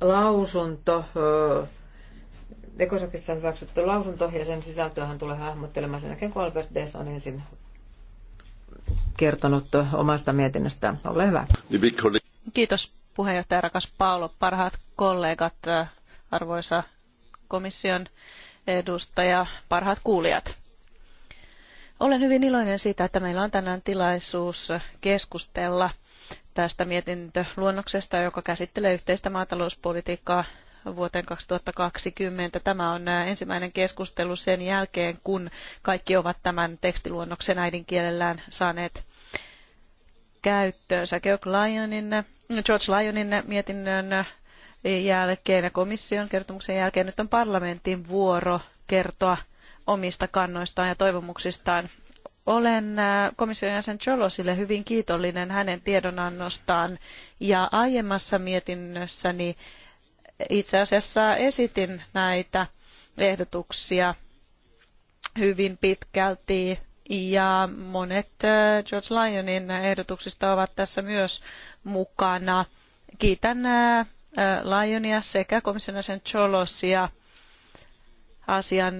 lausunto, Ekosokissa on hyväksytty lausunto ja sen sisältöähän tulee hahmottelemaan sen jälkeen, kun Albert Dess on ensin kertonut omasta mietinnöstä. Ole hyvä. Kiitos puheenjohtaja, rakas Paolo, parhaat kollegat, arvoisa komission edustaja, parhaat kuulijat. Olen hyvin iloinen siitä, että meillä on tänään tilaisuus keskustella – tästä mietintöluonnoksesta, joka käsittelee yhteistä maatalouspolitiikkaa vuoteen 2020. Tämä on ensimmäinen keskustelu sen jälkeen, kun kaikki ovat tämän tekstiluonnoksen äidinkielellään saaneet käyttöönsä. George Lyonin, George Lyonin mietinnön jälkeen ja komission kertomuksen jälkeen nyt on parlamentin vuoro kertoa omista kannoistaan ja toivomuksistaan olen äh, komission jäsen Cholosille hyvin kiitollinen hänen tiedonannostaan ja aiemmassa mietinnössäni itse asiassa esitin näitä ehdotuksia hyvin pitkälti ja monet äh, George Lyonin ehdotuksista ovat tässä myös mukana. Kiitän äh, Lyonia sekä komission jäsen Cholosia asian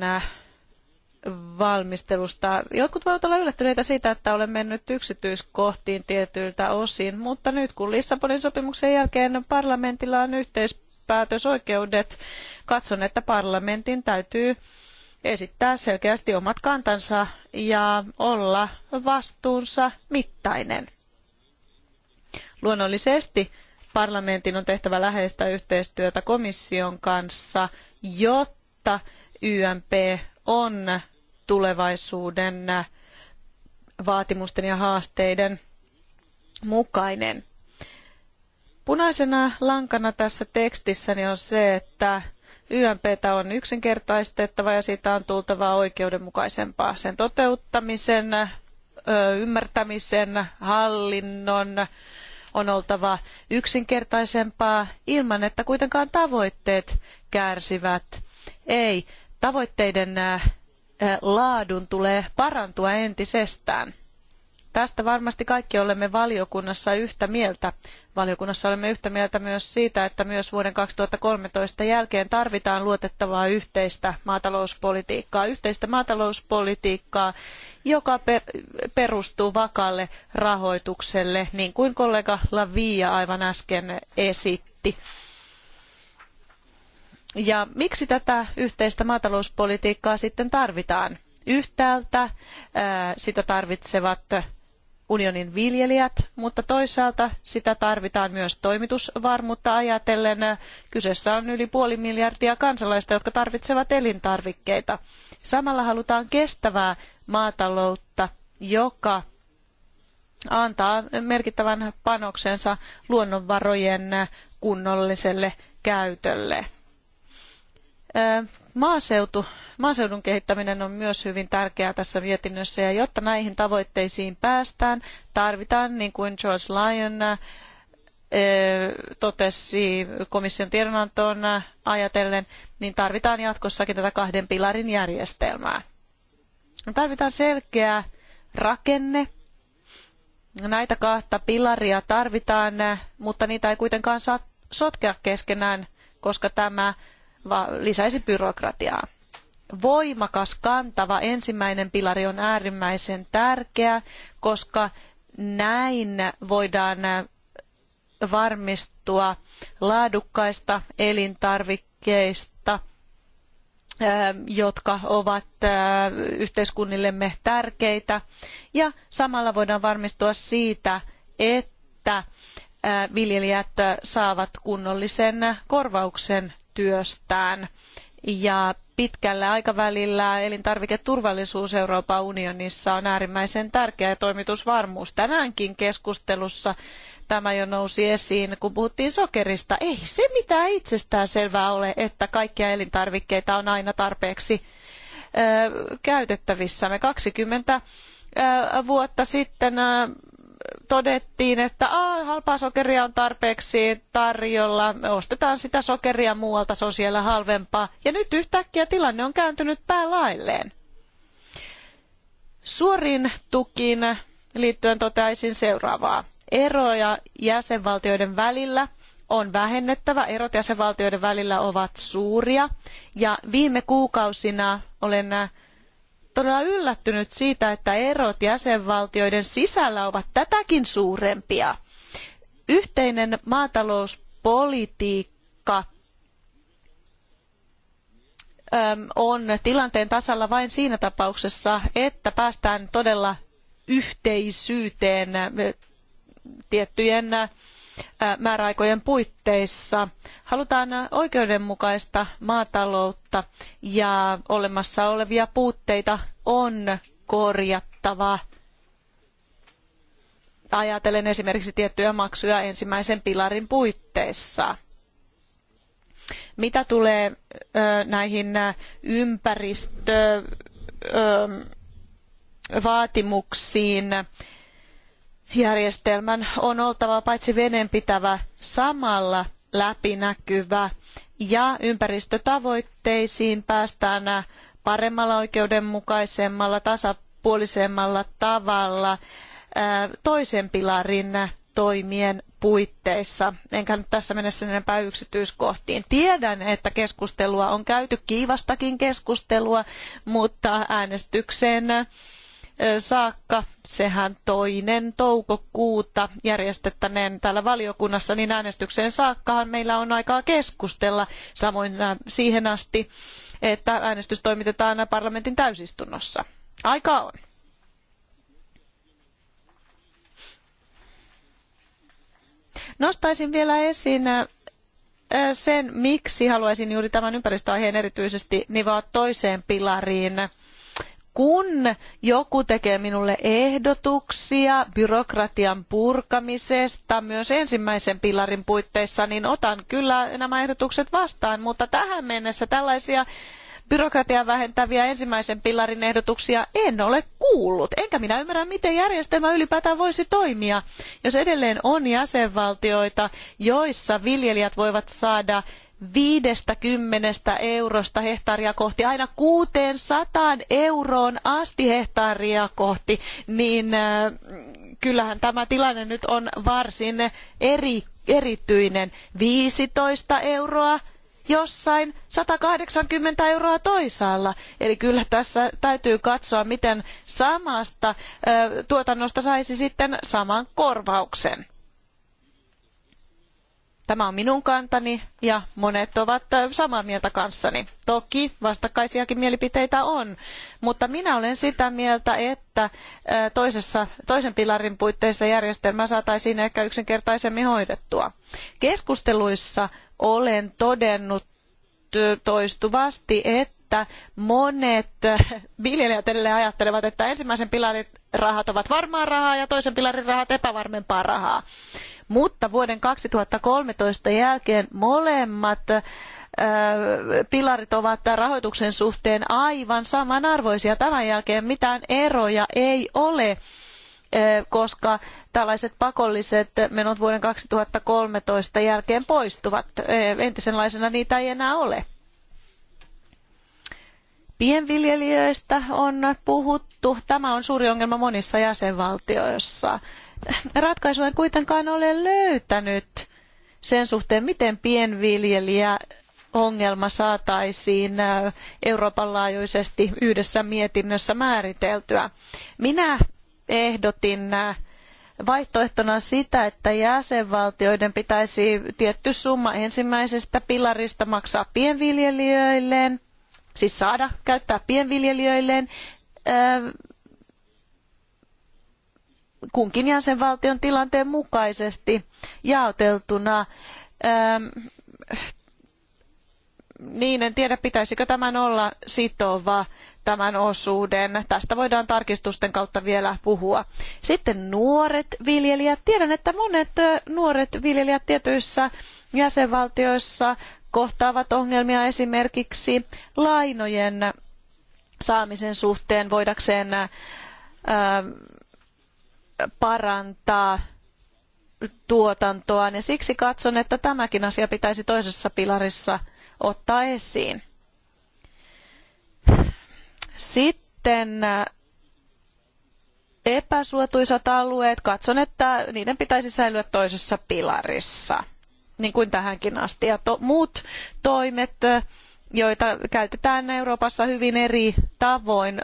valmistelusta. Jotkut voivat olla yllättyneitä siitä, että olen mennyt yksityiskohtiin tietyiltä osin, mutta nyt kun Lissabonin sopimuksen jälkeen parlamentilla on yhteispäätösoikeudet, katson, että parlamentin täytyy esittää selkeästi omat kantansa ja olla vastuunsa mittainen. Luonnollisesti parlamentin on tehtävä läheistä yhteistyötä komission kanssa, jotta YMP on tulevaisuuden vaatimusten ja haasteiden mukainen. Punaisena lankana tässä tekstissäni niin on se, että YMPtä on yksinkertaistettava ja siitä on tultava oikeudenmukaisempaa. Sen toteuttamisen, ymmärtämisen, hallinnon on oltava yksinkertaisempaa ilman, että kuitenkaan tavoitteet kärsivät. Ei, tavoitteiden laadun tulee parantua entisestään. Tästä varmasti kaikki olemme valiokunnassa yhtä mieltä. Valiokunnassa olemme yhtä mieltä myös siitä, että myös vuoden 2013 jälkeen tarvitaan luotettavaa yhteistä maatalouspolitiikkaa. Yhteistä maatalouspolitiikkaa, joka perustuu vakalle rahoitukselle, niin kuin kollega Lavia aivan äsken esitti. Ja miksi tätä yhteistä maatalouspolitiikkaa sitten tarvitaan? Yhtäältä äh, sitä tarvitsevat unionin viljelijät, mutta toisaalta sitä tarvitaan myös toimitusvarmuutta ajatellen. Kyseessä on yli puoli miljardia kansalaista, jotka tarvitsevat elintarvikkeita. Samalla halutaan kestävää maataloutta, joka antaa merkittävän panoksensa luonnonvarojen kunnolliselle käytölle. Maaseutu, maaseudun kehittäminen on myös hyvin tärkeää tässä mietinnössä ja jotta näihin tavoitteisiin päästään, tarvitaan, niin kuin George Lyon totesi komission tiedonantoon ajatellen, niin tarvitaan jatkossakin tätä kahden pilarin järjestelmää. Tarvitaan selkeä rakenne. Näitä kahta pilaria tarvitaan, mutta niitä ei kuitenkaan saa sotkea keskenään, koska tämä lisäisi byrokratiaa. Voimakas, kantava ensimmäinen pilari on äärimmäisen tärkeä, koska näin voidaan varmistua laadukkaista elintarvikkeista, jotka ovat yhteiskunnillemme tärkeitä. Ja samalla voidaan varmistua siitä, että viljelijät saavat kunnollisen korvauksen työstään. Ja pitkällä aikavälillä elintarviketurvallisuus Euroopan unionissa on äärimmäisen tärkeä ja toimitusvarmuus. Tänäänkin keskustelussa tämä jo nousi esiin, kun puhuttiin sokerista. Ei se mitään itsestään selvää ole, että kaikkia elintarvikkeita on aina tarpeeksi ö, käytettävissämme. 20 ö, vuotta sitten ö, todettiin, että Aa, halpaa sokeria on tarpeeksi tarjolla, ostetaan sitä sokeria muualta, se on siellä halvempaa. Ja nyt yhtäkkiä tilanne on kääntynyt päälailleen. Suorin tukiin liittyen toteaisin seuraavaa. Eroja jäsenvaltioiden välillä on vähennettävä. Erot jäsenvaltioiden välillä ovat suuria ja viime kuukausina olen todella yllättynyt siitä, että erot jäsenvaltioiden sisällä ovat tätäkin suurempia. Yhteinen maatalouspolitiikka ähm, on tilanteen tasalla vain siinä tapauksessa, että päästään todella yhteisyyteen äh, tiettyjen äh, määräaikojen puitteissa. Halutaan oikeudenmukaista maataloutta ja olemassa olevia puutteita on korjattava. Ajatellen esimerkiksi tiettyjä maksuja ensimmäisen pilarin puitteissa. Mitä tulee näihin ympäristövaatimuksiin? järjestelmän on oltava paitsi vedenpitävä samalla läpinäkyvä ja ympäristötavoitteisiin päästään paremmalla oikeudenmukaisemmalla tasapuolisemmalla tavalla toisen pilarin toimien puitteissa. Enkä nyt tässä mene sen enempää yksityiskohtiin. Tiedän, että keskustelua on käyty, kiivastakin keskustelua, mutta äänestykseen saakka, sehän toinen toukokuuta järjestettäneen täällä valiokunnassa, niin äänestykseen saakkahan meillä on aikaa keskustella samoin siihen asti, että äänestys toimitetaan parlamentin täysistunnossa. Aikaa on. Nostaisin vielä esiin sen, miksi haluaisin juuri tämän ympäristöaiheen erityisesti nivoa toiseen pilariin – kun joku tekee minulle ehdotuksia byrokratian purkamisesta myös ensimmäisen pilarin puitteissa, niin otan kyllä nämä ehdotukset vastaan, mutta tähän mennessä tällaisia byrokratiaa vähentäviä ensimmäisen pilarin ehdotuksia en ole kuullut. Enkä minä ymmärrä, miten järjestelmä ylipäätään voisi toimia, jos edelleen on jäsenvaltioita, joissa viljelijät voivat saada 50 eurosta hehtaaria kohti aina 600 euroon asti hehtaaria kohti, niin äh, kyllähän tämä tilanne nyt on varsin eri, erityinen. 15 euroa jossain, 180 euroa toisaalla. Eli kyllä tässä täytyy katsoa, miten samasta äh, tuotannosta saisi sitten saman korvauksen. Tämä on minun kantani ja monet ovat äh, samaa mieltä kanssani. Toki vastakkaisiakin mielipiteitä on, mutta minä olen sitä mieltä, että äh, toisessa, toisen pilarin puitteissa järjestelmä saataisiin ehkä yksinkertaisemmin hoidettua. Keskusteluissa olen todennut äh, toistuvasti, että että monet viljelijät edelleen ajattelevat, että ensimmäisen pilarin rahat ovat varmaa rahaa ja toisen pilarin rahat epävarmempaa rahaa. Mutta vuoden 2013 jälkeen molemmat pilarit ovat rahoituksen suhteen aivan samanarvoisia. Tämän jälkeen mitään eroja ei ole koska tällaiset pakolliset menot vuoden 2013 jälkeen poistuvat. Entisenlaisena niitä ei enää ole. Pienviljelijöistä on puhuttu. Tämä on suuri ongelma monissa jäsenvaltioissa. Ratkaisua ei kuitenkaan ole löytänyt sen suhteen, miten pienviljelijä ongelma saataisiin äh, Euroopan laajuisesti yhdessä mietinnössä määriteltyä. Minä ehdotin äh, vaihtoehtona sitä, että jäsenvaltioiden pitäisi tietty summa ensimmäisestä pilarista maksaa pienviljelijöilleen siis saada käyttää pienviljelijöilleen äh, kunkin jäsenvaltion tilanteen mukaisesti jaoteltuna. Ähm, niin, en tiedä pitäisikö tämän olla sitova tämän osuuden. Tästä voidaan tarkistusten kautta vielä puhua. Sitten nuoret viljelijät. Tiedän, että monet äh, nuoret viljelijät tietyissä jäsenvaltioissa kohtaavat ongelmia esimerkiksi lainojen saamisen suhteen voidakseen parantaa tuotantoaan ja siksi katson, että tämäkin asia pitäisi toisessa pilarissa ottaa esiin. Sitten epäsuotuisat alueet, katson, että niiden pitäisi säilyä toisessa pilarissa niin kuin tähänkin asti. Ja to, muut toimet, joita käytetään Euroopassa hyvin eri tavoin,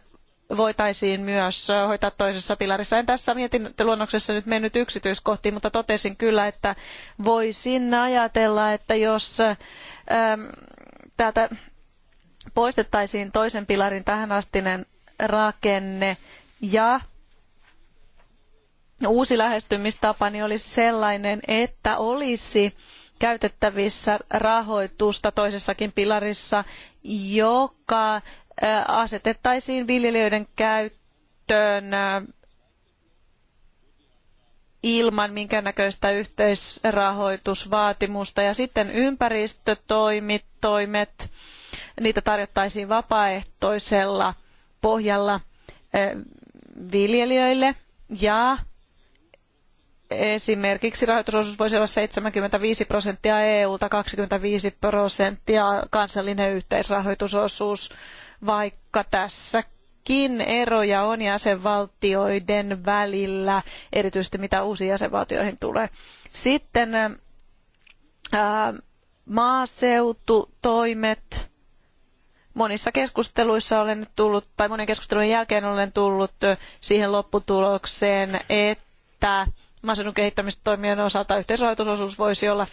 voitaisiin myös hoitaa toisessa pilarissa. En tässä mietintöluonnoksessa nyt mennyt yksityiskohtiin, mutta totesin kyllä, että voisin ajatella, että jos äm, täältä poistettaisiin toisen pilarin tähänastinen rakenne ja uusi niin olisi sellainen, että olisi käytettävissä rahoitusta toisessakin pilarissa, joka asetettaisiin viljelijöiden käyttöön ilman minkäännäköistä yhteisrahoitusvaatimusta. Ja sitten ympäristötoimit toimet, niitä tarjottaisiin vapaaehtoisella pohjalla viljelijöille ja esimerkiksi rahoitusosuus voisi olla 75 prosenttia EU-ta, 25 prosenttia kansallinen yhteisrahoitusosuus, vaikka tässäkin eroja on jäsenvaltioiden välillä, erityisesti mitä uusiin jäsenvaltioihin tulee. Sitten ää, maaseututoimet. Monissa keskusteluissa olen nyt tullut, tai monen keskustelun jälkeen olen tullut siihen lopputulokseen, että maaseudun kehittämistoimien osalta yhteisrahoitusosuus voisi olla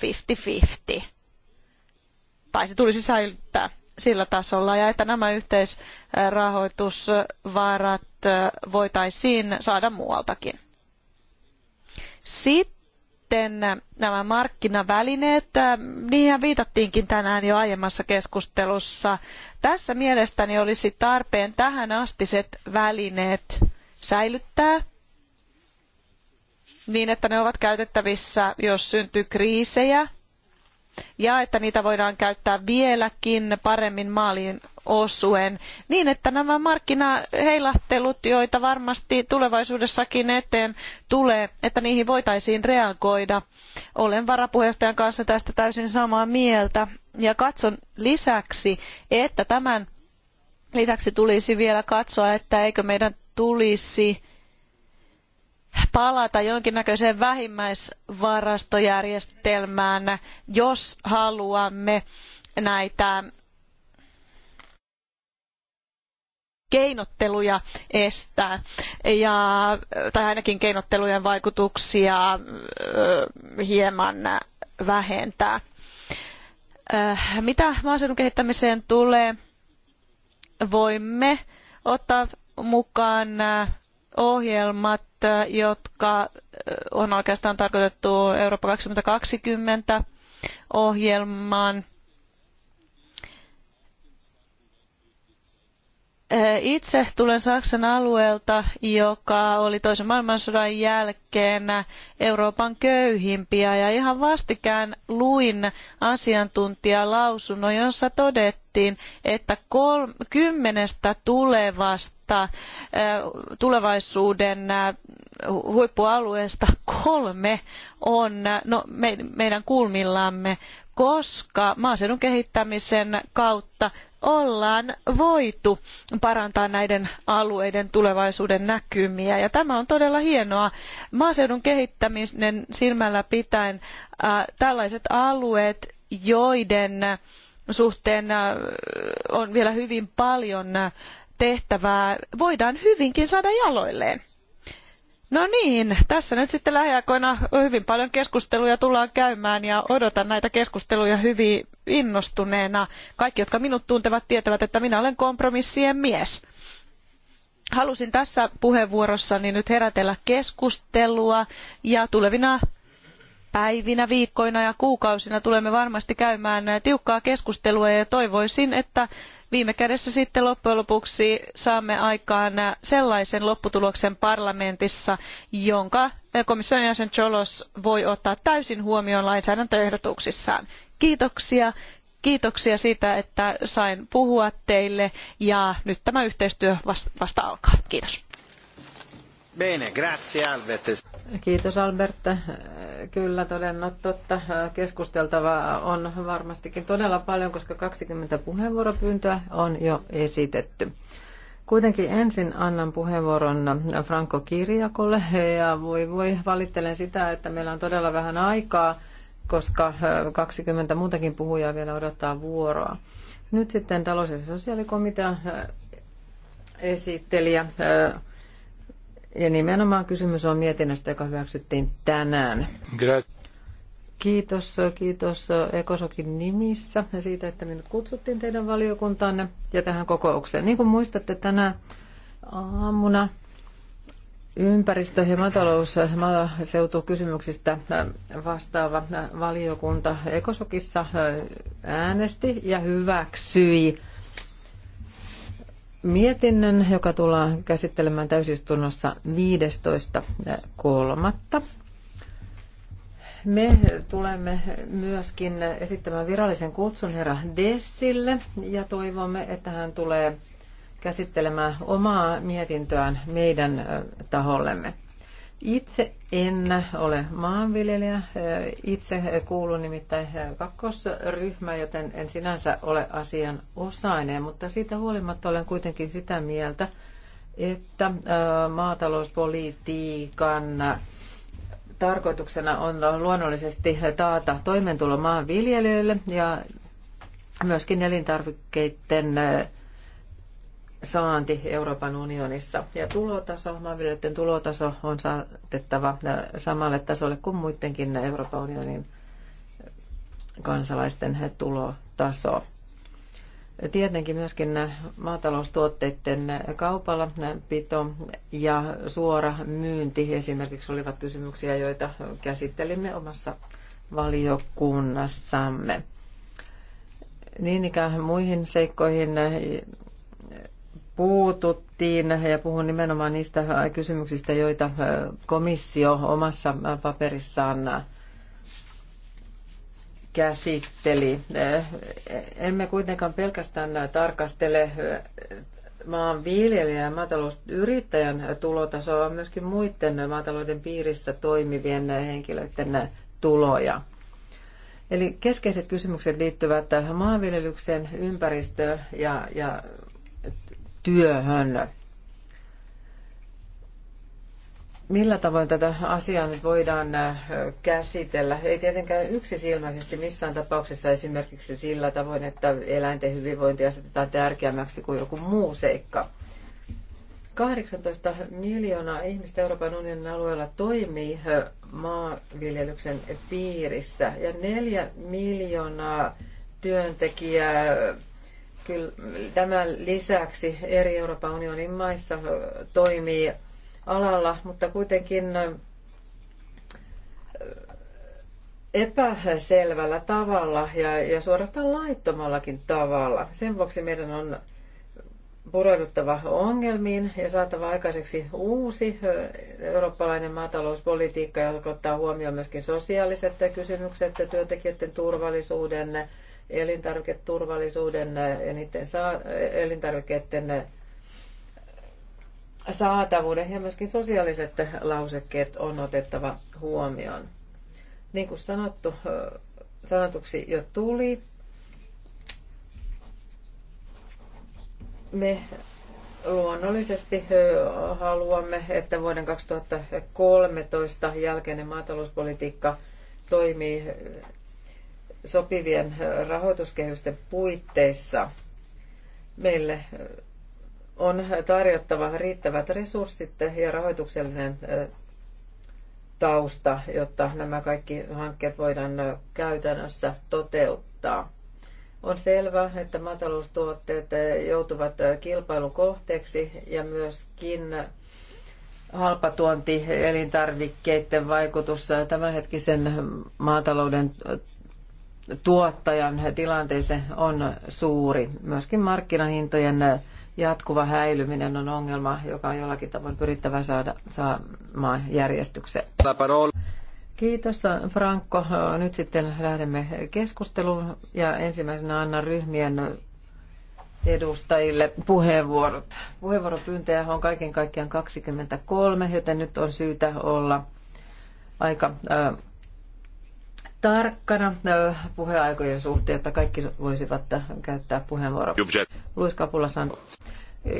50-50. Tai se tulisi säilyttää sillä tasolla ja että nämä yhteisrahoitusvarat voitaisiin saada muualtakin. Sitten nämä markkinavälineet, niihin viitattiinkin tänään jo aiemmassa keskustelussa. Tässä mielestäni olisi tarpeen tähän astiset välineet säilyttää niin, että ne ovat käytettävissä, jos syntyy kriisejä, ja että niitä voidaan käyttää vieläkin paremmin maaliin osuen, niin että nämä markkinaheilahtelut, joita varmasti tulevaisuudessakin eteen tulee, että niihin voitaisiin reagoida. Olen varapuheenjohtajan kanssa tästä täysin samaa mieltä ja katson lisäksi, että tämän lisäksi tulisi vielä katsoa, että eikö meidän tulisi palata jonkinnäköiseen vähimmäisvarastojärjestelmään, jos haluamme näitä keinotteluja estää ja, tai ainakin keinottelujen vaikutuksia hieman vähentää. Mitä maaseudun kehittämiseen tulee, voimme ottaa mukaan ohjelmat jotka on oikeastaan tarkoitettu Eurooppa 2020 ohjelmaan – Eh, itse tulen Saksan alueelta, joka oli toisen maailmansodan jälkeen Euroopan köyhimpiä ja ihan vastikään luin asiantuntijalausunnon, jossa todettiin, että kymmenestä tulevasta eh, tulevaisuuden eh, huippualueesta kolme on no, meidän kulmillamme, koska maaseudun kehittämisen kautta ollaan voitu parantaa näiden alueiden tulevaisuuden näkymiä. Ja tämä on todella hienoa. Maaseudun kehittäminen silmällä pitäen äh, tällaiset alueet, joiden äh, suhteen äh, on vielä hyvin paljon tehtävää, voidaan hyvinkin saada jaloilleen. No niin, tässä nyt sitten lähiaikoina hyvin paljon keskusteluja tullaan käymään ja odotan näitä keskusteluja hyvin innostuneena. Kaikki, jotka minut tuntevat, tietävät, että minä olen kompromissien mies. Halusin tässä puheenvuorossani nyt herätellä keskustelua ja tulevina päivinä, viikkoina ja kuukausina tulemme varmasti käymään tiukkaa keskustelua ja toivoisin, että viime kädessä sitten loppujen lopuksi saamme aikaan sellaisen lopputuloksen parlamentissa, jonka komission jäsen Cholos voi ottaa täysin huomioon lainsäädäntöehdotuksissaan. Kiitoksia. Kiitoksia siitä, että sain puhua teille ja nyt tämä yhteistyö vasta, alkaa. Kiitos. Bene, grazie Albert. Kiitos Albert. Kyllä todenna totta. Keskusteltavaa on varmastikin todella paljon, koska 20 puheenvuoropyyntöä on jo esitetty. Kuitenkin ensin annan puheenvuoron Franco Kirjakolle ja voi voi valittelen sitä, että meillä on todella vähän aikaa, koska 20 äh, muutakin puhujaa vielä odottaa vuoroa. Nyt sitten talous- ja sosiaalikomitean äh, esittelijä äh, ja nimenomaan kysymys on mietinnöstä, joka hyväksyttiin tänään. Grazie. Kiitos, kiitos Ekosokin nimissä ja siitä, että minut kutsuttiin teidän valiokuntaanne ja tähän kokoukseen. Niin kuin muistatte, tänä aamuna ympäristö- ja maatalous- vastaava valiokunta Ekosokissa äänesti ja hyväksyi mietinnön, joka tullaan käsittelemään täysistunnossa 15.3. Me tulemme myöskin esittämään virallisen kutsun herra Dessille ja toivomme, että hän tulee käsittelemään omaa mietintöään meidän tahollemme. Itse en ole maanviljelijä. Itse kuulun nimittäin kakkosryhmään, joten en sinänsä ole asian osainen, mutta siitä huolimatta olen kuitenkin sitä mieltä, että maatalouspolitiikan tarkoituksena on luonnollisesti taata toimeentulo maanviljelijöille ja myöskin elintarvikkeiden saanti Euroopan unionissa. Ja tulotaso, maanviljelijöiden tulotaso on saatettava äh, samalle tasolle kuin muidenkin Euroopan unionin kansalaisten tulotaso. Tietenkin myöskin maataloustuotteiden kaupalla pito ja suora myynti esimerkiksi olivat kysymyksiä, joita käsittelimme omassa valiokunnassamme. Niin ikään muihin seikkoihin, puututtiin ja puhun nimenomaan niistä kysymyksistä, joita komissio omassa paperissaan käsitteli. Emme kuitenkaan pelkästään tarkastele maanviljelijän ja maatalousyrittäjän tulotasoa, vaan myöskin muiden maatalouden piirissä toimivien henkilöiden tuloja. Eli keskeiset kysymykset liittyvät maanviljelykseen, ympäristöön ja, ja työhön. Millä tavoin tätä asiaa nyt voidaan äh, käsitellä? Ei tietenkään yksisilmäisesti missään tapauksessa esimerkiksi sillä tavoin, että eläinten hyvinvointi asetetaan tärkeämmäksi kuin joku muu seikka. 18 miljoonaa ihmistä Euroopan unionin alueella toimii äh, maanviljelyksen piirissä ja 4 miljoonaa työntekijää kyllä, tämän lisäksi eri Euroopan unionin maissa toimii alalla, mutta kuitenkin epäselvällä tavalla ja, ja suorastaan laittomallakin tavalla. Sen vuoksi meidän on pureuduttava ongelmiin ja saatava aikaiseksi uusi eurooppalainen maatalouspolitiikka, joka ottaa huomioon myöskin sosiaaliset kysymykset, työntekijöiden turvallisuuden, elintarviketurvallisuuden ja eh, niiden saa, eh, elintarvikkeiden eh, saatavuuden ja myöskin sosiaaliset lausekkeet on otettava huomioon. Niin kuin sanottu, sanotuksi jo tuli, me luonnollisesti haluamme, että vuoden 2013 jälkeinen maatalouspolitiikka toimii sopivien rahoituskehysten puitteissa meille on tarjottava riittävät resurssit ja rahoituksellinen tausta, jotta nämä kaikki hankkeet voidaan käytännössä toteuttaa. On selvää, että maataloustuotteet joutuvat kilpailukohteeksi ja myöskin halpatuonti elintarvikkeiden vaikutus tämänhetkisen maatalouden tuottajan tilanteeseen on suuri. Myöskin markkinahintojen jatkuva häilyminen on ongelma, joka on jollakin tavoin pyrittävä saada saamaan järjestykseen. Kiitos Franco. Nyt sitten lähdemme keskusteluun ja ensimmäisenä anna ryhmien edustajille puheenvuorot. Puheenvuoropyyntöjä on kaiken kaikkiaan 23, joten nyt on syytä olla aika äh, tarkkana äh, puheaikojen suhteen, että kaikki voisivat äh, käyttää puheenvuoroa. Luis Kapulasan.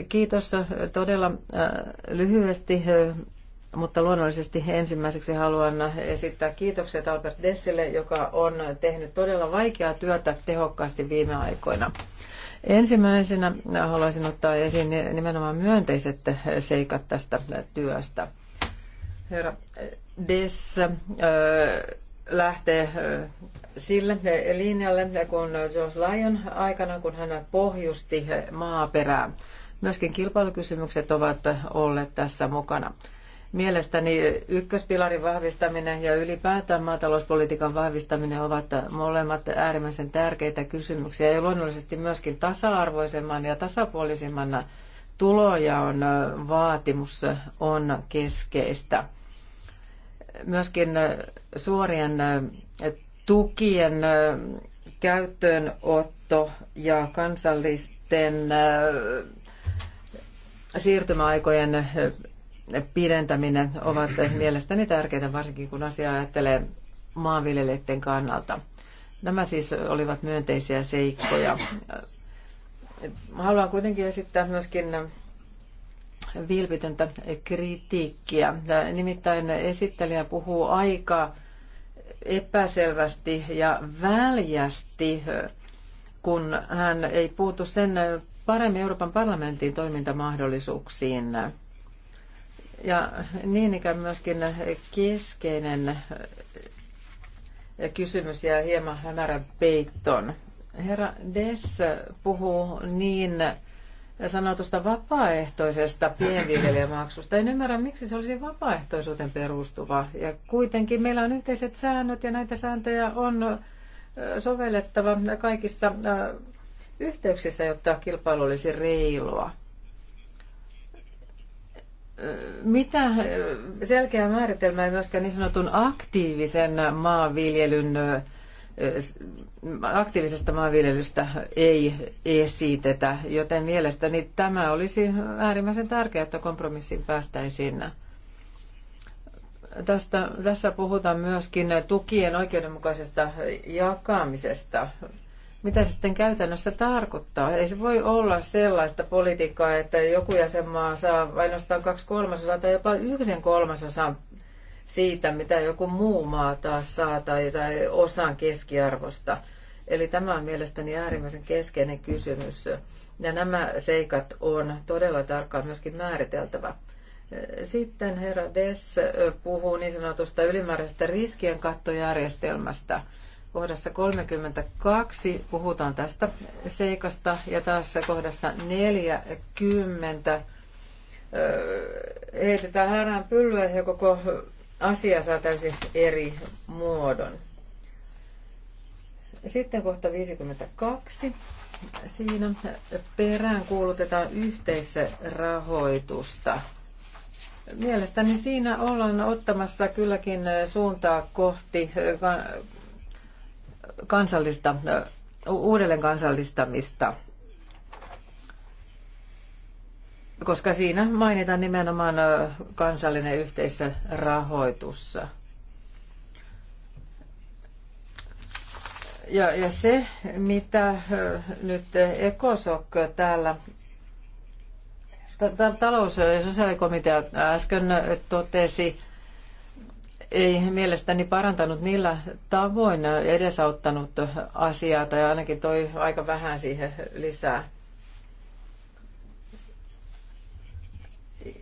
Kiitos äh, todella lyhyesti, mutta luonnollisesti ensimmäiseksi haluan esittää kiitokset Albert Dessille, joka on tehnyt todella vaikeaa työtä tehokkaasti viime aikoina. Ensimmäisenä haluaisin ottaa esiin nimenomaan myönteiset seikat tästä työstä. Herra Dess lähtee sille linjalle, kun George Lyon aikana, kun hän pohjusti maaperää. Myöskin kilpailukysymykset ovat olleet tässä mukana. Mielestäni ykköspilarin vahvistaminen ja ylipäätään maatalouspolitiikan vahvistaminen ovat molemmat äärimmäisen tärkeitä kysymyksiä. Ja luonnollisesti myöskin tasa-arvoisemman ja tasapuolisemman tulojaon vaatimus on keskeistä myöskin suorien äh, tukien äh, käyttöönotto ja kansallisten äh, siirtymäaikojen pidentäminen ovat mielestäni tärkeitä, varsinkin kun asia ajattelee maanviljelijöiden kannalta. Nämä siis olivat myönteisiä seikkoja. Haluan kuitenkin esittää myöskin vilpitöntä kritiikkiä. Nimittäin esittelijä puhuu aika epäselvästi ja väljästi, kun hän ei puutu sen paremmin Euroopan parlamentin toimintamahdollisuuksiin. Ja niin ikään myöskin keskeinen kysymys jää hieman hämärän peittoon. Herra Dess puhuu niin sanoo tuosta vapaaehtoisesta pienviljelijämaksusta. En ymmärrä, miksi se olisi vapaaehtoisuuteen perustuva. Ja kuitenkin meillä on yhteiset säännöt ja näitä sääntöjä on sovellettava kaikissa yhteyksissä, jotta kilpailu olisi reilua. Mitä selkeää määritelmää ei myöskään niin sanotun aktiivisen maanviljelyn aktiivisesta maanviljelystä ei esitetä, joten mielestäni tämä olisi äärimmäisen tärkeää, että kompromissiin päästäisiin. Tästä, tässä puhutaan myöskin tukien oikeudenmukaisesta jakamisesta. Mitä sitten käytännössä tarkoittaa? Ei se voi olla sellaista politiikkaa, että joku jäsenmaa saa ainoastaan kaksi kolmasosaa tai jopa yhden kolmasosan siitä, mitä joku muu maa taas saa tai, tai osan keskiarvosta. Eli tämä on mielestäni äärimmäisen keskeinen kysymys. Ja nämä seikat on todella tarkkaan myöskin määriteltävä. Sitten herra Dess puhuu niin sanotusta ylimääräisestä riskien kattojärjestelmästä. Kohdassa 32 puhutaan tästä seikasta ja tässä kohdassa 40 heitetään härään pyllyä ja koko asia saa täysin eri muodon. Sitten kohta 52. Siinä perään kuulutetaan yhteisrahoitusta. Mielestäni siinä ollaan ottamassa kylläkin suuntaa kohti kansallista, uudelleen kansallistamista. koska siinä mainitaan nimenomaan kansallinen yhteisrahoitus. Ja, ja se, mitä nyt Ekosok täällä talous- ja sosiaalikomitea äsken totesi, ei mielestäni parantanut millä tavoin edesauttanut asiaa tai ainakin toi aika vähän siihen lisää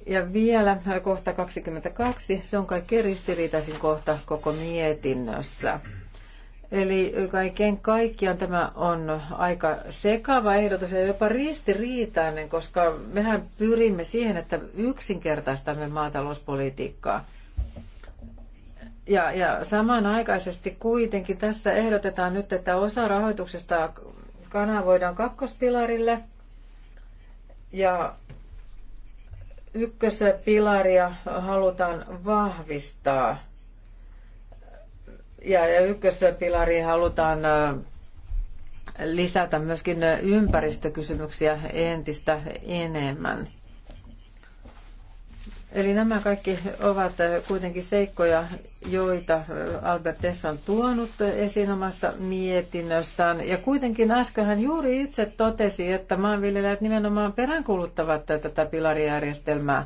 Ja vielä kohta 22, se on kaikkein ristiriitaisin kohta koko mietinnössä. Eli kaiken kaikkiaan tämä on aika sekava ehdotus ja jopa ristiriitainen, koska mehän pyrimme siihen, että yksinkertaistamme maatalouspolitiikkaa. Ja, ja samanaikaisesti kuitenkin tässä ehdotetaan nyt, että osa rahoituksesta kanavoidaan kakkospilarille ja ykköspilaria halutaan vahvistaa ja ykköspilariin halutaan lisätä myöskin ympäristökysymyksiä entistä enemmän. Eli nämä kaikki ovat äh, kuitenkin seikkoja, joita äh, Albert Tess on tuonut esiin omassa mietinnössään. Ja kuitenkin äsken juuri itse totesi, että maanviljelijät nimenomaan peräänkuuluttavat tätä pilarijärjestelmää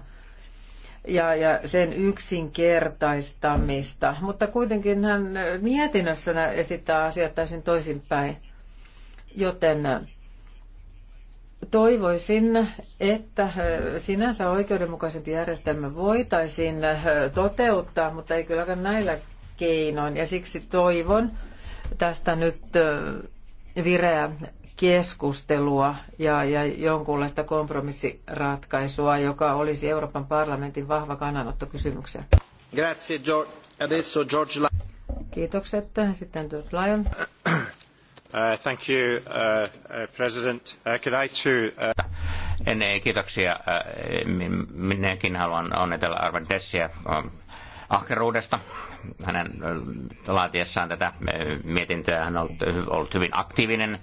ja, ja sen yksinkertaistamista. Mutta kuitenkin hän mietinnössä esittää asiat täysin toisinpäin. Joten äh, toivoisin, että äh, sinänsä oikeudenmukaisempi järjestelmä voitaisiin äh, toteuttaa, mutta ei kylläkään näillä keinoin. Ja siksi toivon tästä nyt äh, vireä keskustelua ja, ja jonkunlaista kompromissiratkaisua, joka olisi Euroopan parlamentin vahva kannanotto kysymykseen. Grazie, George. Adesso George Lyon. Kiitokset. Sitten George Lyon. kiitoksia. Minäkin haluan onnitella Arvan Tessiä um, ahkeruudesta. Hänen uh, laatiessaan tätä uh, mietintöä hän on ollut hyvin aktiivinen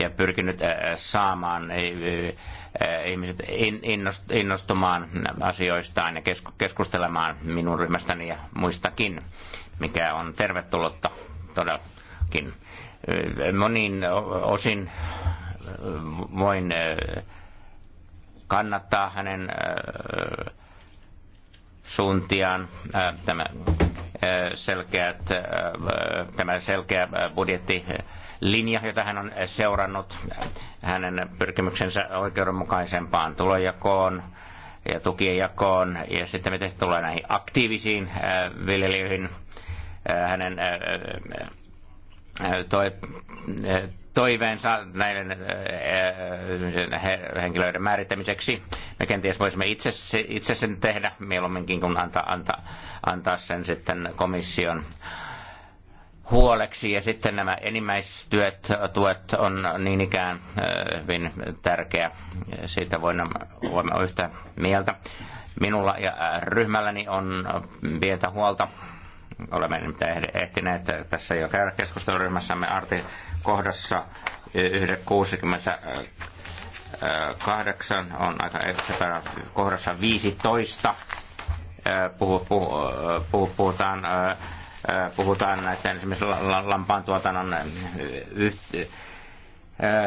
ja pyrkinyt uh, saamaan ihmiset innostumaan asioistaan ja keskustelemaan minun ryhmästäni ja muistakin, mikä on tervetullutta todellakin monin osin voin äh, kannattaa hänen äh, suuntiaan. Äh, tämä selkeät, tämä selkeä budjetti linja, jota hän on seurannut, hänen pyrkimyksensä oikeudenmukaisempaan tulojakoon ja tukien jakoon, ja sitten miten se tulee näihin aktiivisiin viljelijöihin, hänen toi, toiveensa näiden henkilöiden määrittämiseksi. Me kenties voisimme itse, itse sen tehdä mieluumminkin kuin antaa, antaa, antaa sen sitten komission huoleksi. Ja sitten nämä enimmäistyöt tuet on niin ikään hyvin tärkeä. Siitä voimme olla yhtä mieltä. Minulla ja ryhmälläni on pientä huolta Olemme nimittäin ehtineet tässä jo käydä keskusteluryhmässämme Arti kohdassa 68 on aika kohdassa 15 puhu, puhu, puhu, puhutaan puhutaan näiden esimerkiksi lampaan tuotannon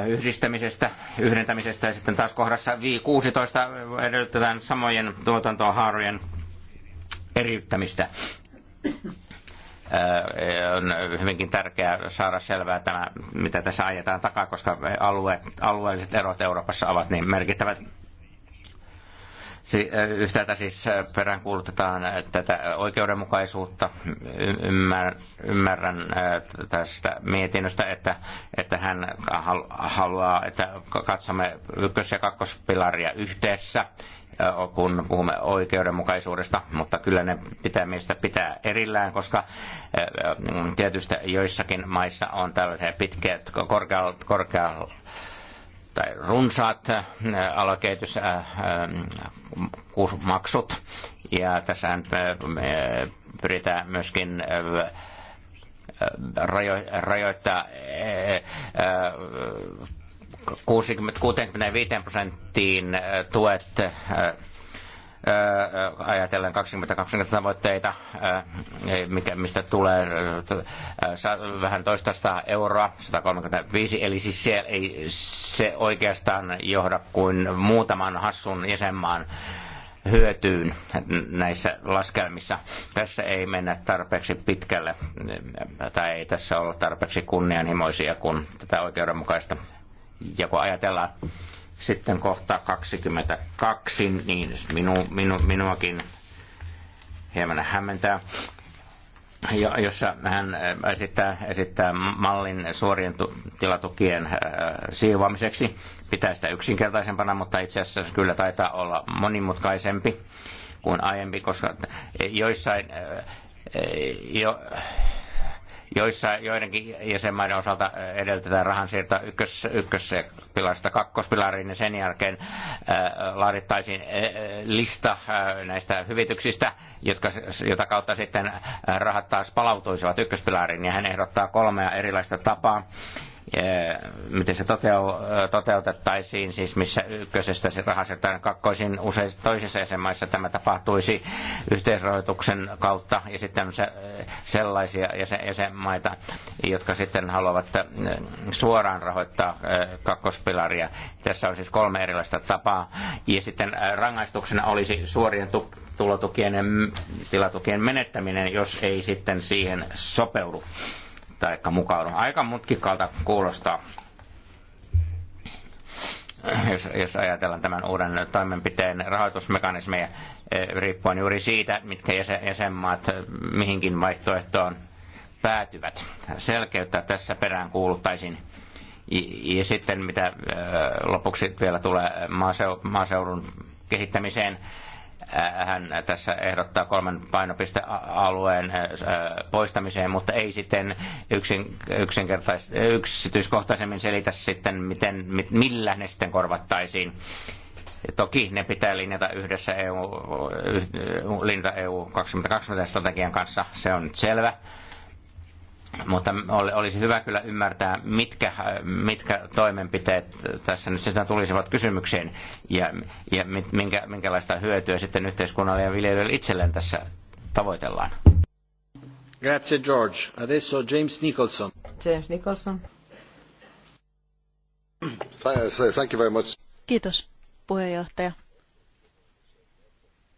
yhdistämisestä, yhdentämisestä ja sitten taas kohdassa 16 edellytetään samojen tuotantohaarojen eriyttämistä on hyvinkin tärkeää saada selvää tämä, mitä tässä ajetaan takaa, koska alue, alueelliset erot Euroopassa ovat niin merkittävät. Yhtäältä siis peräänkuulutetaan tätä oikeudenmukaisuutta. Ymmärrän tästä mietinnöstä, että, että hän haluaa, että katsomme ykkös- ja kakkospilaria yhteensä kun puhumme oikeudenmukaisuudesta, mutta kyllä ne pitää meistä pitää erillään, koska tietysti joissakin maissa on tällaisia pitkät, korkeat, korkeat tai runsaat alakehitysmaksut. Ja tässä pyritään myöskin rajoittaa e, e, 60-65 prosenttiin äh, tuet äh, äh, ajatellen 2020 tavoitteita, mikä, mistä tulee vähän toistaista euroa, 135, eli siis se ei se oikeastaan johda kuin muutaman hassun jäsenmaan hyötyyn näissä laskelmissa. Tässä ei mennä tarpeeksi pitkälle, tai ei tässä olla tarpeeksi kunnianhimoisia, kun tätä oikeudenmukaista ja kun ajatellaan sitten kohta 22, niin minu, minu, minuakin hieman hämmentää, jossa hän äh, esittää, esittää mallin suorien tilatukien äh, siivoamiseksi. Pitää sitä yksinkertaisempana, mutta itse asiassa kyllä taitaa olla monimutkaisempi kuin aiempi, koska joissain äh, jo, joissa joidenkin jäsenmaiden osalta edellytetään siirtoa ykkös, ykköspilarista kakkospilariin ja niin sen jälkeen laadittaisiin lista näistä hyvityksistä, jotka, jota kautta sitten rahat taas palautuisivat ykköspilariin ja hän ehdottaa kolmea erilaista tapaa miten se toteutettaisiin, siis missä ykkösestä se rahastetaan kakkoisin usein toisissa jäsenmaissa tämä tapahtuisi yhteisrahoituksen kautta ja sitten se, sellaisia jäsenmaita, jotka sitten haluavat äh, suoraan rahoittaa äh, kakkospilaria. Tässä on siis kolme erilaista tapaa ja sitten äh, rangaistuksena olisi suorien tulotukien ja tilatukien menettäminen, jos ei sitten siihen sopeudu tai mukaudu. Aika mutkikalta kuulostaa, jos, jos ajatellaan tämän uuden toimenpiteen rahoitusmekanismeja, eh, riippuen juuri siitä, mitkä jäsen, jäsenmaat eh, mihinkin vaihtoehtoon päätyvät. Selkeyttä tässä perään kuuluttaisin. Ja sitten mitä eh, lopuksi vielä tulee maaseudun kehittämiseen, hän tässä ehdottaa kolmen painopistealueen äh, poistamiseen, mutta ei sitten yksin, yksityiskohtaisemmin selitä sitten, miten, millä ne sitten korvattaisiin. Toki ne pitää linjata yhdessä EU, linjata EU 2020 strategian kanssa, se on selvä mutta olisi hyvä kyllä ymmärtää, mitkä, mitkä toimenpiteet tässä nyt sitä tulisivat kysymykseen ja, ja minkä, minkälaista hyötyä sitten yhteiskunnalle ja viljelijöille itselleen tässä tavoitellaan. Grazie George. Adesso James Nicholson. James Nicholson. Thank you very much. Kiitos puheenjohtaja.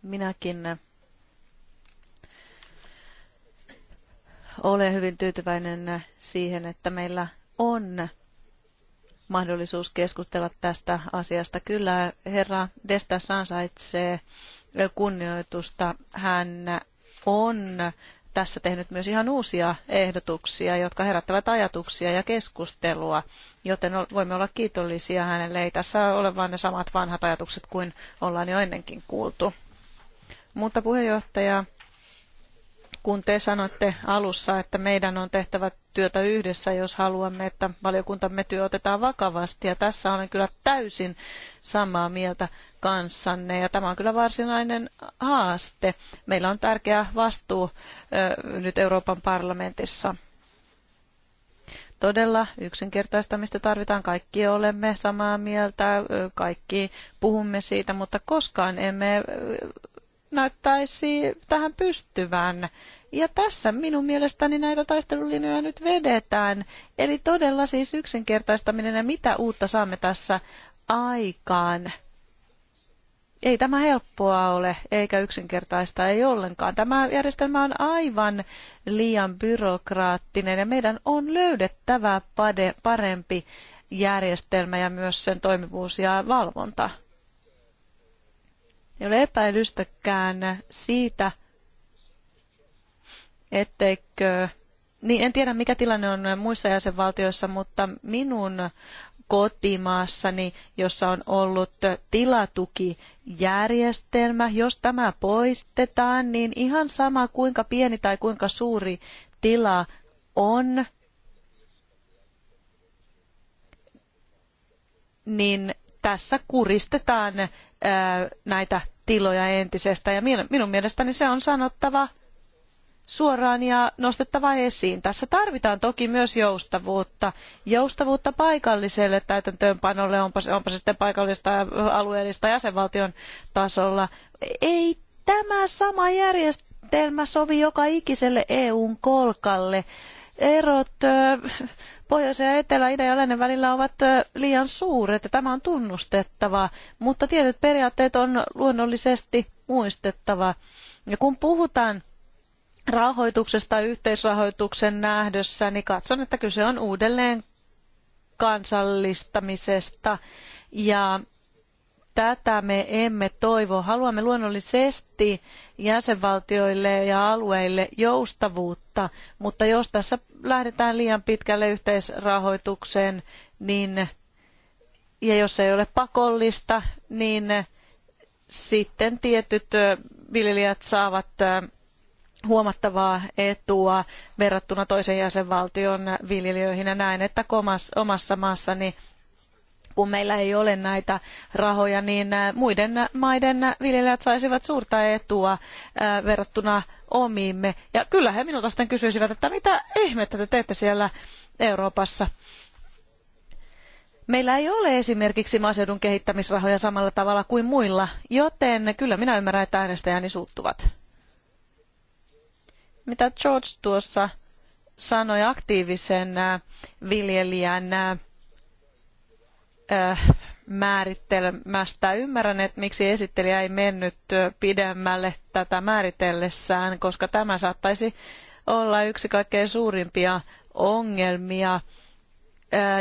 Minäkin Olen hyvin tyytyväinen siihen, että meillä on mahdollisuus keskustella tästä asiasta. Kyllä herra Destas ansaitsee kunnioitusta. Hän on tässä tehnyt myös ihan uusia ehdotuksia, jotka herättävät ajatuksia ja keskustelua, joten voimme olla kiitollisia hänelle. Ei tässä ole vain ne samat vanhat ajatukset kuin ollaan jo ennenkin kuultu. Mutta puheenjohtaja, kun te sanoitte alussa, että meidän on tehtävä työtä yhdessä, jos haluamme, että valiokuntamme työ otetaan vakavasti. Ja tässä olen kyllä täysin samaa mieltä kanssanne. Ja tämä on kyllä varsinainen haaste. Meillä on tärkeä vastuu nyt Euroopan parlamentissa. Todella yksinkertaistamista tarvitaan. Kaikki olemme samaa mieltä, kaikki puhumme siitä, mutta koskaan emme näyttäisi tähän pystyvän. Ja tässä minun mielestäni näitä taistelulinjoja nyt vedetään. Eli todella siis yksinkertaistaminen ja mitä uutta saamme tässä aikaan. Ei tämä helppoa ole, eikä yksinkertaista, ei ollenkaan. Tämä järjestelmä on aivan liian byrokraattinen ja meidän on löydettävä parempi järjestelmä ja myös sen toimivuus ja valvonta. Ei ole epäilystäkään siitä, etteikö niin en tiedä mikä tilanne on muissa jäsenvaltioissa, mutta minun kotimaassani, jossa on ollut tilatukijärjestelmä, jos tämä poistetaan, niin ihan sama kuinka pieni tai kuinka suuri tila on, niin tässä kuristetaan näitä tiloja entisestä ja minun mielestäni se on sanottava suoraan ja nostettava esiin. Tässä tarvitaan toki myös joustavuutta. Joustavuutta paikalliselle täytäntöönpanolle, onpa se, onpa se sitten paikallista, alueellista jäsenvaltion tasolla. Ei tämä sama järjestelmä sovi joka ikiselle EUn kolkalle. Erot pohjoisen ja etelä, idän ja lännen välillä ovat liian suuret ja tämä on tunnustettava, mutta tietyt periaatteet on luonnollisesti muistettava. Ja kun puhutaan rahoituksesta yhteisrahoituksen nähdössä, niin katson, että kyse on uudelleen kansallistamisesta ja tätä me emme toivo. Haluamme luonnollisesti jäsenvaltioille ja alueille joustavuutta, mutta jos tässä lähdetään liian pitkälle yhteisrahoitukseen, niin ja jos ei ole pakollista, niin sitten tietyt viljelijät saavat huomattavaa etua verrattuna toisen jäsenvaltion viljelijöihin ja näin, että omassa maassani kun meillä ei ole näitä rahoja, niin äh, muiden maiden viljelijät saisivat suurta etua äh, verrattuna omiimme. Ja kyllä he minulta sitten kysyisivät, että mitä ihmettä te teette siellä Euroopassa. Meillä ei ole esimerkiksi maaseudun kehittämisrahoja samalla tavalla kuin muilla, joten kyllä minä ymmärrän, että äänestäjäni suuttuvat mitä George tuossa sanoi aktiivisen äh, viljelijän äh, äh, määrittelmästä. Ymmärrän, että miksi esittelijä ei mennyt pidemmälle tätä määritellessään, koska tämä saattaisi olla yksi kaikkein suurimpia ongelmia,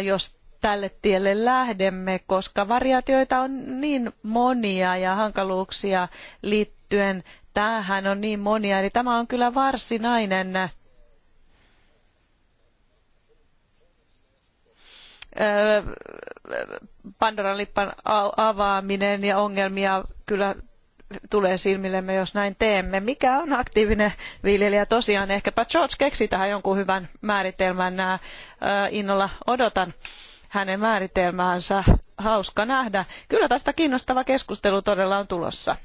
jos tälle tielle lähdemme, koska variaatioita on niin monia ja hankaluuksia liittyen tämähän on niin monia. Eli tämä on kyllä varsinainen Pandoran lippan avaaminen ja ongelmia kyllä tulee silmillemme, jos näin teemme. Mikä on aktiivinen viljelijä? Tosiaan ehkäpä George keksi tähän jonkun hyvän määritelmän. Nää, innolla odotan hänen määritelmäänsä. Hauska nähdä. Kyllä tästä kiinnostava keskustelu todella on tulossa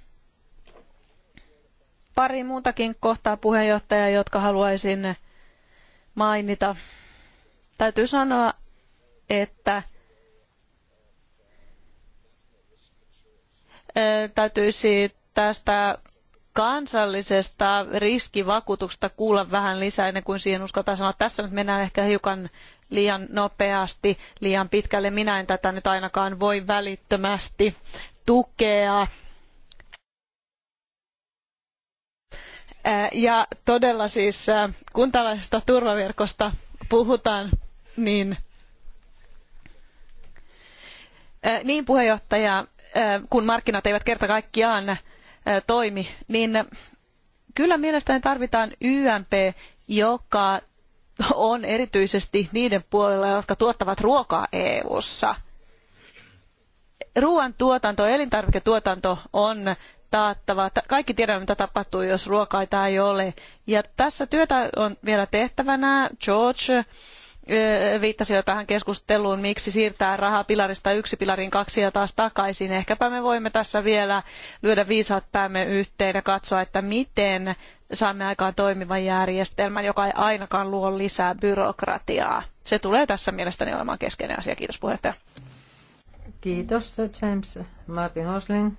pari muutakin kohtaa puheenjohtaja, jotka haluaisin mainita. Täytyy sanoa, että täytyisi tästä kansallisesta riskivakuutuksesta kuulla vähän lisää ennen kuin siihen uskaltaan sanoa. Tässä nyt mennään ehkä hiukan liian nopeasti, liian pitkälle. Minä en tätä nyt ainakaan voi välittömästi tukea. Ja todella siis, kun tällaisesta turvaverkosta puhutaan, niin, niin puheenjohtaja, kun markkinat eivät kerta kaikkiaan toimi, niin kyllä mielestäni tarvitaan YMP, joka on erityisesti niiden puolella, jotka tuottavat ruokaa EU-ssa. Ruoan tuotanto, elintarviketuotanto on taattava. Kaikki tiedämme, mitä tapahtuu, jos ruokaita ei ole. Ja tässä työtä on vielä tehtävänä. George viittasi jo tähän keskusteluun, miksi siirtää rahaa pilarista yksi pilariin kaksi ja taas takaisin. Ehkäpä me voimme tässä vielä lyödä viisaat päämme yhteen ja katsoa, että miten saamme aikaan toimivan järjestelmän, joka ei ainakaan luo lisää byrokratiaa. Se tulee tässä mielestäni olemaan keskeinen asia. Kiitos puheenjohtaja. Kiitos James Martin Hosling.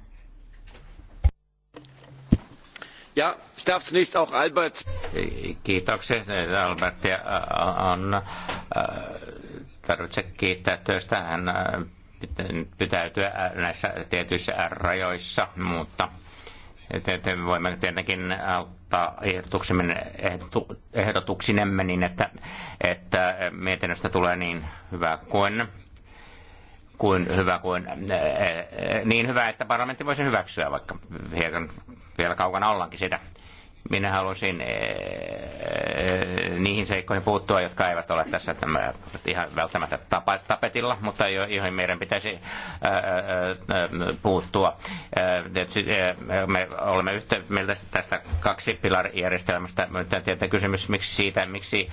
Ja, ich darf zunächst auch Albert. Kiitokset Albert ja on tarvitse kiittää työstä. Hän pitäytyä näissä tietyissä rajoissa, mutta voimme tietenkin auttaa ehdotuksinemme niin, että, että mietinnöstä tulee niin hyvä kuin kuin hyvä kuin, eh, niin hyvä, että parlamentti voisi hyväksyä, vaikka hiekan, vielä kaukana ollaankin sitä. Minä halusin eh, eh, niihin seikkoihin puuttua, jotka eivät ole tässä tämä, ihan välttämättä tapetilla, mutta joihin meidän pitäisi puuttua. Me olemme yhtä mieltä tästä kaksi pilarijärjestelmästä, mutta tietenkin kysymys, miksi siitä, miksi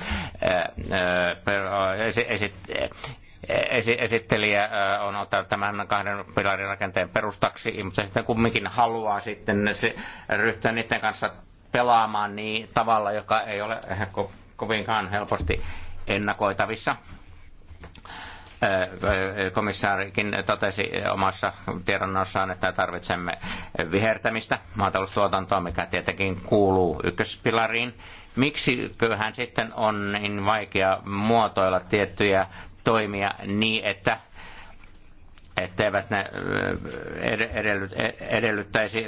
esittelijä on ottanut tämän kahden pilarin rakenteen perustaksi, mutta sitten kumminkin haluaa sitten se ryhtyä niiden kanssa pelaamaan niin tavalla, joka ei ole ko- kovinkaan helposti ennakoitavissa. Komissaarikin totesi omassa tiedonnossaan, että tarvitsemme vihertämistä maataloustuotantoa, mikä tietenkin kuuluu ykköspilariin miksi kyllähän sitten on niin vaikea muotoilla tiettyjä toimia niin, että etteivät ne e-, edellyttäisi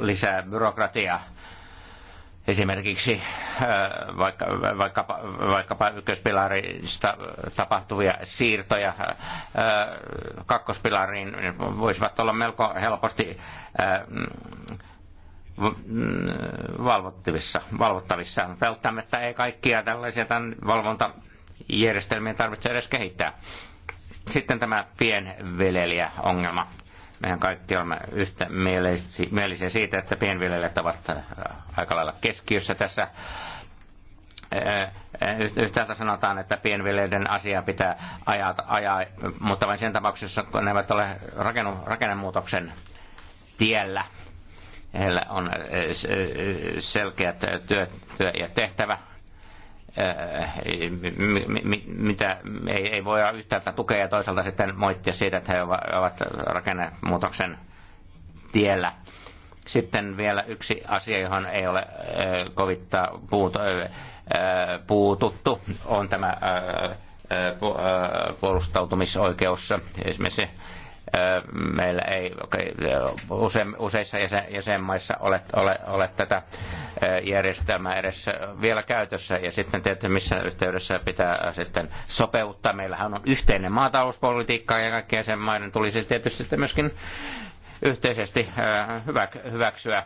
lisää byrokratiaa. Esimerkiksi vaikka, vaikkapa, vaikkapa ykköspilarista tapahtuvia siirtoja kakkospilariin voisivat olla melko helposti mm, valvottavissa. valvottavissa. Välttämättä ei kaikkia tällaisia tämän valvonta järjestelmien tarvitse edes kehittää. Sitten tämä ongelma. Mehän kaikki olemme yhtä mielisiä siitä, että pienviljelijät ovat äh, aika lailla keskiössä tässä äh, äh, yhtäältä sanotaan, että pienviljelijöiden asiaa pitää ajaa, ajaa mutta vain sen tapauksessa, kun ne eivät ole rakennu, rakennemuutoksen tiellä. Heillä on selkeät työ, työ ja tehtävä Äh, mitä ei, ei voi yhtäältä tukea ja toisaalta sitten moittia siitä, että he ovat rakennemuutoksen tiellä. Sitten vielä yksi asia, johon ei ole äh, kovitta äh, puututtu, on tämä puolustautumisoikeus. Esimerkiksi meillä ei use, useissa jäsenmaissa ole, ole, ole tätä järjestelmää edes vielä käytössä. Ja sitten tietysti missä yhteydessä pitää sitten sopeuttaa. Meillähän on yhteinen maatalouspolitiikka ja kaikki jäsenmaiden tulisi tietysti sitten myöskin yhteisesti hyväksyä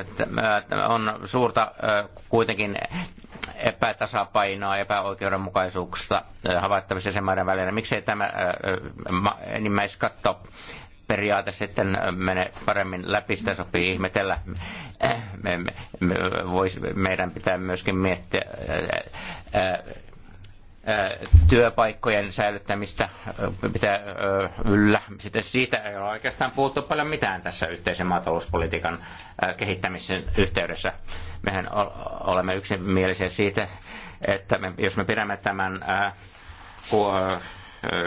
että on suurta kuitenkin epätasapainoa, epäoikeudenmukaisuuksista äh, havaittavissa jäsenmaiden välillä. Miksei tämä äh, äh, enimmäiskatto periaate sitten mene paremmin läpi, sitä sopii ihmetellä. Me, me, me, vois, meidän pitää myöskin miettiä työpaikkojen säilyttämistä pitää yllä. Sitten siitä ei ole oikeastaan puhuttu paljon mitään tässä yhteisen maatalouspolitiikan kehittämisen yhteydessä. Mehän olemme yksimielisiä siitä, että me, jos me pidämme tämän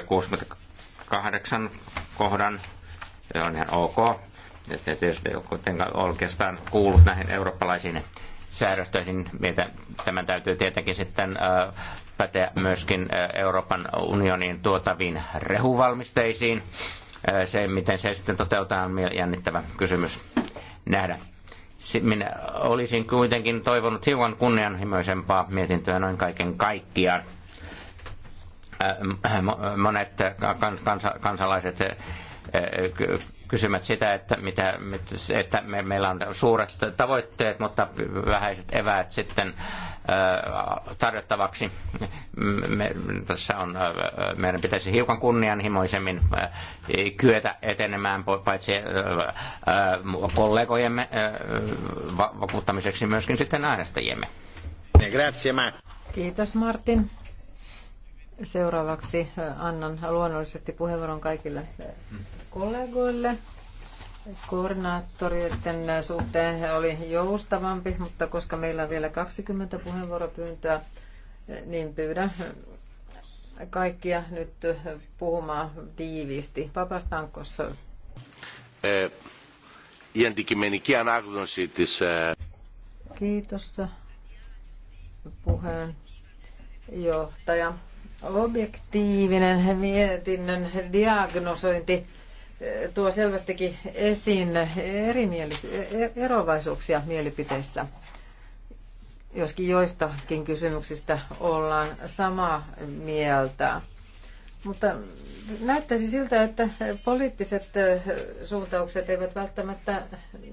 68 kohdan, se on ihan ok. Ja tietysti ei ole kuitenkaan oikeastaan kuulu näihin eurooppalaisiin säädöstöihin, mitä tämän täytyy tietenkin sitten äh, päteä myöskin äh, Euroopan unionin tuotaviin rehuvalmisteisiin. Äh, se, miten se sitten toteutetaan, on jännittävä kysymys nähdä. Minä olisin kuitenkin toivonut hiukan kunnianhimoisempaa mietintöä noin kaiken kaikkiaan. Monet kansalaiset kysymät sitä, että, mitä, että me, meillä on suuret tavoitteet, mutta vähäiset eväät sitten äh, tarjottavaksi. Me, tässä on, äh, meidän pitäisi hiukan kunnianhimoisemmin äh, kyetä etenemään paitsi kollegojemme vakuuttamiseksi myöskin sitten äänestäjiemme. Grazie, Matt. Kiitos Martin. Seuraavaksi annan luonnollisesti puheenvuoron kaikille kollegoille. Koordinaattorien suhteen oli joustavampi, mutta koska meillä on vielä 20 puheenvuoropyyntöä, niin pyydän kaikkia nyt puhumaan tiiviisti. Papastankos. Η αντικειμενική ανάγνωση Kiitos puheenjohtaja. Objektiivinen mietinnön diagnosointi eh, tuo selvästikin esiin erimielis- e-, erovaisuuksia mielipiteissä, joskin joistakin kysymyksistä ollaan samaa mieltä. Mutta näyttäisi siltä, että poliittiset eh, suuntaukset eivät välttämättä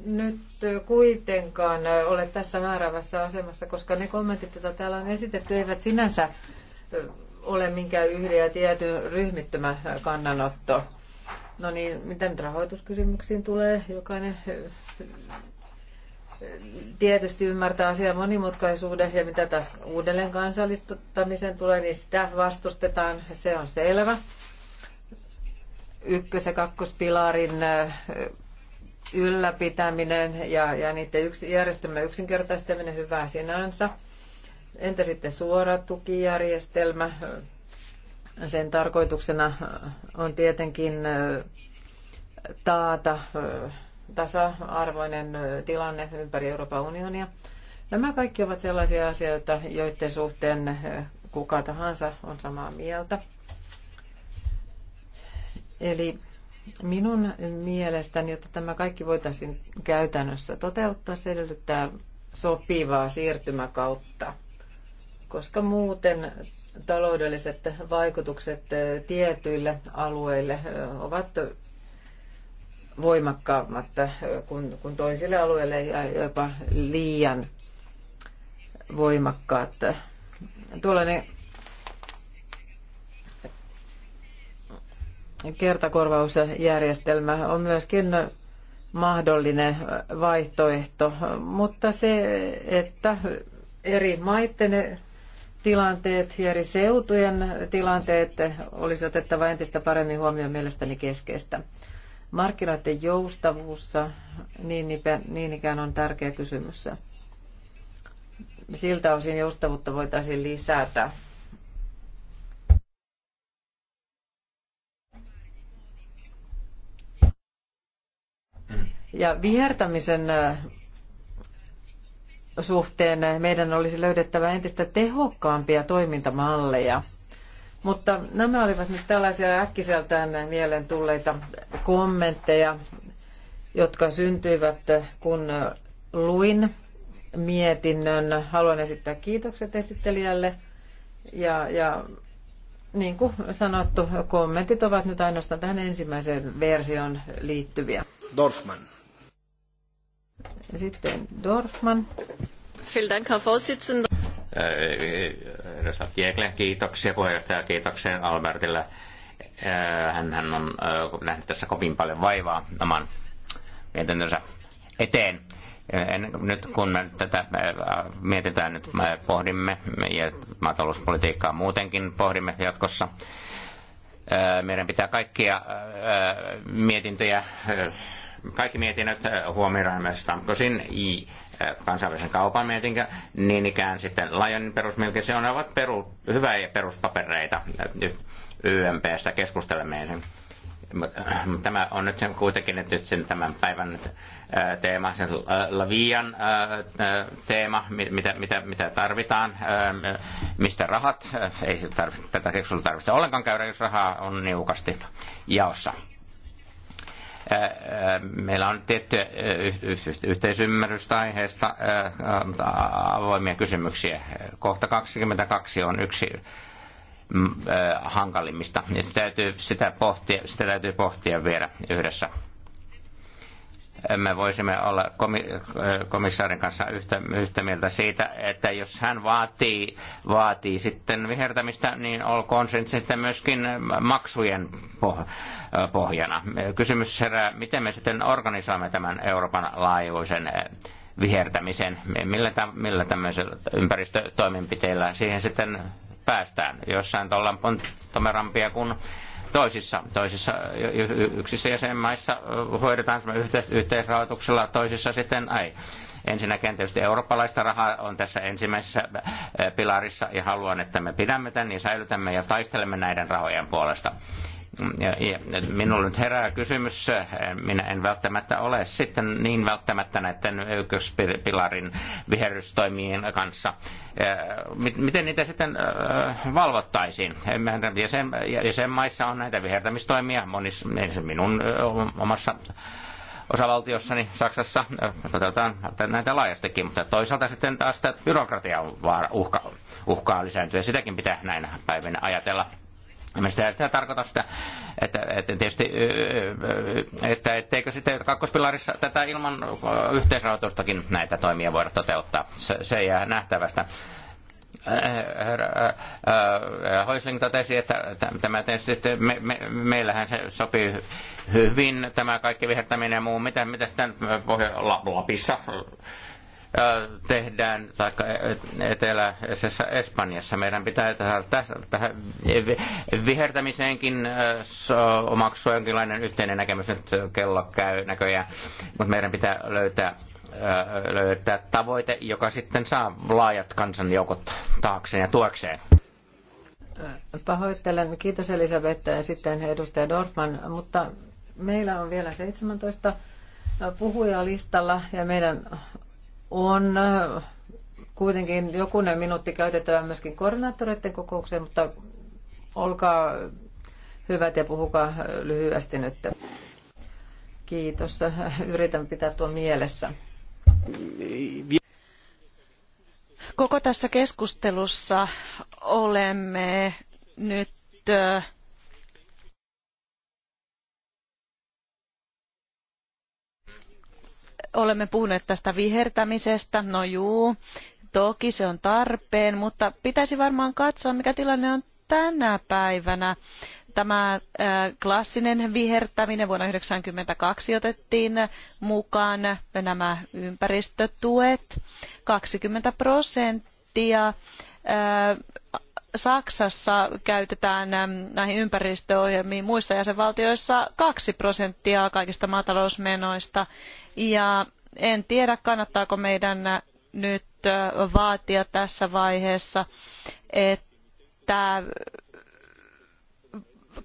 nyt kuitenkaan ole tässä määrävässä asemassa, koska ne kommentit, joita täällä on esitetty, eivät sinänsä eh, ole minkään yhden ja tietyn ryhmittymän kannanotto. No niin, mitä nyt rahoituskysymyksiin tulee, jokainen eh, eh, tietysti ymmärtää asian monimutkaisuuden ja mitä taas uudelleen kansallistuttamisen tulee, niin sitä vastustetaan, se on selvä. Ykkös- ja kakkospilarin eh, ylläpitäminen ja, ja niiden yks, järjestelmän yksinkertaistaminen hyvää sinänsä – Entä sitten suora tukijärjestelmä? Sen tarkoituksena on tietenkin taata tasa-arvoinen tilanne ympäri Euroopan unionia. Nämä kaikki ovat sellaisia asioita, joiden suhteen kuka tahansa on samaa mieltä. Eli minun mielestäni, jotta tämä kaikki voitaisiin käytännössä toteuttaa, se edellyttää sopivaa siirtymäkautta koska muuten taloudelliset vaikutukset tietyille alueille ovat voimakkaammat kuin, toisille alueille ja jopa liian voimakkaat. Tuollainen kertakorvausjärjestelmä on myöskin mahdollinen vaihtoehto, mutta se, että eri maiden tilanteet ja eri seutujen tilanteet olisi otettava entistä paremmin huomioon mielestäni keskeistä. Markkinoiden joustavuus niin, niin ikään on tärkeä kysymys. Siltä osin joustavuutta voitaisiin lisätä. Ja vihertämisen suhteen meidän olisi löydettävä entistä tehokkaampia toimintamalleja. Mutta nämä olivat nyt tällaisia äkkiseltään mieleen tulleita kommentteja, jotka syntyivät, kun luin mietinnön. Haluan esittää kiitokset esittelijälle. Ja, ja niin kuin sanottu, kommentit ovat nyt ainoastaan tähän ensimmäiseen version liittyviä. Dorfman. Sitten Dorfman. Vielen Dank, Herr Vorsitzender. Kiekle, äh, kiitoksia puheenjohtaja, kiitoksia Albertille. Äh, hän, hän on äh, nähnyt tässä kovin paljon vaivaa oman mietintönsä eteen. En, nyt kun me tätä mietitään, nyt me pohdimme ja maatalouspolitiikkaa muutenkin pohdimme jatkossa, meidän pitää kaikkia mietintöjä kaikki mietinnöt eh, huomioidaan myös Stamkosin i eh, kansainvälisen kaupan mietinkä, niin ikään sitten laajan perusmilki, se on ovat peru, hyvä ja peruspapereita eh, YMPstä keskustelemme ensin tämä on nyt sen kuitenkin nyt sen tämän päivän teema, sen Lavian teema, mitä, mitä, mitä tarvitaan, mistä rahat, ei tarvitse, tätä keskustelua tarvitse ollenkaan käydä, jos rahaa on niukasti jaossa meillä on tietty yhteisymmärrys aiheesta avoimia kysymyksiä. Kohta 22 on yksi mm, hankalimmista. Ja sitä täytyy, sitä, pohtia, sitä täytyy pohtia vielä yhdessä me voisimme olla komissaarin kanssa yhtä, yhtä mieltä siitä, että jos hän vaatii, vaatii sitten vihertämistä, niin olkoon sen sitten myöskin maksujen pohjana. Kysymys herää, miten me sitten organisoimme tämän Euroopan laajuisen vihertämisen, millä, tä, millä tämmöisellä ympäristötoimenpiteillä siihen sitten päästään. Jossain on tomerampia kuin Toisissa, toisissa yksissä jäsenmaissa hoidetaan yhteis- yhteisrahoituksella, toisissa sitten ei. Ensinnäkin tietysti eurooppalaista rahaa on tässä ensimmäisessä pilarissa ja haluan, että me pidämme tämän ja säilytämme ja taistelemme näiden rahojen puolesta minulle nyt herää kysymys, minä en välttämättä ole sitten niin välttämättä näiden ykköspilarin viherystoimien kanssa. Miten niitä sitten valvottaisiin? Jäsen, jäsenmaissa on näitä vihertämistoimia, monissa, niin minun omassa osavaltiossani Saksassa toteutetaan näitä laajastikin, mutta toisaalta sitten taas tämä byrokratia uhka, uhkaa lisääntyä. Sitäkin pitää näinä päivinä ajatella. Mielestäni sitä tarkoita sitä, että, että tietysti, että etteikö sitten kakkospilarissa tätä ilman yhteisrahoitustakin näitä toimia voida toteuttaa. Se, se jää nähtävästä. Äh, äh, äh, Hoisling totesi, että tämä tietysti, me, me, meillähän se sopii hyvin, tämä kaikki vihertäminen ja muu, mitä, mitä sitten Lapissa tehdään taikka e- e- eteläisessä Espanjassa. Meidän pitää saada tähän vihertämiseenkin omaksua jonkinlainen yhteinen näkemys nyt kello käy näköjään, mutta meidän pitää löytää löytää tavoite, joka sitten saa laajat kansanjoukot taakseen ja tuekseen. Pahoittelen. Kiitos Elisabetta ja sitten edustaja Dorfman, mutta meillä on vielä 17 listalla ja meidän on äh, kuitenkin jokunen minuutti käytettävä myöskin koordinaattoreiden kokoukseen, mutta olkaa hyvät ja puhukaa äh, lyhyesti nyt. Kiitos. Äh, yritän pitää tuon mielessä. Koko tässä keskustelussa olemme nyt olemme puhuneet tästä vihertämisestä, no juu, toki se on tarpeen, mutta pitäisi varmaan katsoa, mikä tilanne on tänä päivänä. Tämä klassinen vihertäminen vuonna 1992 otettiin mukaan nämä ympäristötuet. 20 prosenttia Saksassa käytetään näihin ympäristöohjelmiin, muissa jäsenvaltioissa kaksi prosenttia kaikista maatalousmenoista. Ja en tiedä, kannattaako meidän nyt vaatia tässä vaiheessa, että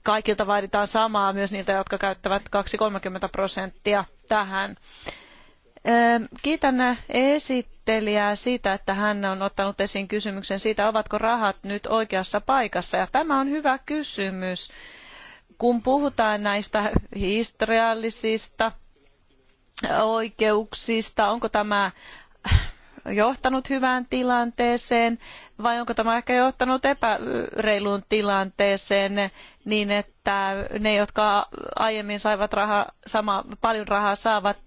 kaikilta vaaditaan samaa, myös niiltä, jotka käyttävät 2-30 prosenttia tähän. Kiitän esittelijää siitä, että hän on ottanut esiin kysymyksen siitä, ovatko rahat nyt oikeassa paikassa. Ja tämä on hyvä kysymys, kun puhutaan näistä historiallisista oikeuksista, onko tämä johtanut hyvään tilanteeseen vai onko tämä ehkä johtanut epäreiluun tilanteeseen niin, että ne, jotka aiemmin saivat rahaa, sama, paljon rahaa saavat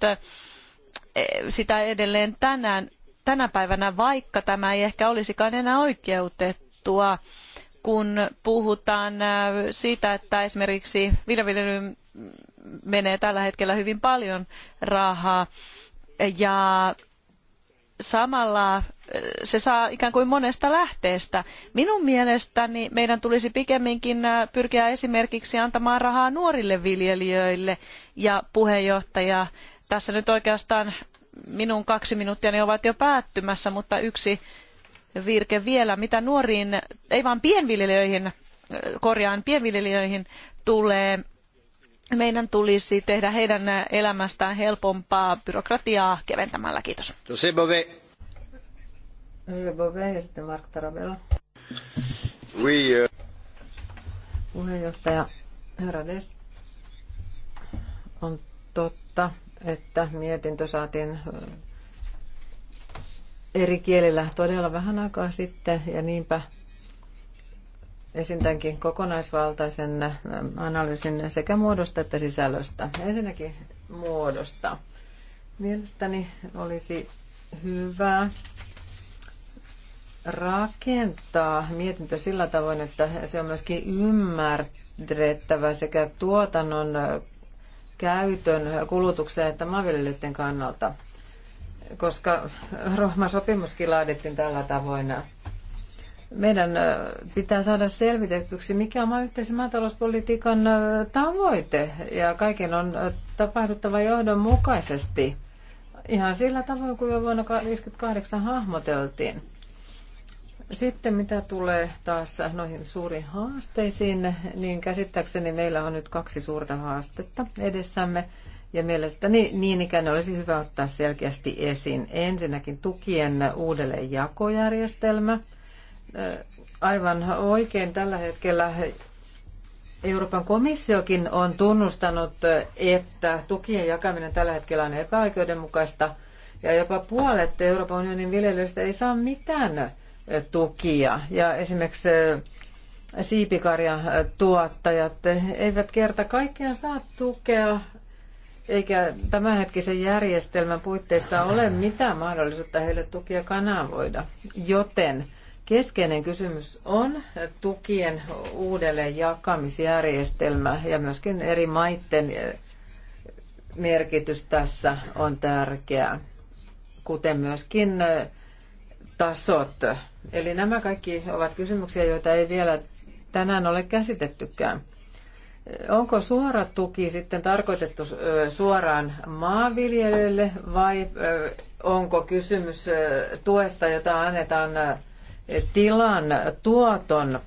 Eh, sitä edelleen tänään, tänä päivänä, vaikka tämä ei ehkä olisikaan enää oikeutettua, kun puhutaan eh, siitä, että esimerkiksi viljelyyn menee tällä hetkellä hyvin paljon rahaa ja samalla eh, se saa ikään kuin monesta lähteestä. Minun mielestäni meidän tulisi pikemminkin pyrkiä esimerkiksi antamaan rahaa nuorille viljelijöille ja puheenjohtaja tässä nyt oikeastaan minun kaksi minuuttiani ovat jo päättymässä, mutta yksi virke vielä, mitä nuoriin, ei vaan pienviljelijöihin, korjaan pienviljelijöihin tulee. Meidän tulisi tehdä heidän elämästään helpompaa byrokratiaa keventämällä. Kiitos. Oui. Euh. Puheenjohtaja Herades, on totta, että mietintö saatiin eri kielillä todella vähän aikaa sitten ja niinpä esitänkin kokonaisvaltaisen analyysin sekä muodosta että sisällöstä. Ensinnäkin muodosta. Mielestäni olisi hyvä rakentaa mietintö sillä tavoin, että se on myöskin ymmärrettävä sekä tuotannon käytön kulutukseen että maanviljelijöiden kannalta, koska Rohman sopimuskin laadittiin tällä tavoin. Meidän pitää saada selvitettyksi, mikä on yhteisen maatalouspolitiikan tavoite, ja kaiken on tapahduttava johdonmukaisesti, ihan sillä tavoin kuin jo vuonna 1958 hahmoteltiin. Sitten mitä tulee taas noihin suuriin haasteisiin, niin käsittääkseni meillä on nyt kaksi suurta haastetta edessämme. Ja mielestäni niin ikään olisi hyvä ottaa selkeästi esiin. Ensinnäkin tukien uudelleenjakojärjestelmä. jakojärjestelmä. Aivan oikein tällä hetkellä Euroopan komissiokin on tunnustanut, että tukien jakaminen tällä hetkellä on epäoikeudenmukaista ja jopa puolet Euroopan unionin viljelyistä ei saa mitään tukia. Ja esimerkiksi eh, siipikarjan tuottajat eivät kerta kaikkiaan saa tukea, eikä tämänhetkisen järjestelmän puitteissa ole mitään mahdollisuutta heille tukia kanavoida. Joten keskeinen kysymys on tukien uudelleen jakamisjärjestelmä ja myöskin eri maiden eh, merkitys tässä on tärkeää, kuten myöskin eh, tasot. Eli nämä kaikki ovat kysymyksiä, joita ei vielä tänään ole käsitettykään. Onko suora tuki sitten tarkoitettu suoraan maanviljelijöille vai onko kysymys tuesta, jota annetaan tilan tuoton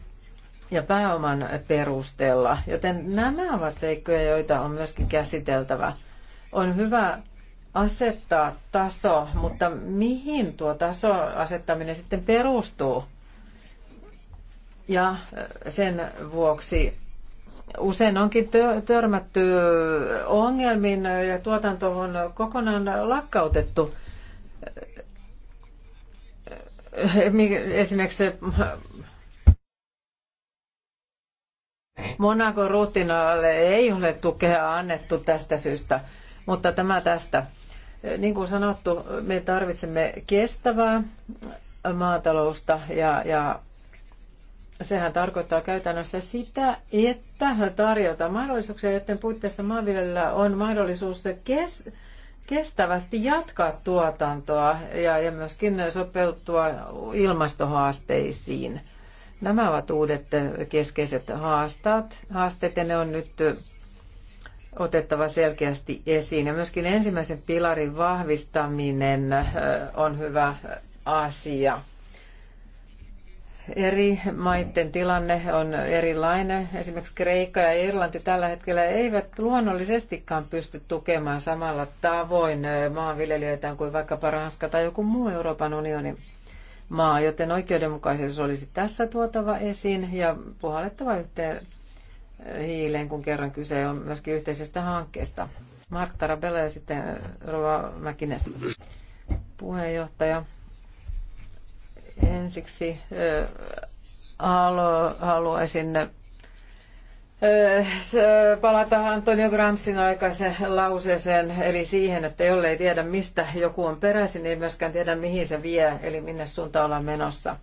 ja pääoman perusteella? Joten nämä ovat seikkoja, joita on myöskin käsiteltävä. On hyvä asettaa taso, mutta mihin tuo taso asettaminen sitten perustuu? Ja äh, sen vuoksi usein onkin törmätty ongelmiin ja tuotanto on kokonaan lakkautettu. Äh, äh, esimerkiksi Monaco rutinalle ei ole tukea annettu tästä syystä, mutta tämä tästä. Niin kuin sanottu, me tarvitsemme kestävää maatalousta ja, ja sehän tarkoittaa käytännössä sitä, että tarjota mahdollisuuksia, joiden puitteissa maanviljelijällä on mahdollisuus kes, kestävästi jatkaa tuotantoa ja, ja myöskin sopeutua ilmastohaasteisiin. Nämä ovat uudet keskeiset haasteet, haasteet ja ne on nyt otettava selkeästi esiin. Ja myöskin ensimmäisen pilarin vahvistaminen on hyvä asia. Eri maiden tilanne on erilainen. Esimerkiksi Kreikka ja Irlanti tällä hetkellä eivät luonnollisestikaan pysty tukemaan samalla tavoin maanviljelijöitään kuin vaikkapa Ranska tai joku muu Euroopan unionin maa, joten oikeudenmukaisuus olisi tässä tuotava esiin ja puhallettava yhteen hiileen, kun kerran kyse on myöskin yhteisestä hankkeesta. Mark Tarabella ja sitten Rova Mäkinäs, Puheenjohtaja, ensiksi haluaisin palata Antonio Gramsin aikaisen lauseeseen, eli siihen, että jollei tiedä mistä joku on peräisin, niin ei myöskään tiedä mihin se vie, eli minne suuntaan ollaan menossa.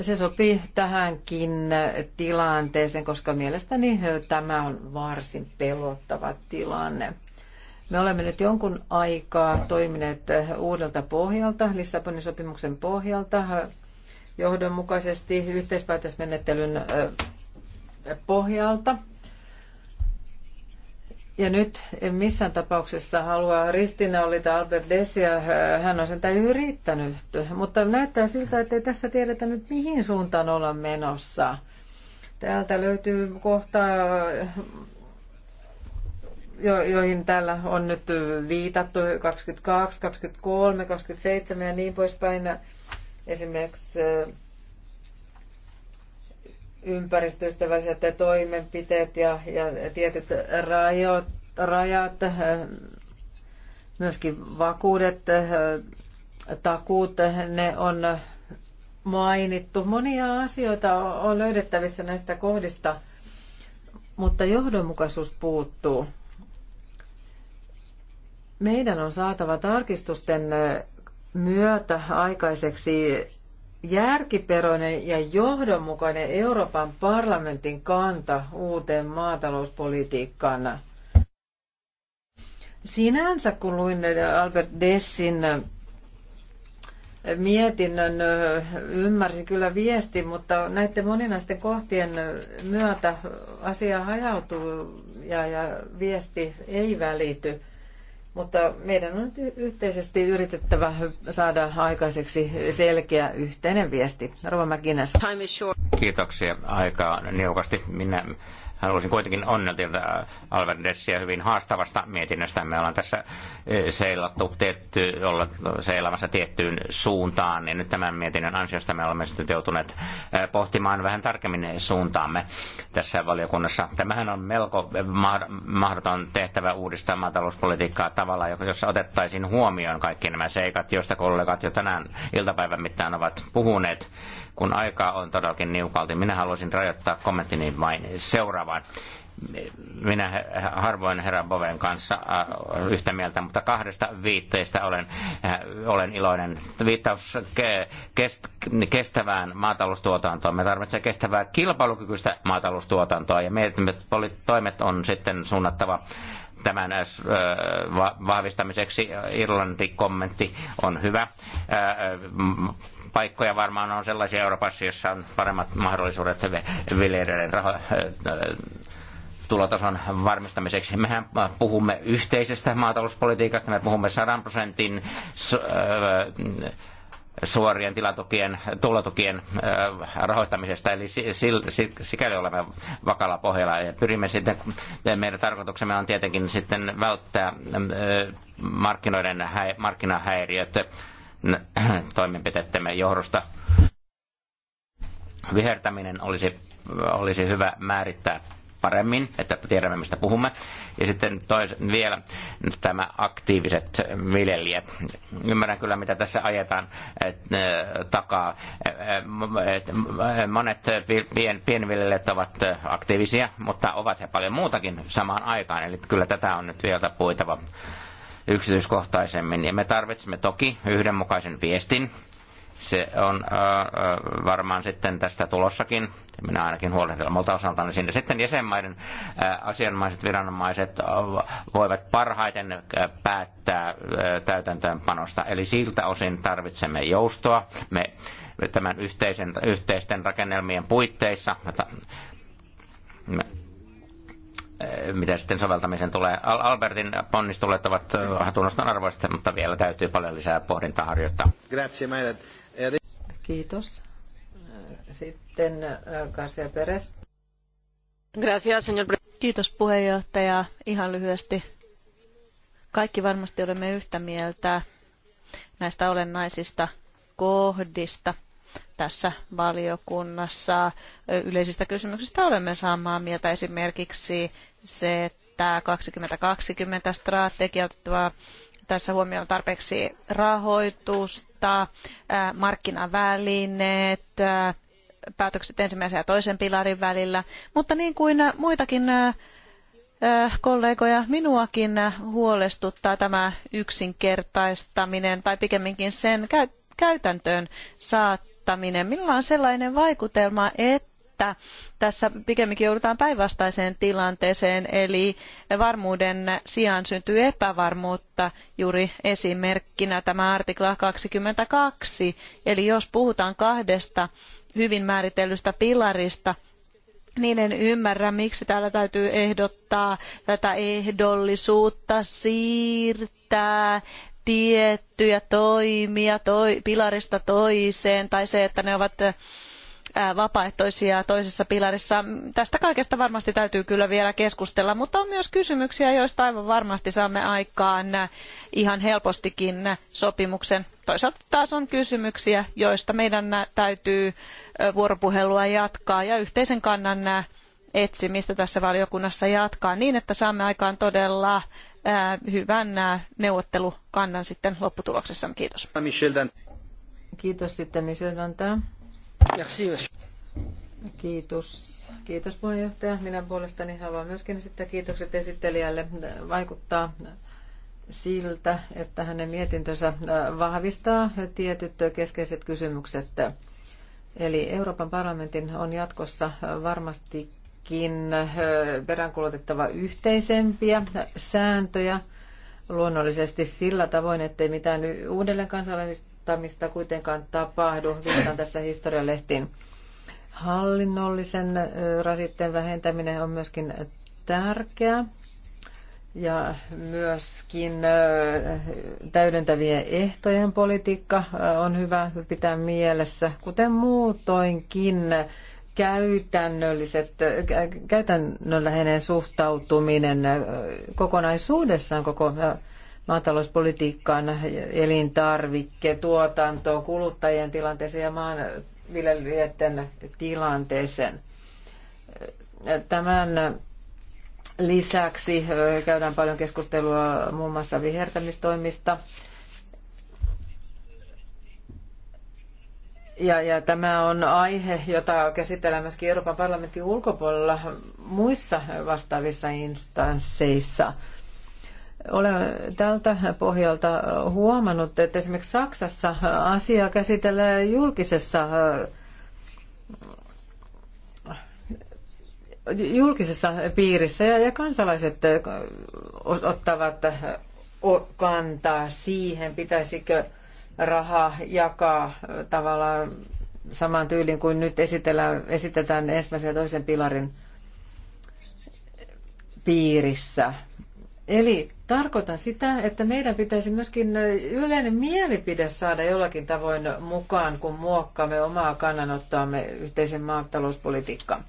Se sopii tähänkin tilanteeseen, koska mielestäni tämä on varsin pelottava tilanne. Me olemme nyt jonkun aikaa toimineet uudelta pohjalta, Lissabonin sopimuksen pohjalta, johdonmukaisesti yhteispäätösmenettelyn pohjalta – ja nyt en missään tapauksessa halua ristiinnaulita Albert Desia, äh, hän on sentään yrittänyt, mutta näyttää siltä, että ei tässä tiedetä nyt mihin suuntaan olla menossa. Täältä löytyy kohta, jo, joihin täällä on nyt viitattu, 22, 23, 27 ja niin poispäin. Esimerkiksi äh, ympäristöystävälliset toimenpiteet ja, ja tietyt rajat, rajat, äh, myöskin vakuudet, äh, takuut, ne on mainittu. Monia asioita on löydettävissä näistä kohdista, mutta johdonmukaisuus puuttuu. Meidän on saatava tarkistusten myötä aikaiseksi järkiperoinen ja johdonmukainen Euroopan parlamentin kanta uuteen maatalouspolitiikkaan. Sinänsä kun luin Albert Dessin mietinnön, ymmärsin kyllä viesti, mutta näiden moninaisten kohtien myötä asia hajautuu ja, ja viesti ei välity. Mutta meidän on nyt yhteisesti yritettävä saada aikaiseksi selkeä yhteinen viesti. Rova Mäkinäs. Kiitoksia. Aika niukasti. Minä Haluaisin kuitenkin äh, Albert Dessia hyvin haastavasta mietinnöstä. Me ollaan tässä äh, seilattu tietty, olla seilamassa tiettyyn suuntaan, ja nyt tämän mietinnön ansiosta me olemme sitten joutuneet äh, pohtimaan vähän tarkemmin suuntaamme tässä valiokunnassa. Tämähän on melko mahdoton tehtävä uudistaa maatalouspolitiikkaa tavalla, jossa otettaisiin huomioon kaikki nämä seikat, joista kollegat jo tänään iltapäivän mittaan ovat puhuneet kun aikaa on todellakin niukalti. Minä haluaisin rajoittaa kommenttini vain seuraavaan. Minä harvoin herra Boven kanssa äh, yhtä mieltä, mutta kahdesta viitteestä olen, äh, olen iloinen. Viittaus kestävään maataloustuotantoon. Me tarvitsemme kestävää kilpailukykyistä maataloustuotantoa ja meidän toimet on sitten suunnattava tämän äh, vahvistamiseksi Irlanti-kommentti on hyvä paikkoja varmaan on sellaisia Euroopassa, jossa on paremmat mahdollisuudet viljelijöiden raho- äh, äh, tulotason varmistamiseksi. Mehän puhumme yhteisestä maatalouspolitiikasta, me puhumme 100 prosentin äh, suorien tilatukien, tulotukien rahoittamisesta, eli sikäli olemme vakalla pohjalla ja pyrimme sitten, meidän tarkoituksemme on tietenkin sitten välttää markkinoiden, markkinahäiriöt toimenpiteettemme johdosta. Vihertäminen olisi, olisi hyvä määrittää paremmin, että tiedämme mistä puhumme. Ja sitten tois, vielä tämä aktiiviset viljelijät. Ymmärrän kyllä mitä tässä ajetaan et, e, takaa. E, e, et, monet pien, pienviljelijät ovat aktiivisia, mutta ovat he paljon muutakin samaan aikaan. Eli kyllä tätä on nyt vielä puitava yksityiskohtaisemmin. Ja me tarvitsemme toki yhdenmukaisen viestin. Se on ää, varmaan sitten tästä tulossakin, minä ainakin huolehdin omalta osaltani sinne. Sitten jäsenmaiden ää, asianomaiset viranomaiset ää, voivat parhaiten ää, päättää ää, täytäntöönpanosta. Eli siltä osin tarvitsemme joustoa. Me tämän yhteisen, yhteisten rakennelmien puitteissa me, mitä sitten soveltamisen tulee. Albertin ponnistelut ovat hatunnoston arvoista, mutta vielä täytyy paljon lisää pohdintaa harjoittaa. E Kiitos. Sitten Garcia Perez. Gracias, Kiitos puheenjohtaja. Ihan lyhyesti. Kaikki varmasti olemme yhtä mieltä näistä olennaisista kohdista tässä valiokunnassa. Yleisistä kysymyksistä olemme samaa mieltä esimerkiksi se, että 2020 strategia otettava tässä huomioon tarpeeksi rahoitusta, markkinavälineet, päätökset ensimmäisen ja toisen pilarin välillä, mutta niin kuin muitakin kollegoja, minuakin huolestuttaa tämä yksinkertaistaminen tai pikemminkin sen käytäntöön saattaminen muuttaminen. Minulla on sellainen vaikutelma, että tässä pikemminkin joudutaan päinvastaiseen tilanteeseen, eli varmuuden sijaan syntyy epävarmuutta juuri esimerkkinä tämä artikla 22. Eli jos puhutaan kahdesta hyvin määritellystä pilarista, niin en ymmärrä, miksi täällä täytyy ehdottaa tätä ehdollisuutta siirtää tiettyjä toimia toi, pilarista toiseen tai se, että ne ovat vapaaehtoisia toisessa pilarissa. Tästä kaikesta varmasti täytyy kyllä vielä keskustella, mutta on myös kysymyksiä, joista aivan varmasti saamme aikaan ihan helpostikin sopimuksen. Toisaalta taas on kysymyksiä, joista meidän täytyy vuoropuhelua jatkaa ja yhteisen kannan etsimistä tässä valiokunnassa jatkaa niin, että saamme aikaan todella Äh, hyvän äh, neuvottelukannan sitten lopputuloksessa. Kiitos. Kiitos sitten Michel Dantin. Kiitos. Kiitos puheenjohtaja. Minä puolestani haluan myöskin esittää kiitokset esittelijälle. Vaikuttaa siltä, että hänen mietintönsä äh, vahvistaa tietyt keskeiset kysymykset. Eli Euroopan parlamentin on jatkossa varmasti todellakin peräänkulutettava yhteisempiä sääntöjä luonnollisesti sillä tavoin, ettei mitään uudelleen kansallistamista kuitenkaan tapahdu. Viittaan tässä historialehtiin. Hallinnollisen rasitteen vähentäminen on myöskin tärkeää ja myöskin täydentävien ehtojen politiikka on hyvä pitää mielessä, kuten muutoinkin käytännölliset, käytännönläheinen suhtautuminen kokonaisuudessaan koko maatalouspolitiikkaan, elintarvikke, tuotantoon, kuluttajien tilanteeseen ja maanviljelijöiden tilanteeseen. Tämän lisäksi käydään paljon keskustelua muun muassa vihertämistoimista, Ja, ja tämä on aihe, jota käsitellään myöskin Euroopan parlamentin ulkopuolella muissa vastaavissa instansseissa. Olen tältä pohjalta huomannut, että esimerkiksi Saksassa asiaa käsitellään julkisessa julkisessa piirissä ja, ja kansalaiset ottavat kantaa siihen, pitäisikö Raha jakaa äh, tavallaan samaan tyyliin kuin nyt esitellään, esitetään ensimmäisen ja toisen pilarin piirissä. Eli tarkoitan sitä, että meidän pitäisi myöskin yleinen mielipide saada jollakin tavoin mukaan, kun muokkaamme omaa kannanottoamme yhteisen maatalouspolitiikkaan.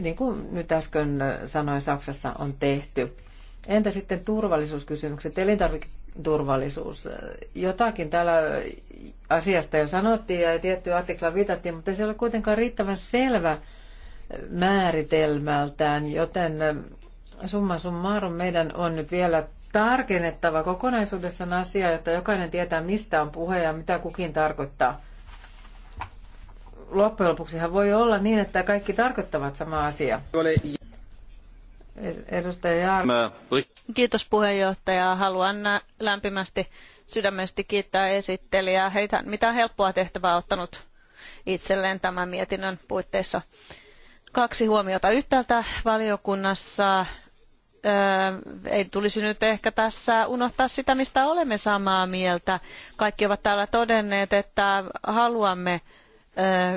Niin kuin nyt äsken sanoin, Saksassa on tehty. Entä sitten turvallisuuskysymykset, elintarviketurvallisuus? Jotakin täällä asiasta jo sanottiin ja tietty artikla viitattiin, mutta se ei ole kuitenkaan riittävän selvä määritelmältään, joten summa summarum meidän on nyt vielä tarkennettava kokonaisuudessaan asiaa, jotta jokainen tietää, mistä on puhe ja mitä kukin tarkoittaa. Loppujen lopuksihan voi olla niin, että kaikki tarkoittavat samaa asiaa. Edustaja Jaana. Kiitos puheenjohtaja. Haluan lämpimästi sydämesti kiittää esittelijää. Heitä mitään helppoa tehtävää ottanut itselleen tämän mietinnön puitteissa. Kaksi huomiota yhtäältä valiokunnassa. ei tulisi nyt ehkä tässä unohtaa sitä, mistä olemme samaa mieltä. Kaikki ovat täällä todenneet, että haluamme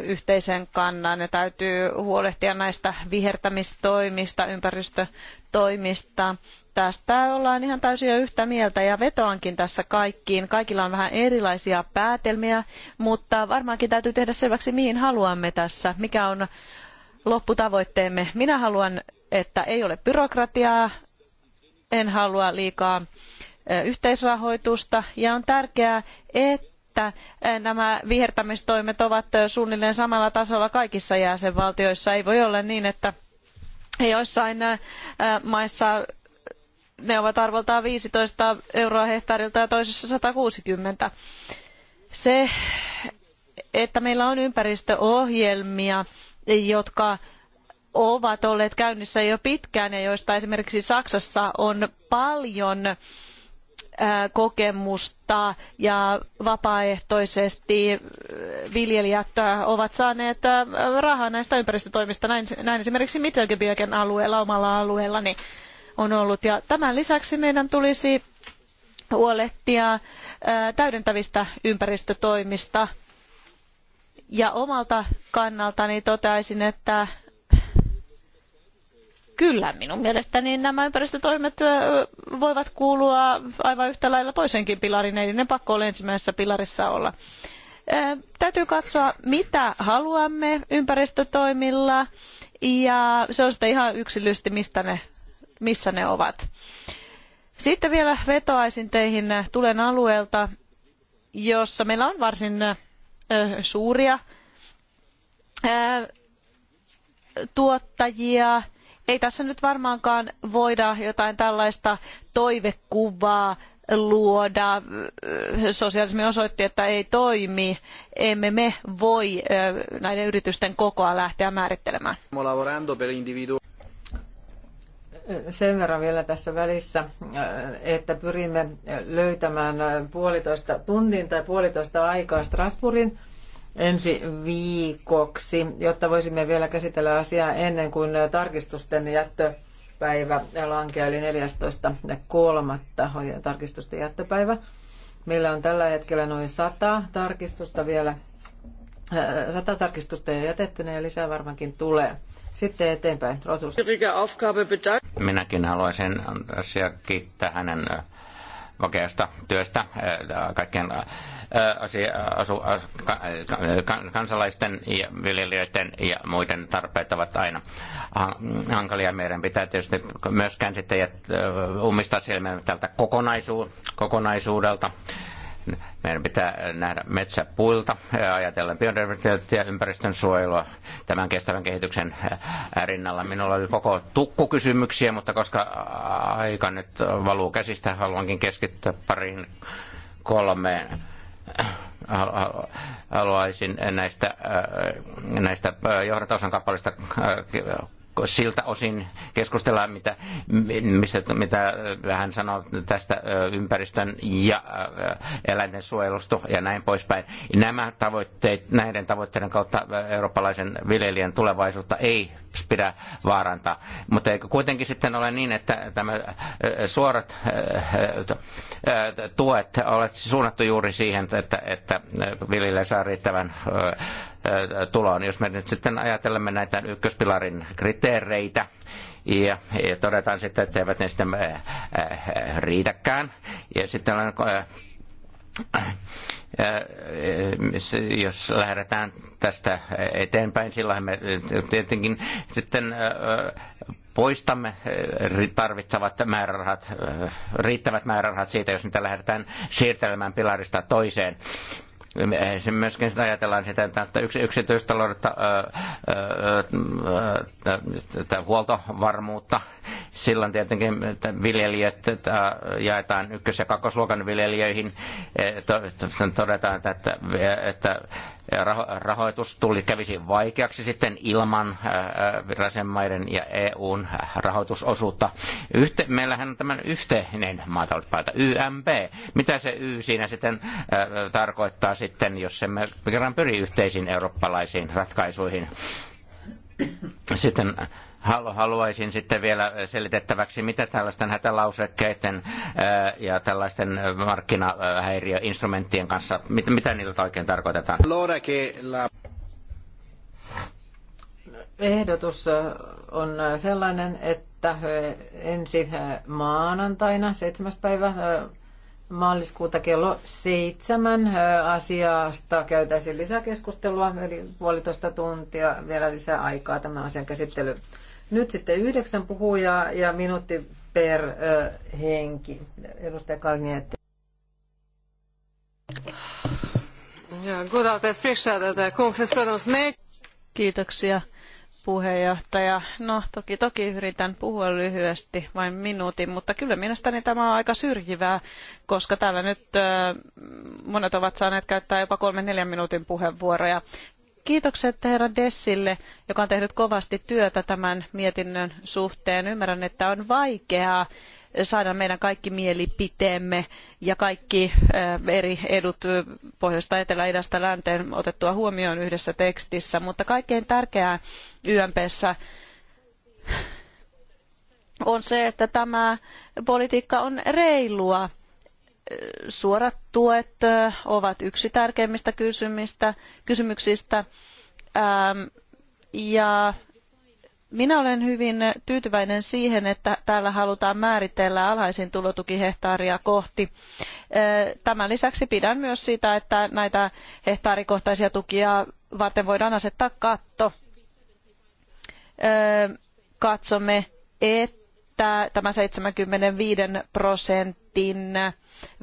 yhteisen kannan ja täytyy huolehtia näistä vihertämistoimista, ympäristötoimista. Tästä ollaan ihan täysin yhtä mieltä ja vetoankin tässä kaikkiin. Kaikilla on vähän erilaisia päätelmiä, mutta varmaankin täytyy tehdä selväksi, mihin haluamme tässä, mikä on lopputavoitteemme. Minä haluan, että ei ole byrokratiaa, en halua liikaa yhteisrahoitusta ja on tärkeää, että että eh, nämä vihertämistoimet ovat eh, suunnilleen samalla tasolla kaikissa jäsenvaltioissa. Ei voi olla niin, että joissain eh, maissa ne ovat arvoltaan viisitoista euroa hehtaarilta ja toisissa 160. Se, että meillä on ympäristöohjelmia, jotka ovat olleet käynnissä jo pitkään ja joista esimerkiksi Saksassa on paljon kokemusta ja vapaaehtoisesti viljelijät ovat saaneet rahaa näistä ympäristötoimista. Näin, näin esimerkiksi Mittelgebirgen alueella, omalla alueellani on ollut. Ja tämän lisäksi meidän tulisi huolehtia täydentävistä ympäristötoimista ja omalta kannaltani toteaisin, että Kyllä, minun mielestäni nämä ympäristötoimet voivat kuulua aivan yhtä lailla toisenkin pilariin, eli ne pakko ole ensimmäisessä pilarissa olla. Täytyy katsoa, mitä haluamme ympäristötoimilla, ja se on sitten ihan yksilöllisesti, mistä ne, missä ne ovat. Sitten vielä vetoaisin teihin, tulen alueelta, jossa meillä on varsin suuria tuottajia, ei tässä nyt varmaankaan voida jotain tällaista toivekuvaa luoda. Sosialismi osoitti, että ei toimi. Emme me voi näiden yritysten kokoa lähteä määrittelemään. Sen verran vielä tässä välissä, että pyrimme löytämään puolitoista tuntiin tai puolitoista aikaa Strasbourgin ensi viikoksi, jotta voisimme vielä käsitellä asiaa ennen kuin tarkistusten jättöpäivä lankeaa, eli 14.3. tarkistusten jättöpäivä. Meillä on tällä hetkellä noin 100 tarkistusta vielä, 100 äh, tarkistusta jo jätetty, ja lisää varmaankin tulee. Sitten eteenpäin. Rotus. Minäkin haluaisin kiittää hänen äh, vakeasta työstä äh, kaikkien asu, as, kansalaisten ja viljelijöiden ja muiden tarpeet ovat aina hankalia. Meidän pitää tietysti myöskään sitten jättää, ummistaa silmiä tältä kokonaisu, kokonaisuudelta. Meidän pitää nähdä metsäpuilta ja ajatella biodiversiteettiä, ympäristön suojelua tämän kestävän kehityksen rinnalla. Minulla oli koko tukku kysymyksiä, mutta koska aika nyt valuu käsistä, haluankin keskittyä pariin kolmeen haluaisin näistä, äh, näistä äh, johdatausan kappaleista äh, siltä osin keskustellaan, mitä, mistä, mitä hän sanoo tästä ympäristön ja eläinten suojelusta ja näin poispäin. Nämä tavoitteet, näiden tavoitteiden kautta eurooppalaisen viljelijän tulevaisuutta ei pidä vaarantaa. Mutta eikö kuitenkin sitten ole niin, että tämä suorat tuet olet suunnattu juuri siihen, että, että viljelijä saa riittävän tuloon. Jos me nyt sitten ajatellemme näitä ykköspilarin kriteereitä, ja, ja todetaan sitten, että eivät ne sitten riitäkään. Ja sitten on jos lähdetään tästä eteenpäin, silloin me tietenkin sitten poistamme tarvittavat määrärahat, riittävät määrärahat siitä, jos niitä lähdetään siirtelemään pilarista toiseen myöskin sitä ajatellaan sitä, että yksi, yksityistaloudetta, huoltovarmuutta, silloin tietenkin että viljelijät että jaetaan ykkös- ja kakkosluokan viljelijöihin, e, todetaan, että, että rahoitus tuli, kävisi vaikeaksi sitten ilman äh, äh, maiden ja EUn rahoitusosuutta. Yhte, meillähän on tämän yhteinen maatalouspaita, YMP. Mitä se Y siinä sitten äh, tarkoittaa sitten, jos emme kerran pyri yhteisiin eurooppalaisiin ratkaisuihin? Sitten haluaisin sitten vielä selitettäväksi, mitä tällaisten hätälausekkeiden äh, ja tällaisten markkinahäiriöinstrumenttien kanssa, mitä niillä oikein tarkoitetaan? Ehdotus on sellainen, että ensi maanantaina 7. päivä äh, maaliskuuta kello seitsemän äh, asiasta käytäisiin lisäkeskustelua, eli puolitoista tuntia vielä lisää aikaa tämän asian käsittelyyn. Nyt sitten yhdeksän puhujaa ja minuutti per ö, henki. Edustaja Kalnietti. Kiitoksia puheenjohtaja. No toki toki yritän puhua lyhyesti, vain minuutin, mutta kyllä mielestäni tämä on aika syrjivää, koska täällä nyt monet ovat saaneet käyttää jopa kolme neljän minuutin puheenvuoroja. Kiitokset herra Dessille, joka on tehnyt kovasti työtä tämän mietinnön suhteen. Ymmärrän, että on vaikeaa saada meidän kaikki mielipiteemme ja kaikki eh, eri edut eh, pohjoista, etelä, idästä, länteen otettua huomioon yhdessä tekstissä. Mutta kaikkein tärkeää YMPssä on se, että tämä politiikka on reilua suorat tuet ovat yksi tärkeimmistä kysymyksistä. Ähm, ja minä olen hyvin tyytyväinen siihen, että täällä halutaan määritellä alhaisin tulotukihehtaaria hehtaaria kohti. Tämän lisäksi pidän myös siitä, että näitä hehtaarikohtaisia tukia varten voidaan asettaa katto. Katsomme, että tämä 75 prosentin prosentin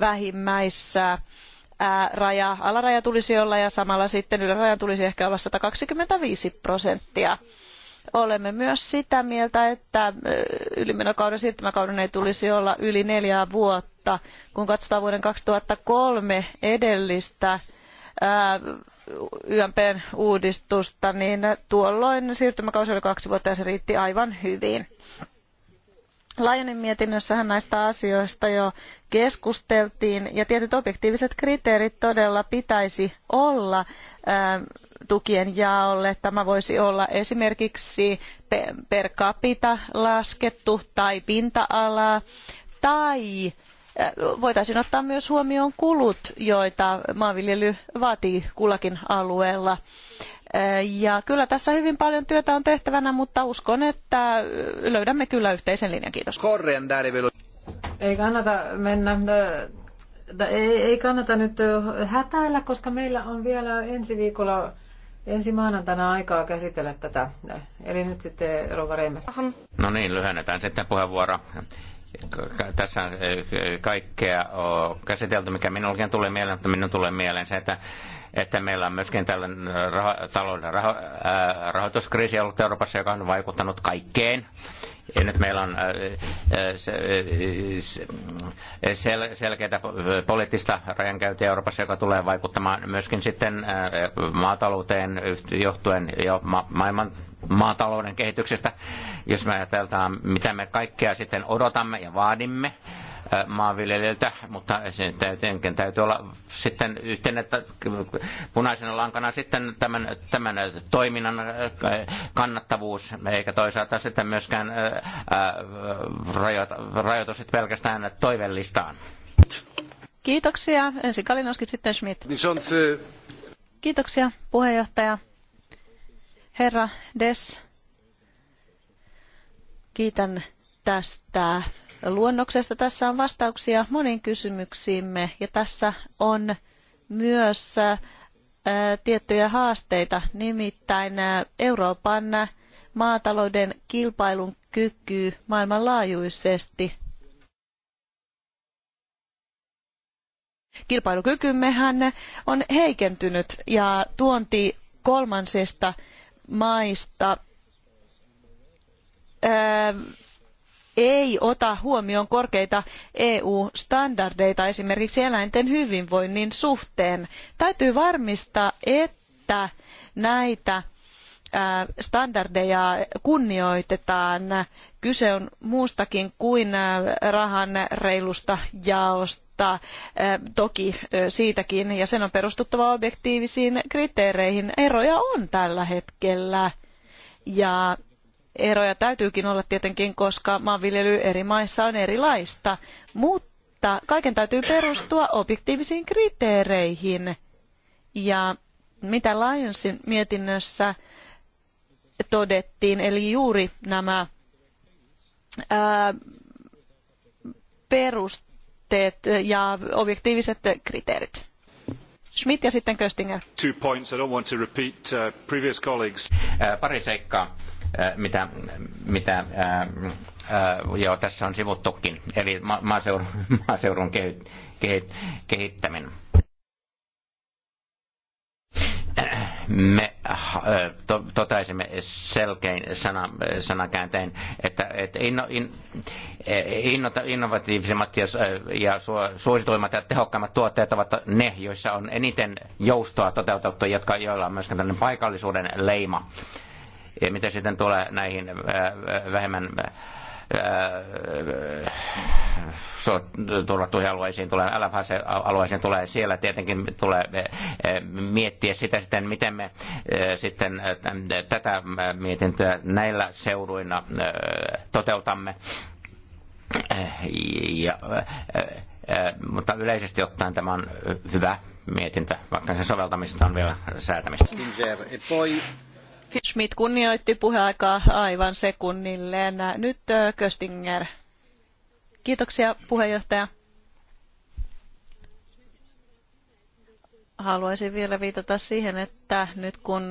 vähimmäissä raja, alaraja tulisi olla ja samalla sitten ylärajan tulisi ehkä olla 125 prosenttia. Olemme myös sitä mieltä, että ylimenokauden siirtymäkauden ei tulisi olla yli neljää vuotta. Kun katsotaan vuoden 2003 edellistä YMPn uudistusta, niin tuolloin siirtymäkausi oli kaksi vuotta ja se riitti aivan hyvin. Laajonin mietinnössähän näistä asioista jo keskusteltiin ja tietyt objektiiviset kriteerit todella pitäisi olla tukien jaolle. Tämä voisi olla esimerkiksi per capita laskettu tai pinta-alaa tai voitaisiin ottaa myös huomioon kulut, joita maanviljely vaatii kullakin alueella. Ja kyllä tässä hyvin paljon työtä on tehtävänä, mutta uskon, että löydämme kyllä yhteisen linjan. Kiitos. Ei kannata mennä ei, ei kannata nyt hätäillä, koska meillä on vielä ensi viikolla, ensi maanantaina aikaa käsitellä tätä. Eli nyt sitten Rova No niin, lyhennetään sitten puheenvuoro. Tässä kaikkea on käsitelty, mikä minullakin tulee mieleen, mutta minun tulee mieleen se, että että meillä on myöskin tällainen raho- talouden raho- ää, rahoituskriisi ollut Euroopassa, joka on vaikuttanut kaikkeen. Ja nyt meillä on sel- selkeää poliittista rajankäyntiä Euroopassa, joka tulee vaikuttamaan myöskin sitten ää, maatalouteen johtuen jo ma- maailman maatalouden kehityksestä. Jos me ajatellaan, mitä me kaikkea sitten odotamme ja vaadimme, maanviljelijöiltä, mutta tietenkin täytyy olla sitten yhtenä punaisena lankana sitten tämän, tämän toiminnan kannattavuus, eikä toisaalta sitten myöskään rajoitu sitten pelkästään toivellistaan. Kiitoksia. Ensin Kalinoski sitten Schmidt. Niin Kiitoksia puheenjohtaja. Herra Des, kiitän tästä luonnoksesta. Tässä on vastauksia moniin kysymyksiimme ja tässä on myös tiettyjä haasteita, nimittäin Euroopan maatalouden kilpailun kyky maailmanlaajuisesti. Kilpailukykymmehän on heikentynyt ja tuonti kolmansista maista ei ota huomioon korkeita EU-standardeita esimerkiksi eläinten hyvinvoinnin suhteen. Täytyy varmistaa, että näitä standardeja kunnioitetaan. Kyse on muustakin kuin rahan reilusta jaosta, toki siitäkin, ja sen on perustuttava objektiivisiin kriteereihin. Eroja on tällä hetkellä. Ja eroja täytyykin olla tietenkin, koska maanviljely eri maissa on erilaista, mutta kaiken täytyy perustua objektiivisiin kriteereihin. Ja mitä Lionsin mietinnössä todettiin, eli juuri nämä ää, perusteet ja objektiiviset kriteerit. Schmidt ja sitten Köstinger. Two points. I don't want to repeat uh, previous colleagues. Pari seikkaa mitä, mitä joo, tässä on sivuttukin, eli maaseudun, maaseudun kehittäminen. Me totaisimme selkein sana, sanakääntein, että, että inno, in, e, inno, innovatiivisimmat ja, ja suosituimmat ja tehokkaimmat tuotteet ovat ne, joissa on eniten joustoa toteutettu, jotka, joilla on myöskin tällainen paikallisuuden leima. Ja mitä sitten tulee näihin äh, äh, vähemmän äh, turvattuihin alueisiin tulee, LFH-alueisiin tulee, siellä tietenkin tulee miettiä sitä sitten, miten me sitten tätä mietintöä näillä seuduina toteutamme. Ja, mutta yleisesti ottaen tämä on hyvä mietintö, vaikka sen soveltamisesta on vielä säätämistä. Schmidt kunnioitti puheaikaa aivan sekunnilleen. Nyt Köstinger. Kiitoksia puheenjohtaja. Haluaisin vielä viitata siihen, että nyt kun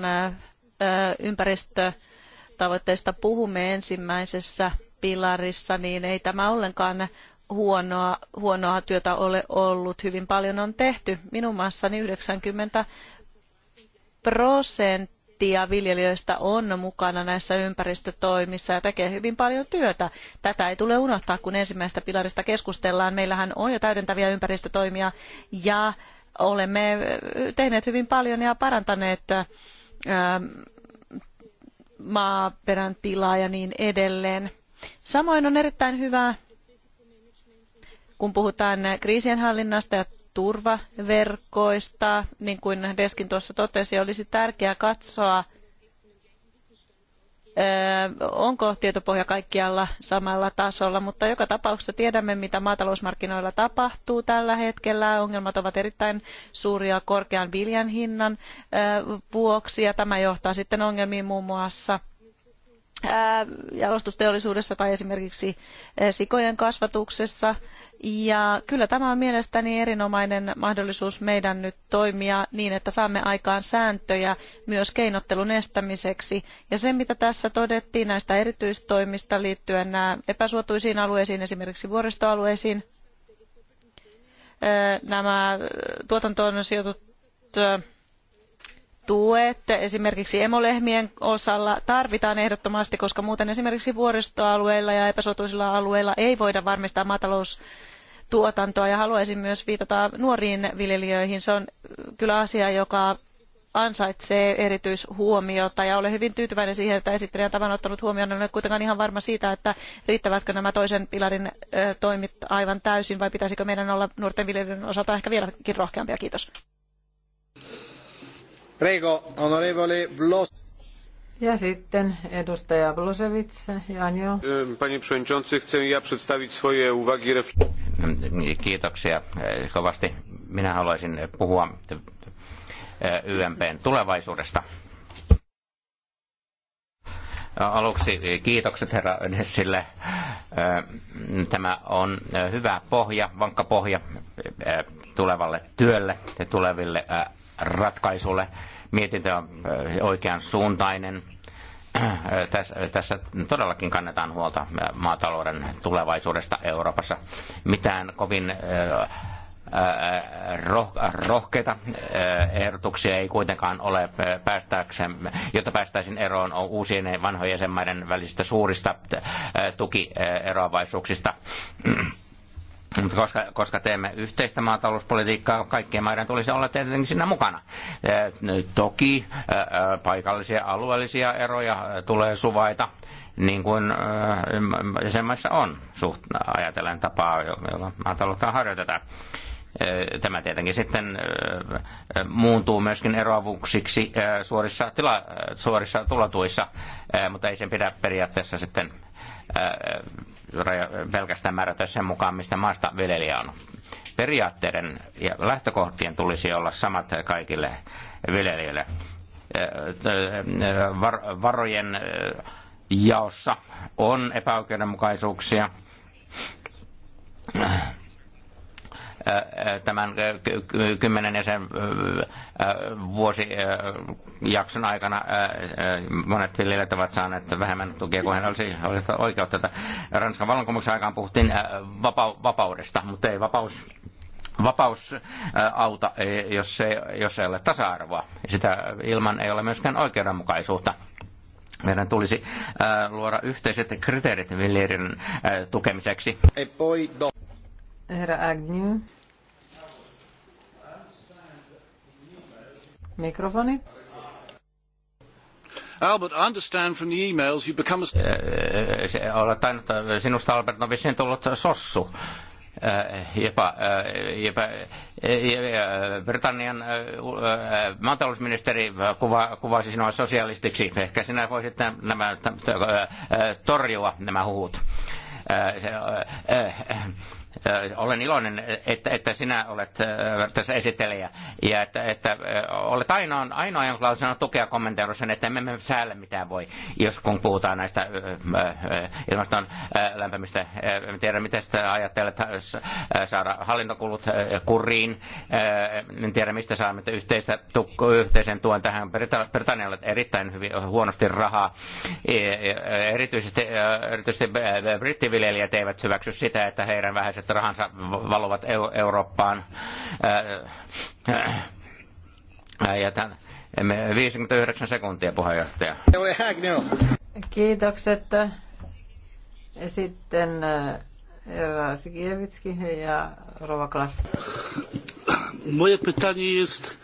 ympäristötavoitteista puhumme ensimmäisessä pilarissa, niin ei tämä ollenkaan huonoa, huonoa työtä ole ollut. Hyvin paljon on tehty. Minun maassani 90 prosenttia prosenttia viljelijöistä on mukana näissä ympäristötoimissa ja tekee hyvin paljon työtä. Tätä ei tule unohtaa, kun ensimmäistä pilarista keskustellaan. Meillähän on jo täydentäviä ympäristötoimia ja olemme äh, tehneet hyvin paljon ja parantaneet äh, maaperän tilaa ja niin edelleen. Samoin on erittäin hyvä, kun puhutaan kriisienhallinnasta hallinnasta ja turvaverkoista. Niin kuin Deskin tuossa totesi, olisi tärkeää katsoa, onko tietopohja kaikkialla samalla tasolla, mutta joka tapauksessa tiedämme, mitä maatalousmarkkinoilla tapahtuu tällä hetkellä. Ongelmat ovat erittäin suuria korkean viljan hinnan vuoksi ja tämä johtaa sitten ongelmiin muun muassa – jalostusteollisuudessa tai esimerkiksi sikojen kasvatuksessa. Ja kyllä tämä on mielestäni erinomainen mahdollisuus meidän nyt toimia niin, että saamme aikaan sääntöjä myös keinottelun estämiseksi. Ja se, mitä tässä todettiin näistä erityistoimista liittyen nämä epäsuotuisiin alueisiin, esimerkiksi vuoristoalueisiin, nämä tuotantoon sijoitut tuet esimerkiksi emolehmien osalla tarvitaan ehdottomasti, koska muuten esimerkiksi vuoristoalueilla ja epäsuotuisilla alueilla ei voida varmistaa maataloustuotantoa. Ja haluaisin myös viitata nuoriin viljelijöihin. Se on kyllä asia, joka ansaitsee erityishuomiota ja olen hyvin tyytyväinen siihen, että esittelijä tämän ottanut huomioon. En ole kuitenkaan ihan varma siitä, että riittävätkö nämä toisen pilarin toimit aivan täysin vai pitäisikö meidän olla nuorten viljelijöiden osalta ehkä vieläkin rohkeampia. Kiitos. Prego, onorevole Vlos. Ja sitten edustaja Vlosewicz, Janjo. Panie przewodniczący, chcę ja przedstawić swoje uwagi. Mm, kiitoksia e, kovasti. Minä haluaisin puhua e, YMPn tulevaisuudesta. No, aluksi kiitokset herra Nessille. E, tämä on hyvä pohja, vankka pohja tulevalle työlle ja tuleville ratkaisulle. Mietintö on äh, oikean suuntainen. Äh, tässä todellakin kannetaan huolta äh, maatalouden tulevaisuudesta Euroopassa. Mitään kovin rohkeita ehdotuksia ei kuitenkaan ole päästäksemme, jotta päästäisiin eroon uusien vanhojen jäsenmaiden välisistä suurista tukieroavaisuuksista koska, koska teemme yhteistä maatalouspolitiikkaa, kaikkien maiden tulisi olla tietenkin siinä mukana. Toki paikallisia alueellisia eroja tulee suvaita, niin kuin jäsenmaissa on, suht, ajatellen tapaa, jolla maataloutta harjoitetaan. Tämä tietenkin sitten muuntuu myöskin eroavuksiksi suorissa, tila, suorissa tulotuissa, mutta ei sen pidä periaatteessa sitten Äh, äh, pelkästään määrätä sen mukaan, mistä maasta viljelijä on. Periaatteiden ja lähtökohtien tulisi olla samat kaikille viljelijöille. Äh, varojen jaossa on epäoikeudenmukaisuuksia tämän äh, kymmenen sen äh, äh, vuosijakson aikana monet viljelijät ovat saaneet vähemmän tukia kuin hän olisi, olisi oikeutta. Ranskan vallankumouksen aikaan puhuttiin vapaudesta, mutta ei vapaus vapaus auta, e, jos ei, jos ei ole tasa-arvoa. Sitä ilman ei ole myöskään oikeudenmukaisuutta. Meidän tulisi luoda yhteiset kriteerit viljelijän tukemiseksi. E Herra Agnew. Mikrofoni. Albert, I understand from the emails you become a... Eh, eh, olet tainnut, eh, sinusta Albert on vissiin tullut sossu. Jopa, jopa, Britannian maatalousministeri kuva, kuvasi sinua sosialistiksi. Ehkä sinä voisit nämä, torjua nämä huhut olen iloinen, että, että sinä olet tässä esittelijä ja että, että olet ainoa, ainoa jonka on tukea kommentoida sen, että emme me säällä mitään voi, jos kun puhutaan näistä ilmaston lämpimistä. En tiedä, miten sitä ajattelet saada hallintokulut kuriin. En tiedä, mistä saamme yhteistä, yhteisen tuen tähän. Britannialle erittäin hyvin, huonosti rahaa. E, e, erityisesti, erityisesti brittiviljelijät eivät hyväksy sitä, että heidän vähäiset kansalaiset rahansa valovat Eurooppaan. Ja tämän, 59 sekuntia puheenjohtaja. Kiitokset. Ja Sitten Eera Sikiewicki ja Rova Klas. Moje pytanie jest,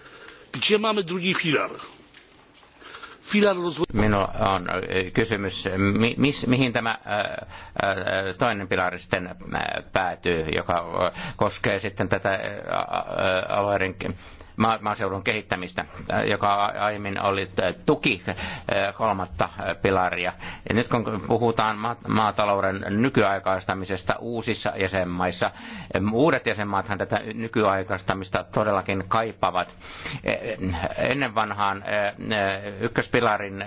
gdzie mamy drugi filar? Minulla on kysymys, mihin tämä toinen pilari sitten päätyy, joka koskee sitten tätä alueiden maaseudun kehittämistä, äh, joka aiemmin oli äh, tuki äh, kolmatta pilaria. Ja nyt kun puhutaan maatalouden nykyaikaistamisesta uusissa jäsenmaissa, ähm, uudet jäsenmaathan tätä nykyaikaistamista todellakin kaipaavat. Ennen vanhaan ykköspilarin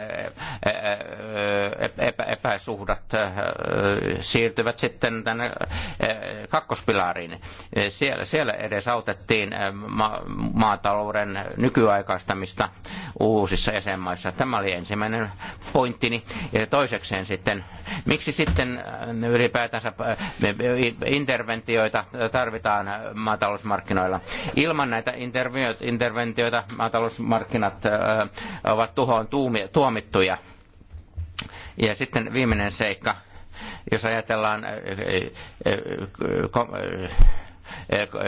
epäsuhdat siirtyvät sitten tänne kakkospilariin. Siellä, siellä edesautettiin ma- maatalouden nykyaikaistamista uusissa jäsenmaissa. Tämä oli ensimmäinen pointtini. Ja toisekseen sitten, miksi sitten äh, ylipäätänsä äh, interventioita tarvitaan maatalousmarkkinoilla? Ilman näitä interventioita maatalousmarkkinat äh, ovat tuhoon tuomittuja. Ja sitten viimeinen seikka, jos ajatellaan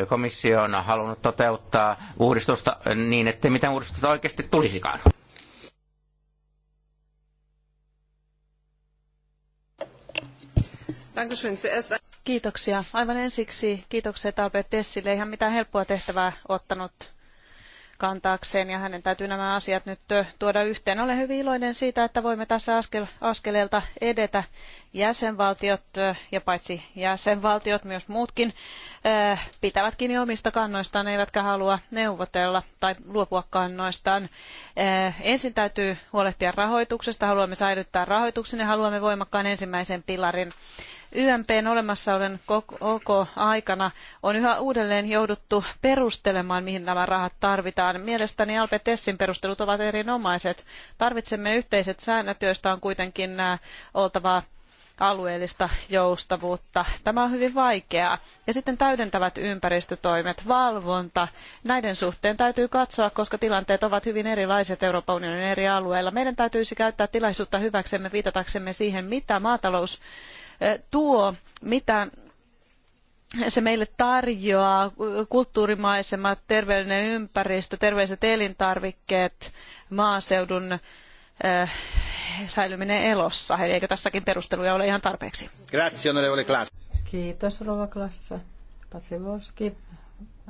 komissio on halunnut toteuttaa uudistusta niin, ettei mitään uudistusta oikeasti tulisikaan. Kiitoksia. Aivan ensiksi kiitokset Albert Tessille. Ihan mitään helppoa tehtävää ottanut kantaakseen ja hänen täytyy nämä asiat nyt tuoda yhteen. Olen hyvin iloinen siitä, että voimme tässä askel, askeleelta edetä jäsenvaltiot ja paitsi jäsenvaltiot myös muutkin Äh, pitävät kiinni omista kannoistaan, eivätkä halua neuvotella tai luopua kannoistaan. Äh, ensin täytyy huolehtia rahoituksesta, haluamme säilyttää rahoituksen ja haluamme voimakkaan ensimmäisen pilarin. YMPn olemassaolon koko aikana on yhä uudelleen jouduttu perustelemaan, mihin nämä rahat tarvitaan. Mielestäni Alpe Tessin perustelut ovat erinomaiset. Tarvitsemme yhteiset säännöt, joista on kuitenkin äh, oltava alueellista joustavuutta. Tämä on hyvin vaikeaa. Ja sitten täydentävät ympäristötoimet, valvonta. Näiden suhteen täytyy katsoa, koska tilanteet ovat hyvin erilaiset Euroopan unionin eri alueilla. Meidän täytyisi käyttää tilaisuutta hyväksemme viitataksemme siihen, mitä maatalous eh, tuo, mitä se meille tarjoaa kulttuurimaisemat, terveellinen ympäristö, terveelliset elintarvikkeet, maaseudun säilyminen elossa. Eli eikö tässäkin perusteluja ole ihan tarpeeksi? Grazie, onorevole Klaas. Kiitos, Rova Klassa. Patsivoski,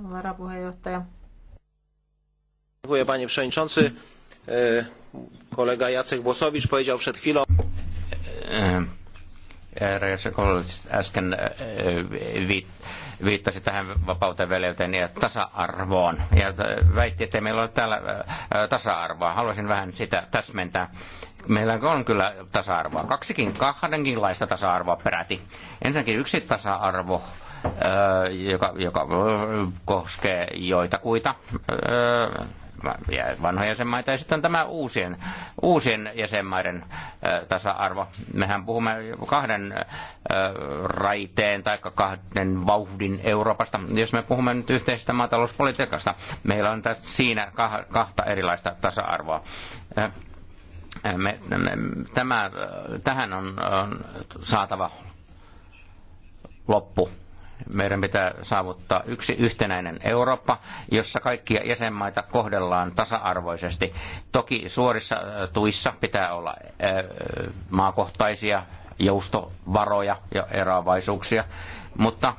varapuheenjohtaja. Dziękuję, panie przewodniczący. E, kolega Jacek Włosowicz powiedział przed chwilą... E, äsken viittasi tähän vapauteen, veljeyteen ja tasa-arvoon. Ja väitti, että meillä ole täällä tasa-arvoa. Haluaisin vähän sitä täsmentää. Meillä on kyllä tasa-arvoa. Kaksikin, kahdenkinlaista tasa-arvoa peräti. Ensinnäkin yksi tasa-arvo, joka, joka koskee joitakuita vanhojen jäsenmaita ja sitten tämä uusien, uusien jäsenmaiden tasa-arvo. Mehän puhumme kahden raiteen tai kahden vauhdin Euroopasta. Jos me puhumme nyt yhteisestä maatalouspolitiikasta, meillä on tässä siinä kahta erilaista tasa-arvoa. Me, me, tämä, tähän on, on saatava loppu meidän pitää saavuttaa yksi yhtenäinen Eurooppa, jossa kaikkia jäsenmaita kohdellaan tasa-arvoisesti. Toki suorissa äh, tuissa pitää olla äh, maakohtaisia joustovaroja ja eroavaisuuksia, mutta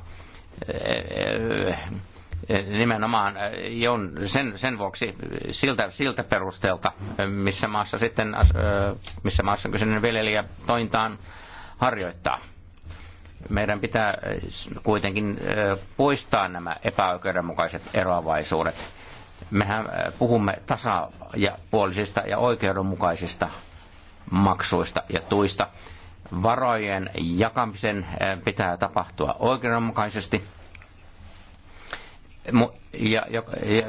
äh, nimenomaan sen, sen vuoksi siltä, siltä perusteelta, missä maassa sitten missä maassa kyseinen viljelijä tointaan harjoittaa meidän pitää äh, kuitenkin äh, poistaa nämä epäoikeudenmukaiset eroavaisuudet. Mehän äh, puhumme puolisista ja oikeudenmukaisista maksuista ja tuista. Varojen jakamisen pitää tapahtua oikeudenmukaisesti ja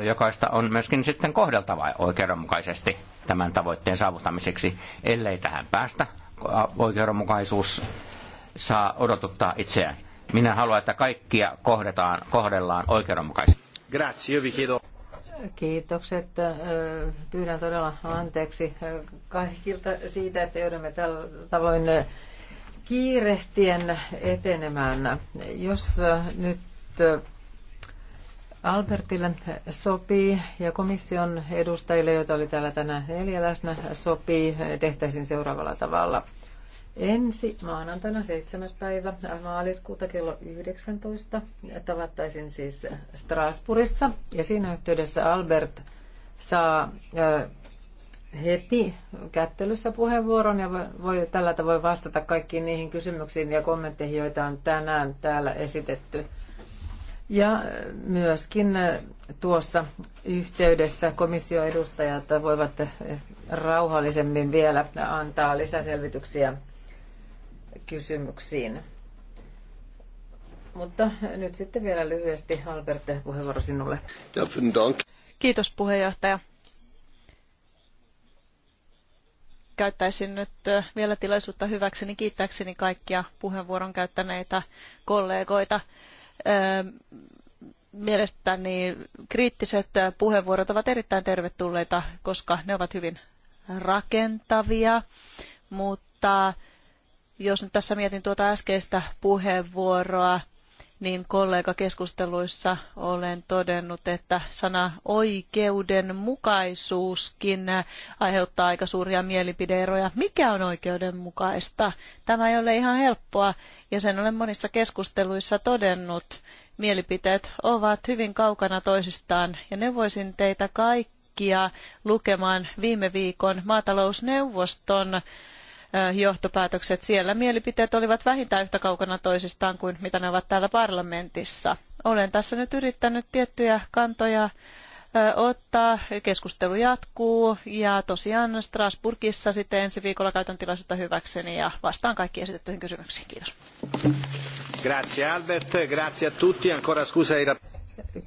jokaista on myöskin sitten kohdeltava oikeudenmukaisesti tämän tavoitteen saavuttamiseksi, ellei tähän päästä. Oikeudenmukaisuus saa odotuttaa itseään. Minä haluan, että kaikkia kohdetaan, kohdellaan oikeudenmukaisesti. Grazie, io vi chiedo. Kiitokset. Pyydän todella anteeksi kaikilta siitä, että joudumme tällä tavoin kiirehtien etenemään. Jos nyt Albertille sopii ja komission edustajille, joita oli täällä tänään neljä läsnä, sopii, tehtäisiin seuraavalla tavalla. Ensi maanantaina 7. päivä maaliskuuta kello 19 tavattaisin siis Strasbourgissa ja siinä yhteydessä Albert saa heti kättelyssä puheenvuoron ja voi tällä tavoin vastata kaikkiin niihin kysymyksiin ja kommentteihin, joita on tänään täällä esitetty. Ja myöskin tuossa yhteydessä komissioedustajat voivat rauhallisemmin vielä antaa lisäselvityksiä kysymyksiin. Mutta nyt sitten vielä lyhyesti, Albert, puheenvuoro sinulle. Ja, Kiitos puheenjohtaja. Käyttäisin nyt vielä tilaisuutta hyväkseni kiittääkseni kaikkia puheenvuoron käyttäneitä kollegoita. Mielestäni kriittiset puheenvuorot ovat erittäin tervetulleita, koska ne ovat hyvin rakentavia, mutta jos nyt tässä mietin tuota äskeistä puheenvuoroa, niin kollegakeskusteluissa olen todennut, että sana oikeudenmukaisuuskin aiheuttaa aika suuria mielipideeroja. Mikä on oikeudenmukaista? Tämä ei ole ihan helppoa ja sen olen monissa keskusteluissa todennut. Mielipiteet ovat hyvin kaukana toisistaan ja ne voisin teitä kaikkia lukemaan viime viikon maatalousneuvoston johtopäätökset. Siellä mielipiteet olivat vähintään yhtä kaukana toisistaan kuin mitä ne ovat täällä parlamentissa. Olen tässä nyt yrittänyt tiettyjä kantoja ottaa. Keskustelu jatkuu ja tosiaan Strasburgissa sitten ensi viikolla käytän tilaisuutta hyväkseni ja vastaan kaikkiin esitettyihin kysymyksiin. Kiitos. Grazie Albert, grazie a tutti, ancora scusa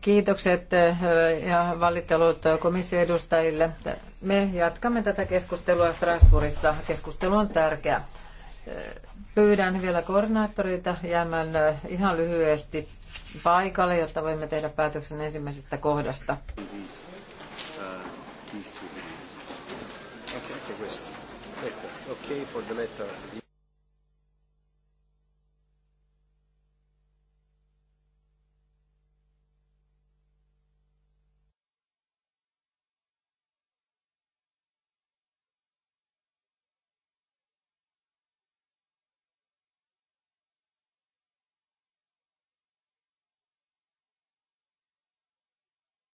Kiitokset äh, ja valittelut komission edustajille. Me jatkamme tätä keskustelua Strasbourgissa. Keskustelu on tärkeä. Pyydän vielä koordinaattoreita jäämään äh, ihan lyhyesti paikalle, jotta voimme tehdä päätöksen ensimmäisestä kohdasta. Uh, okay, for the letter.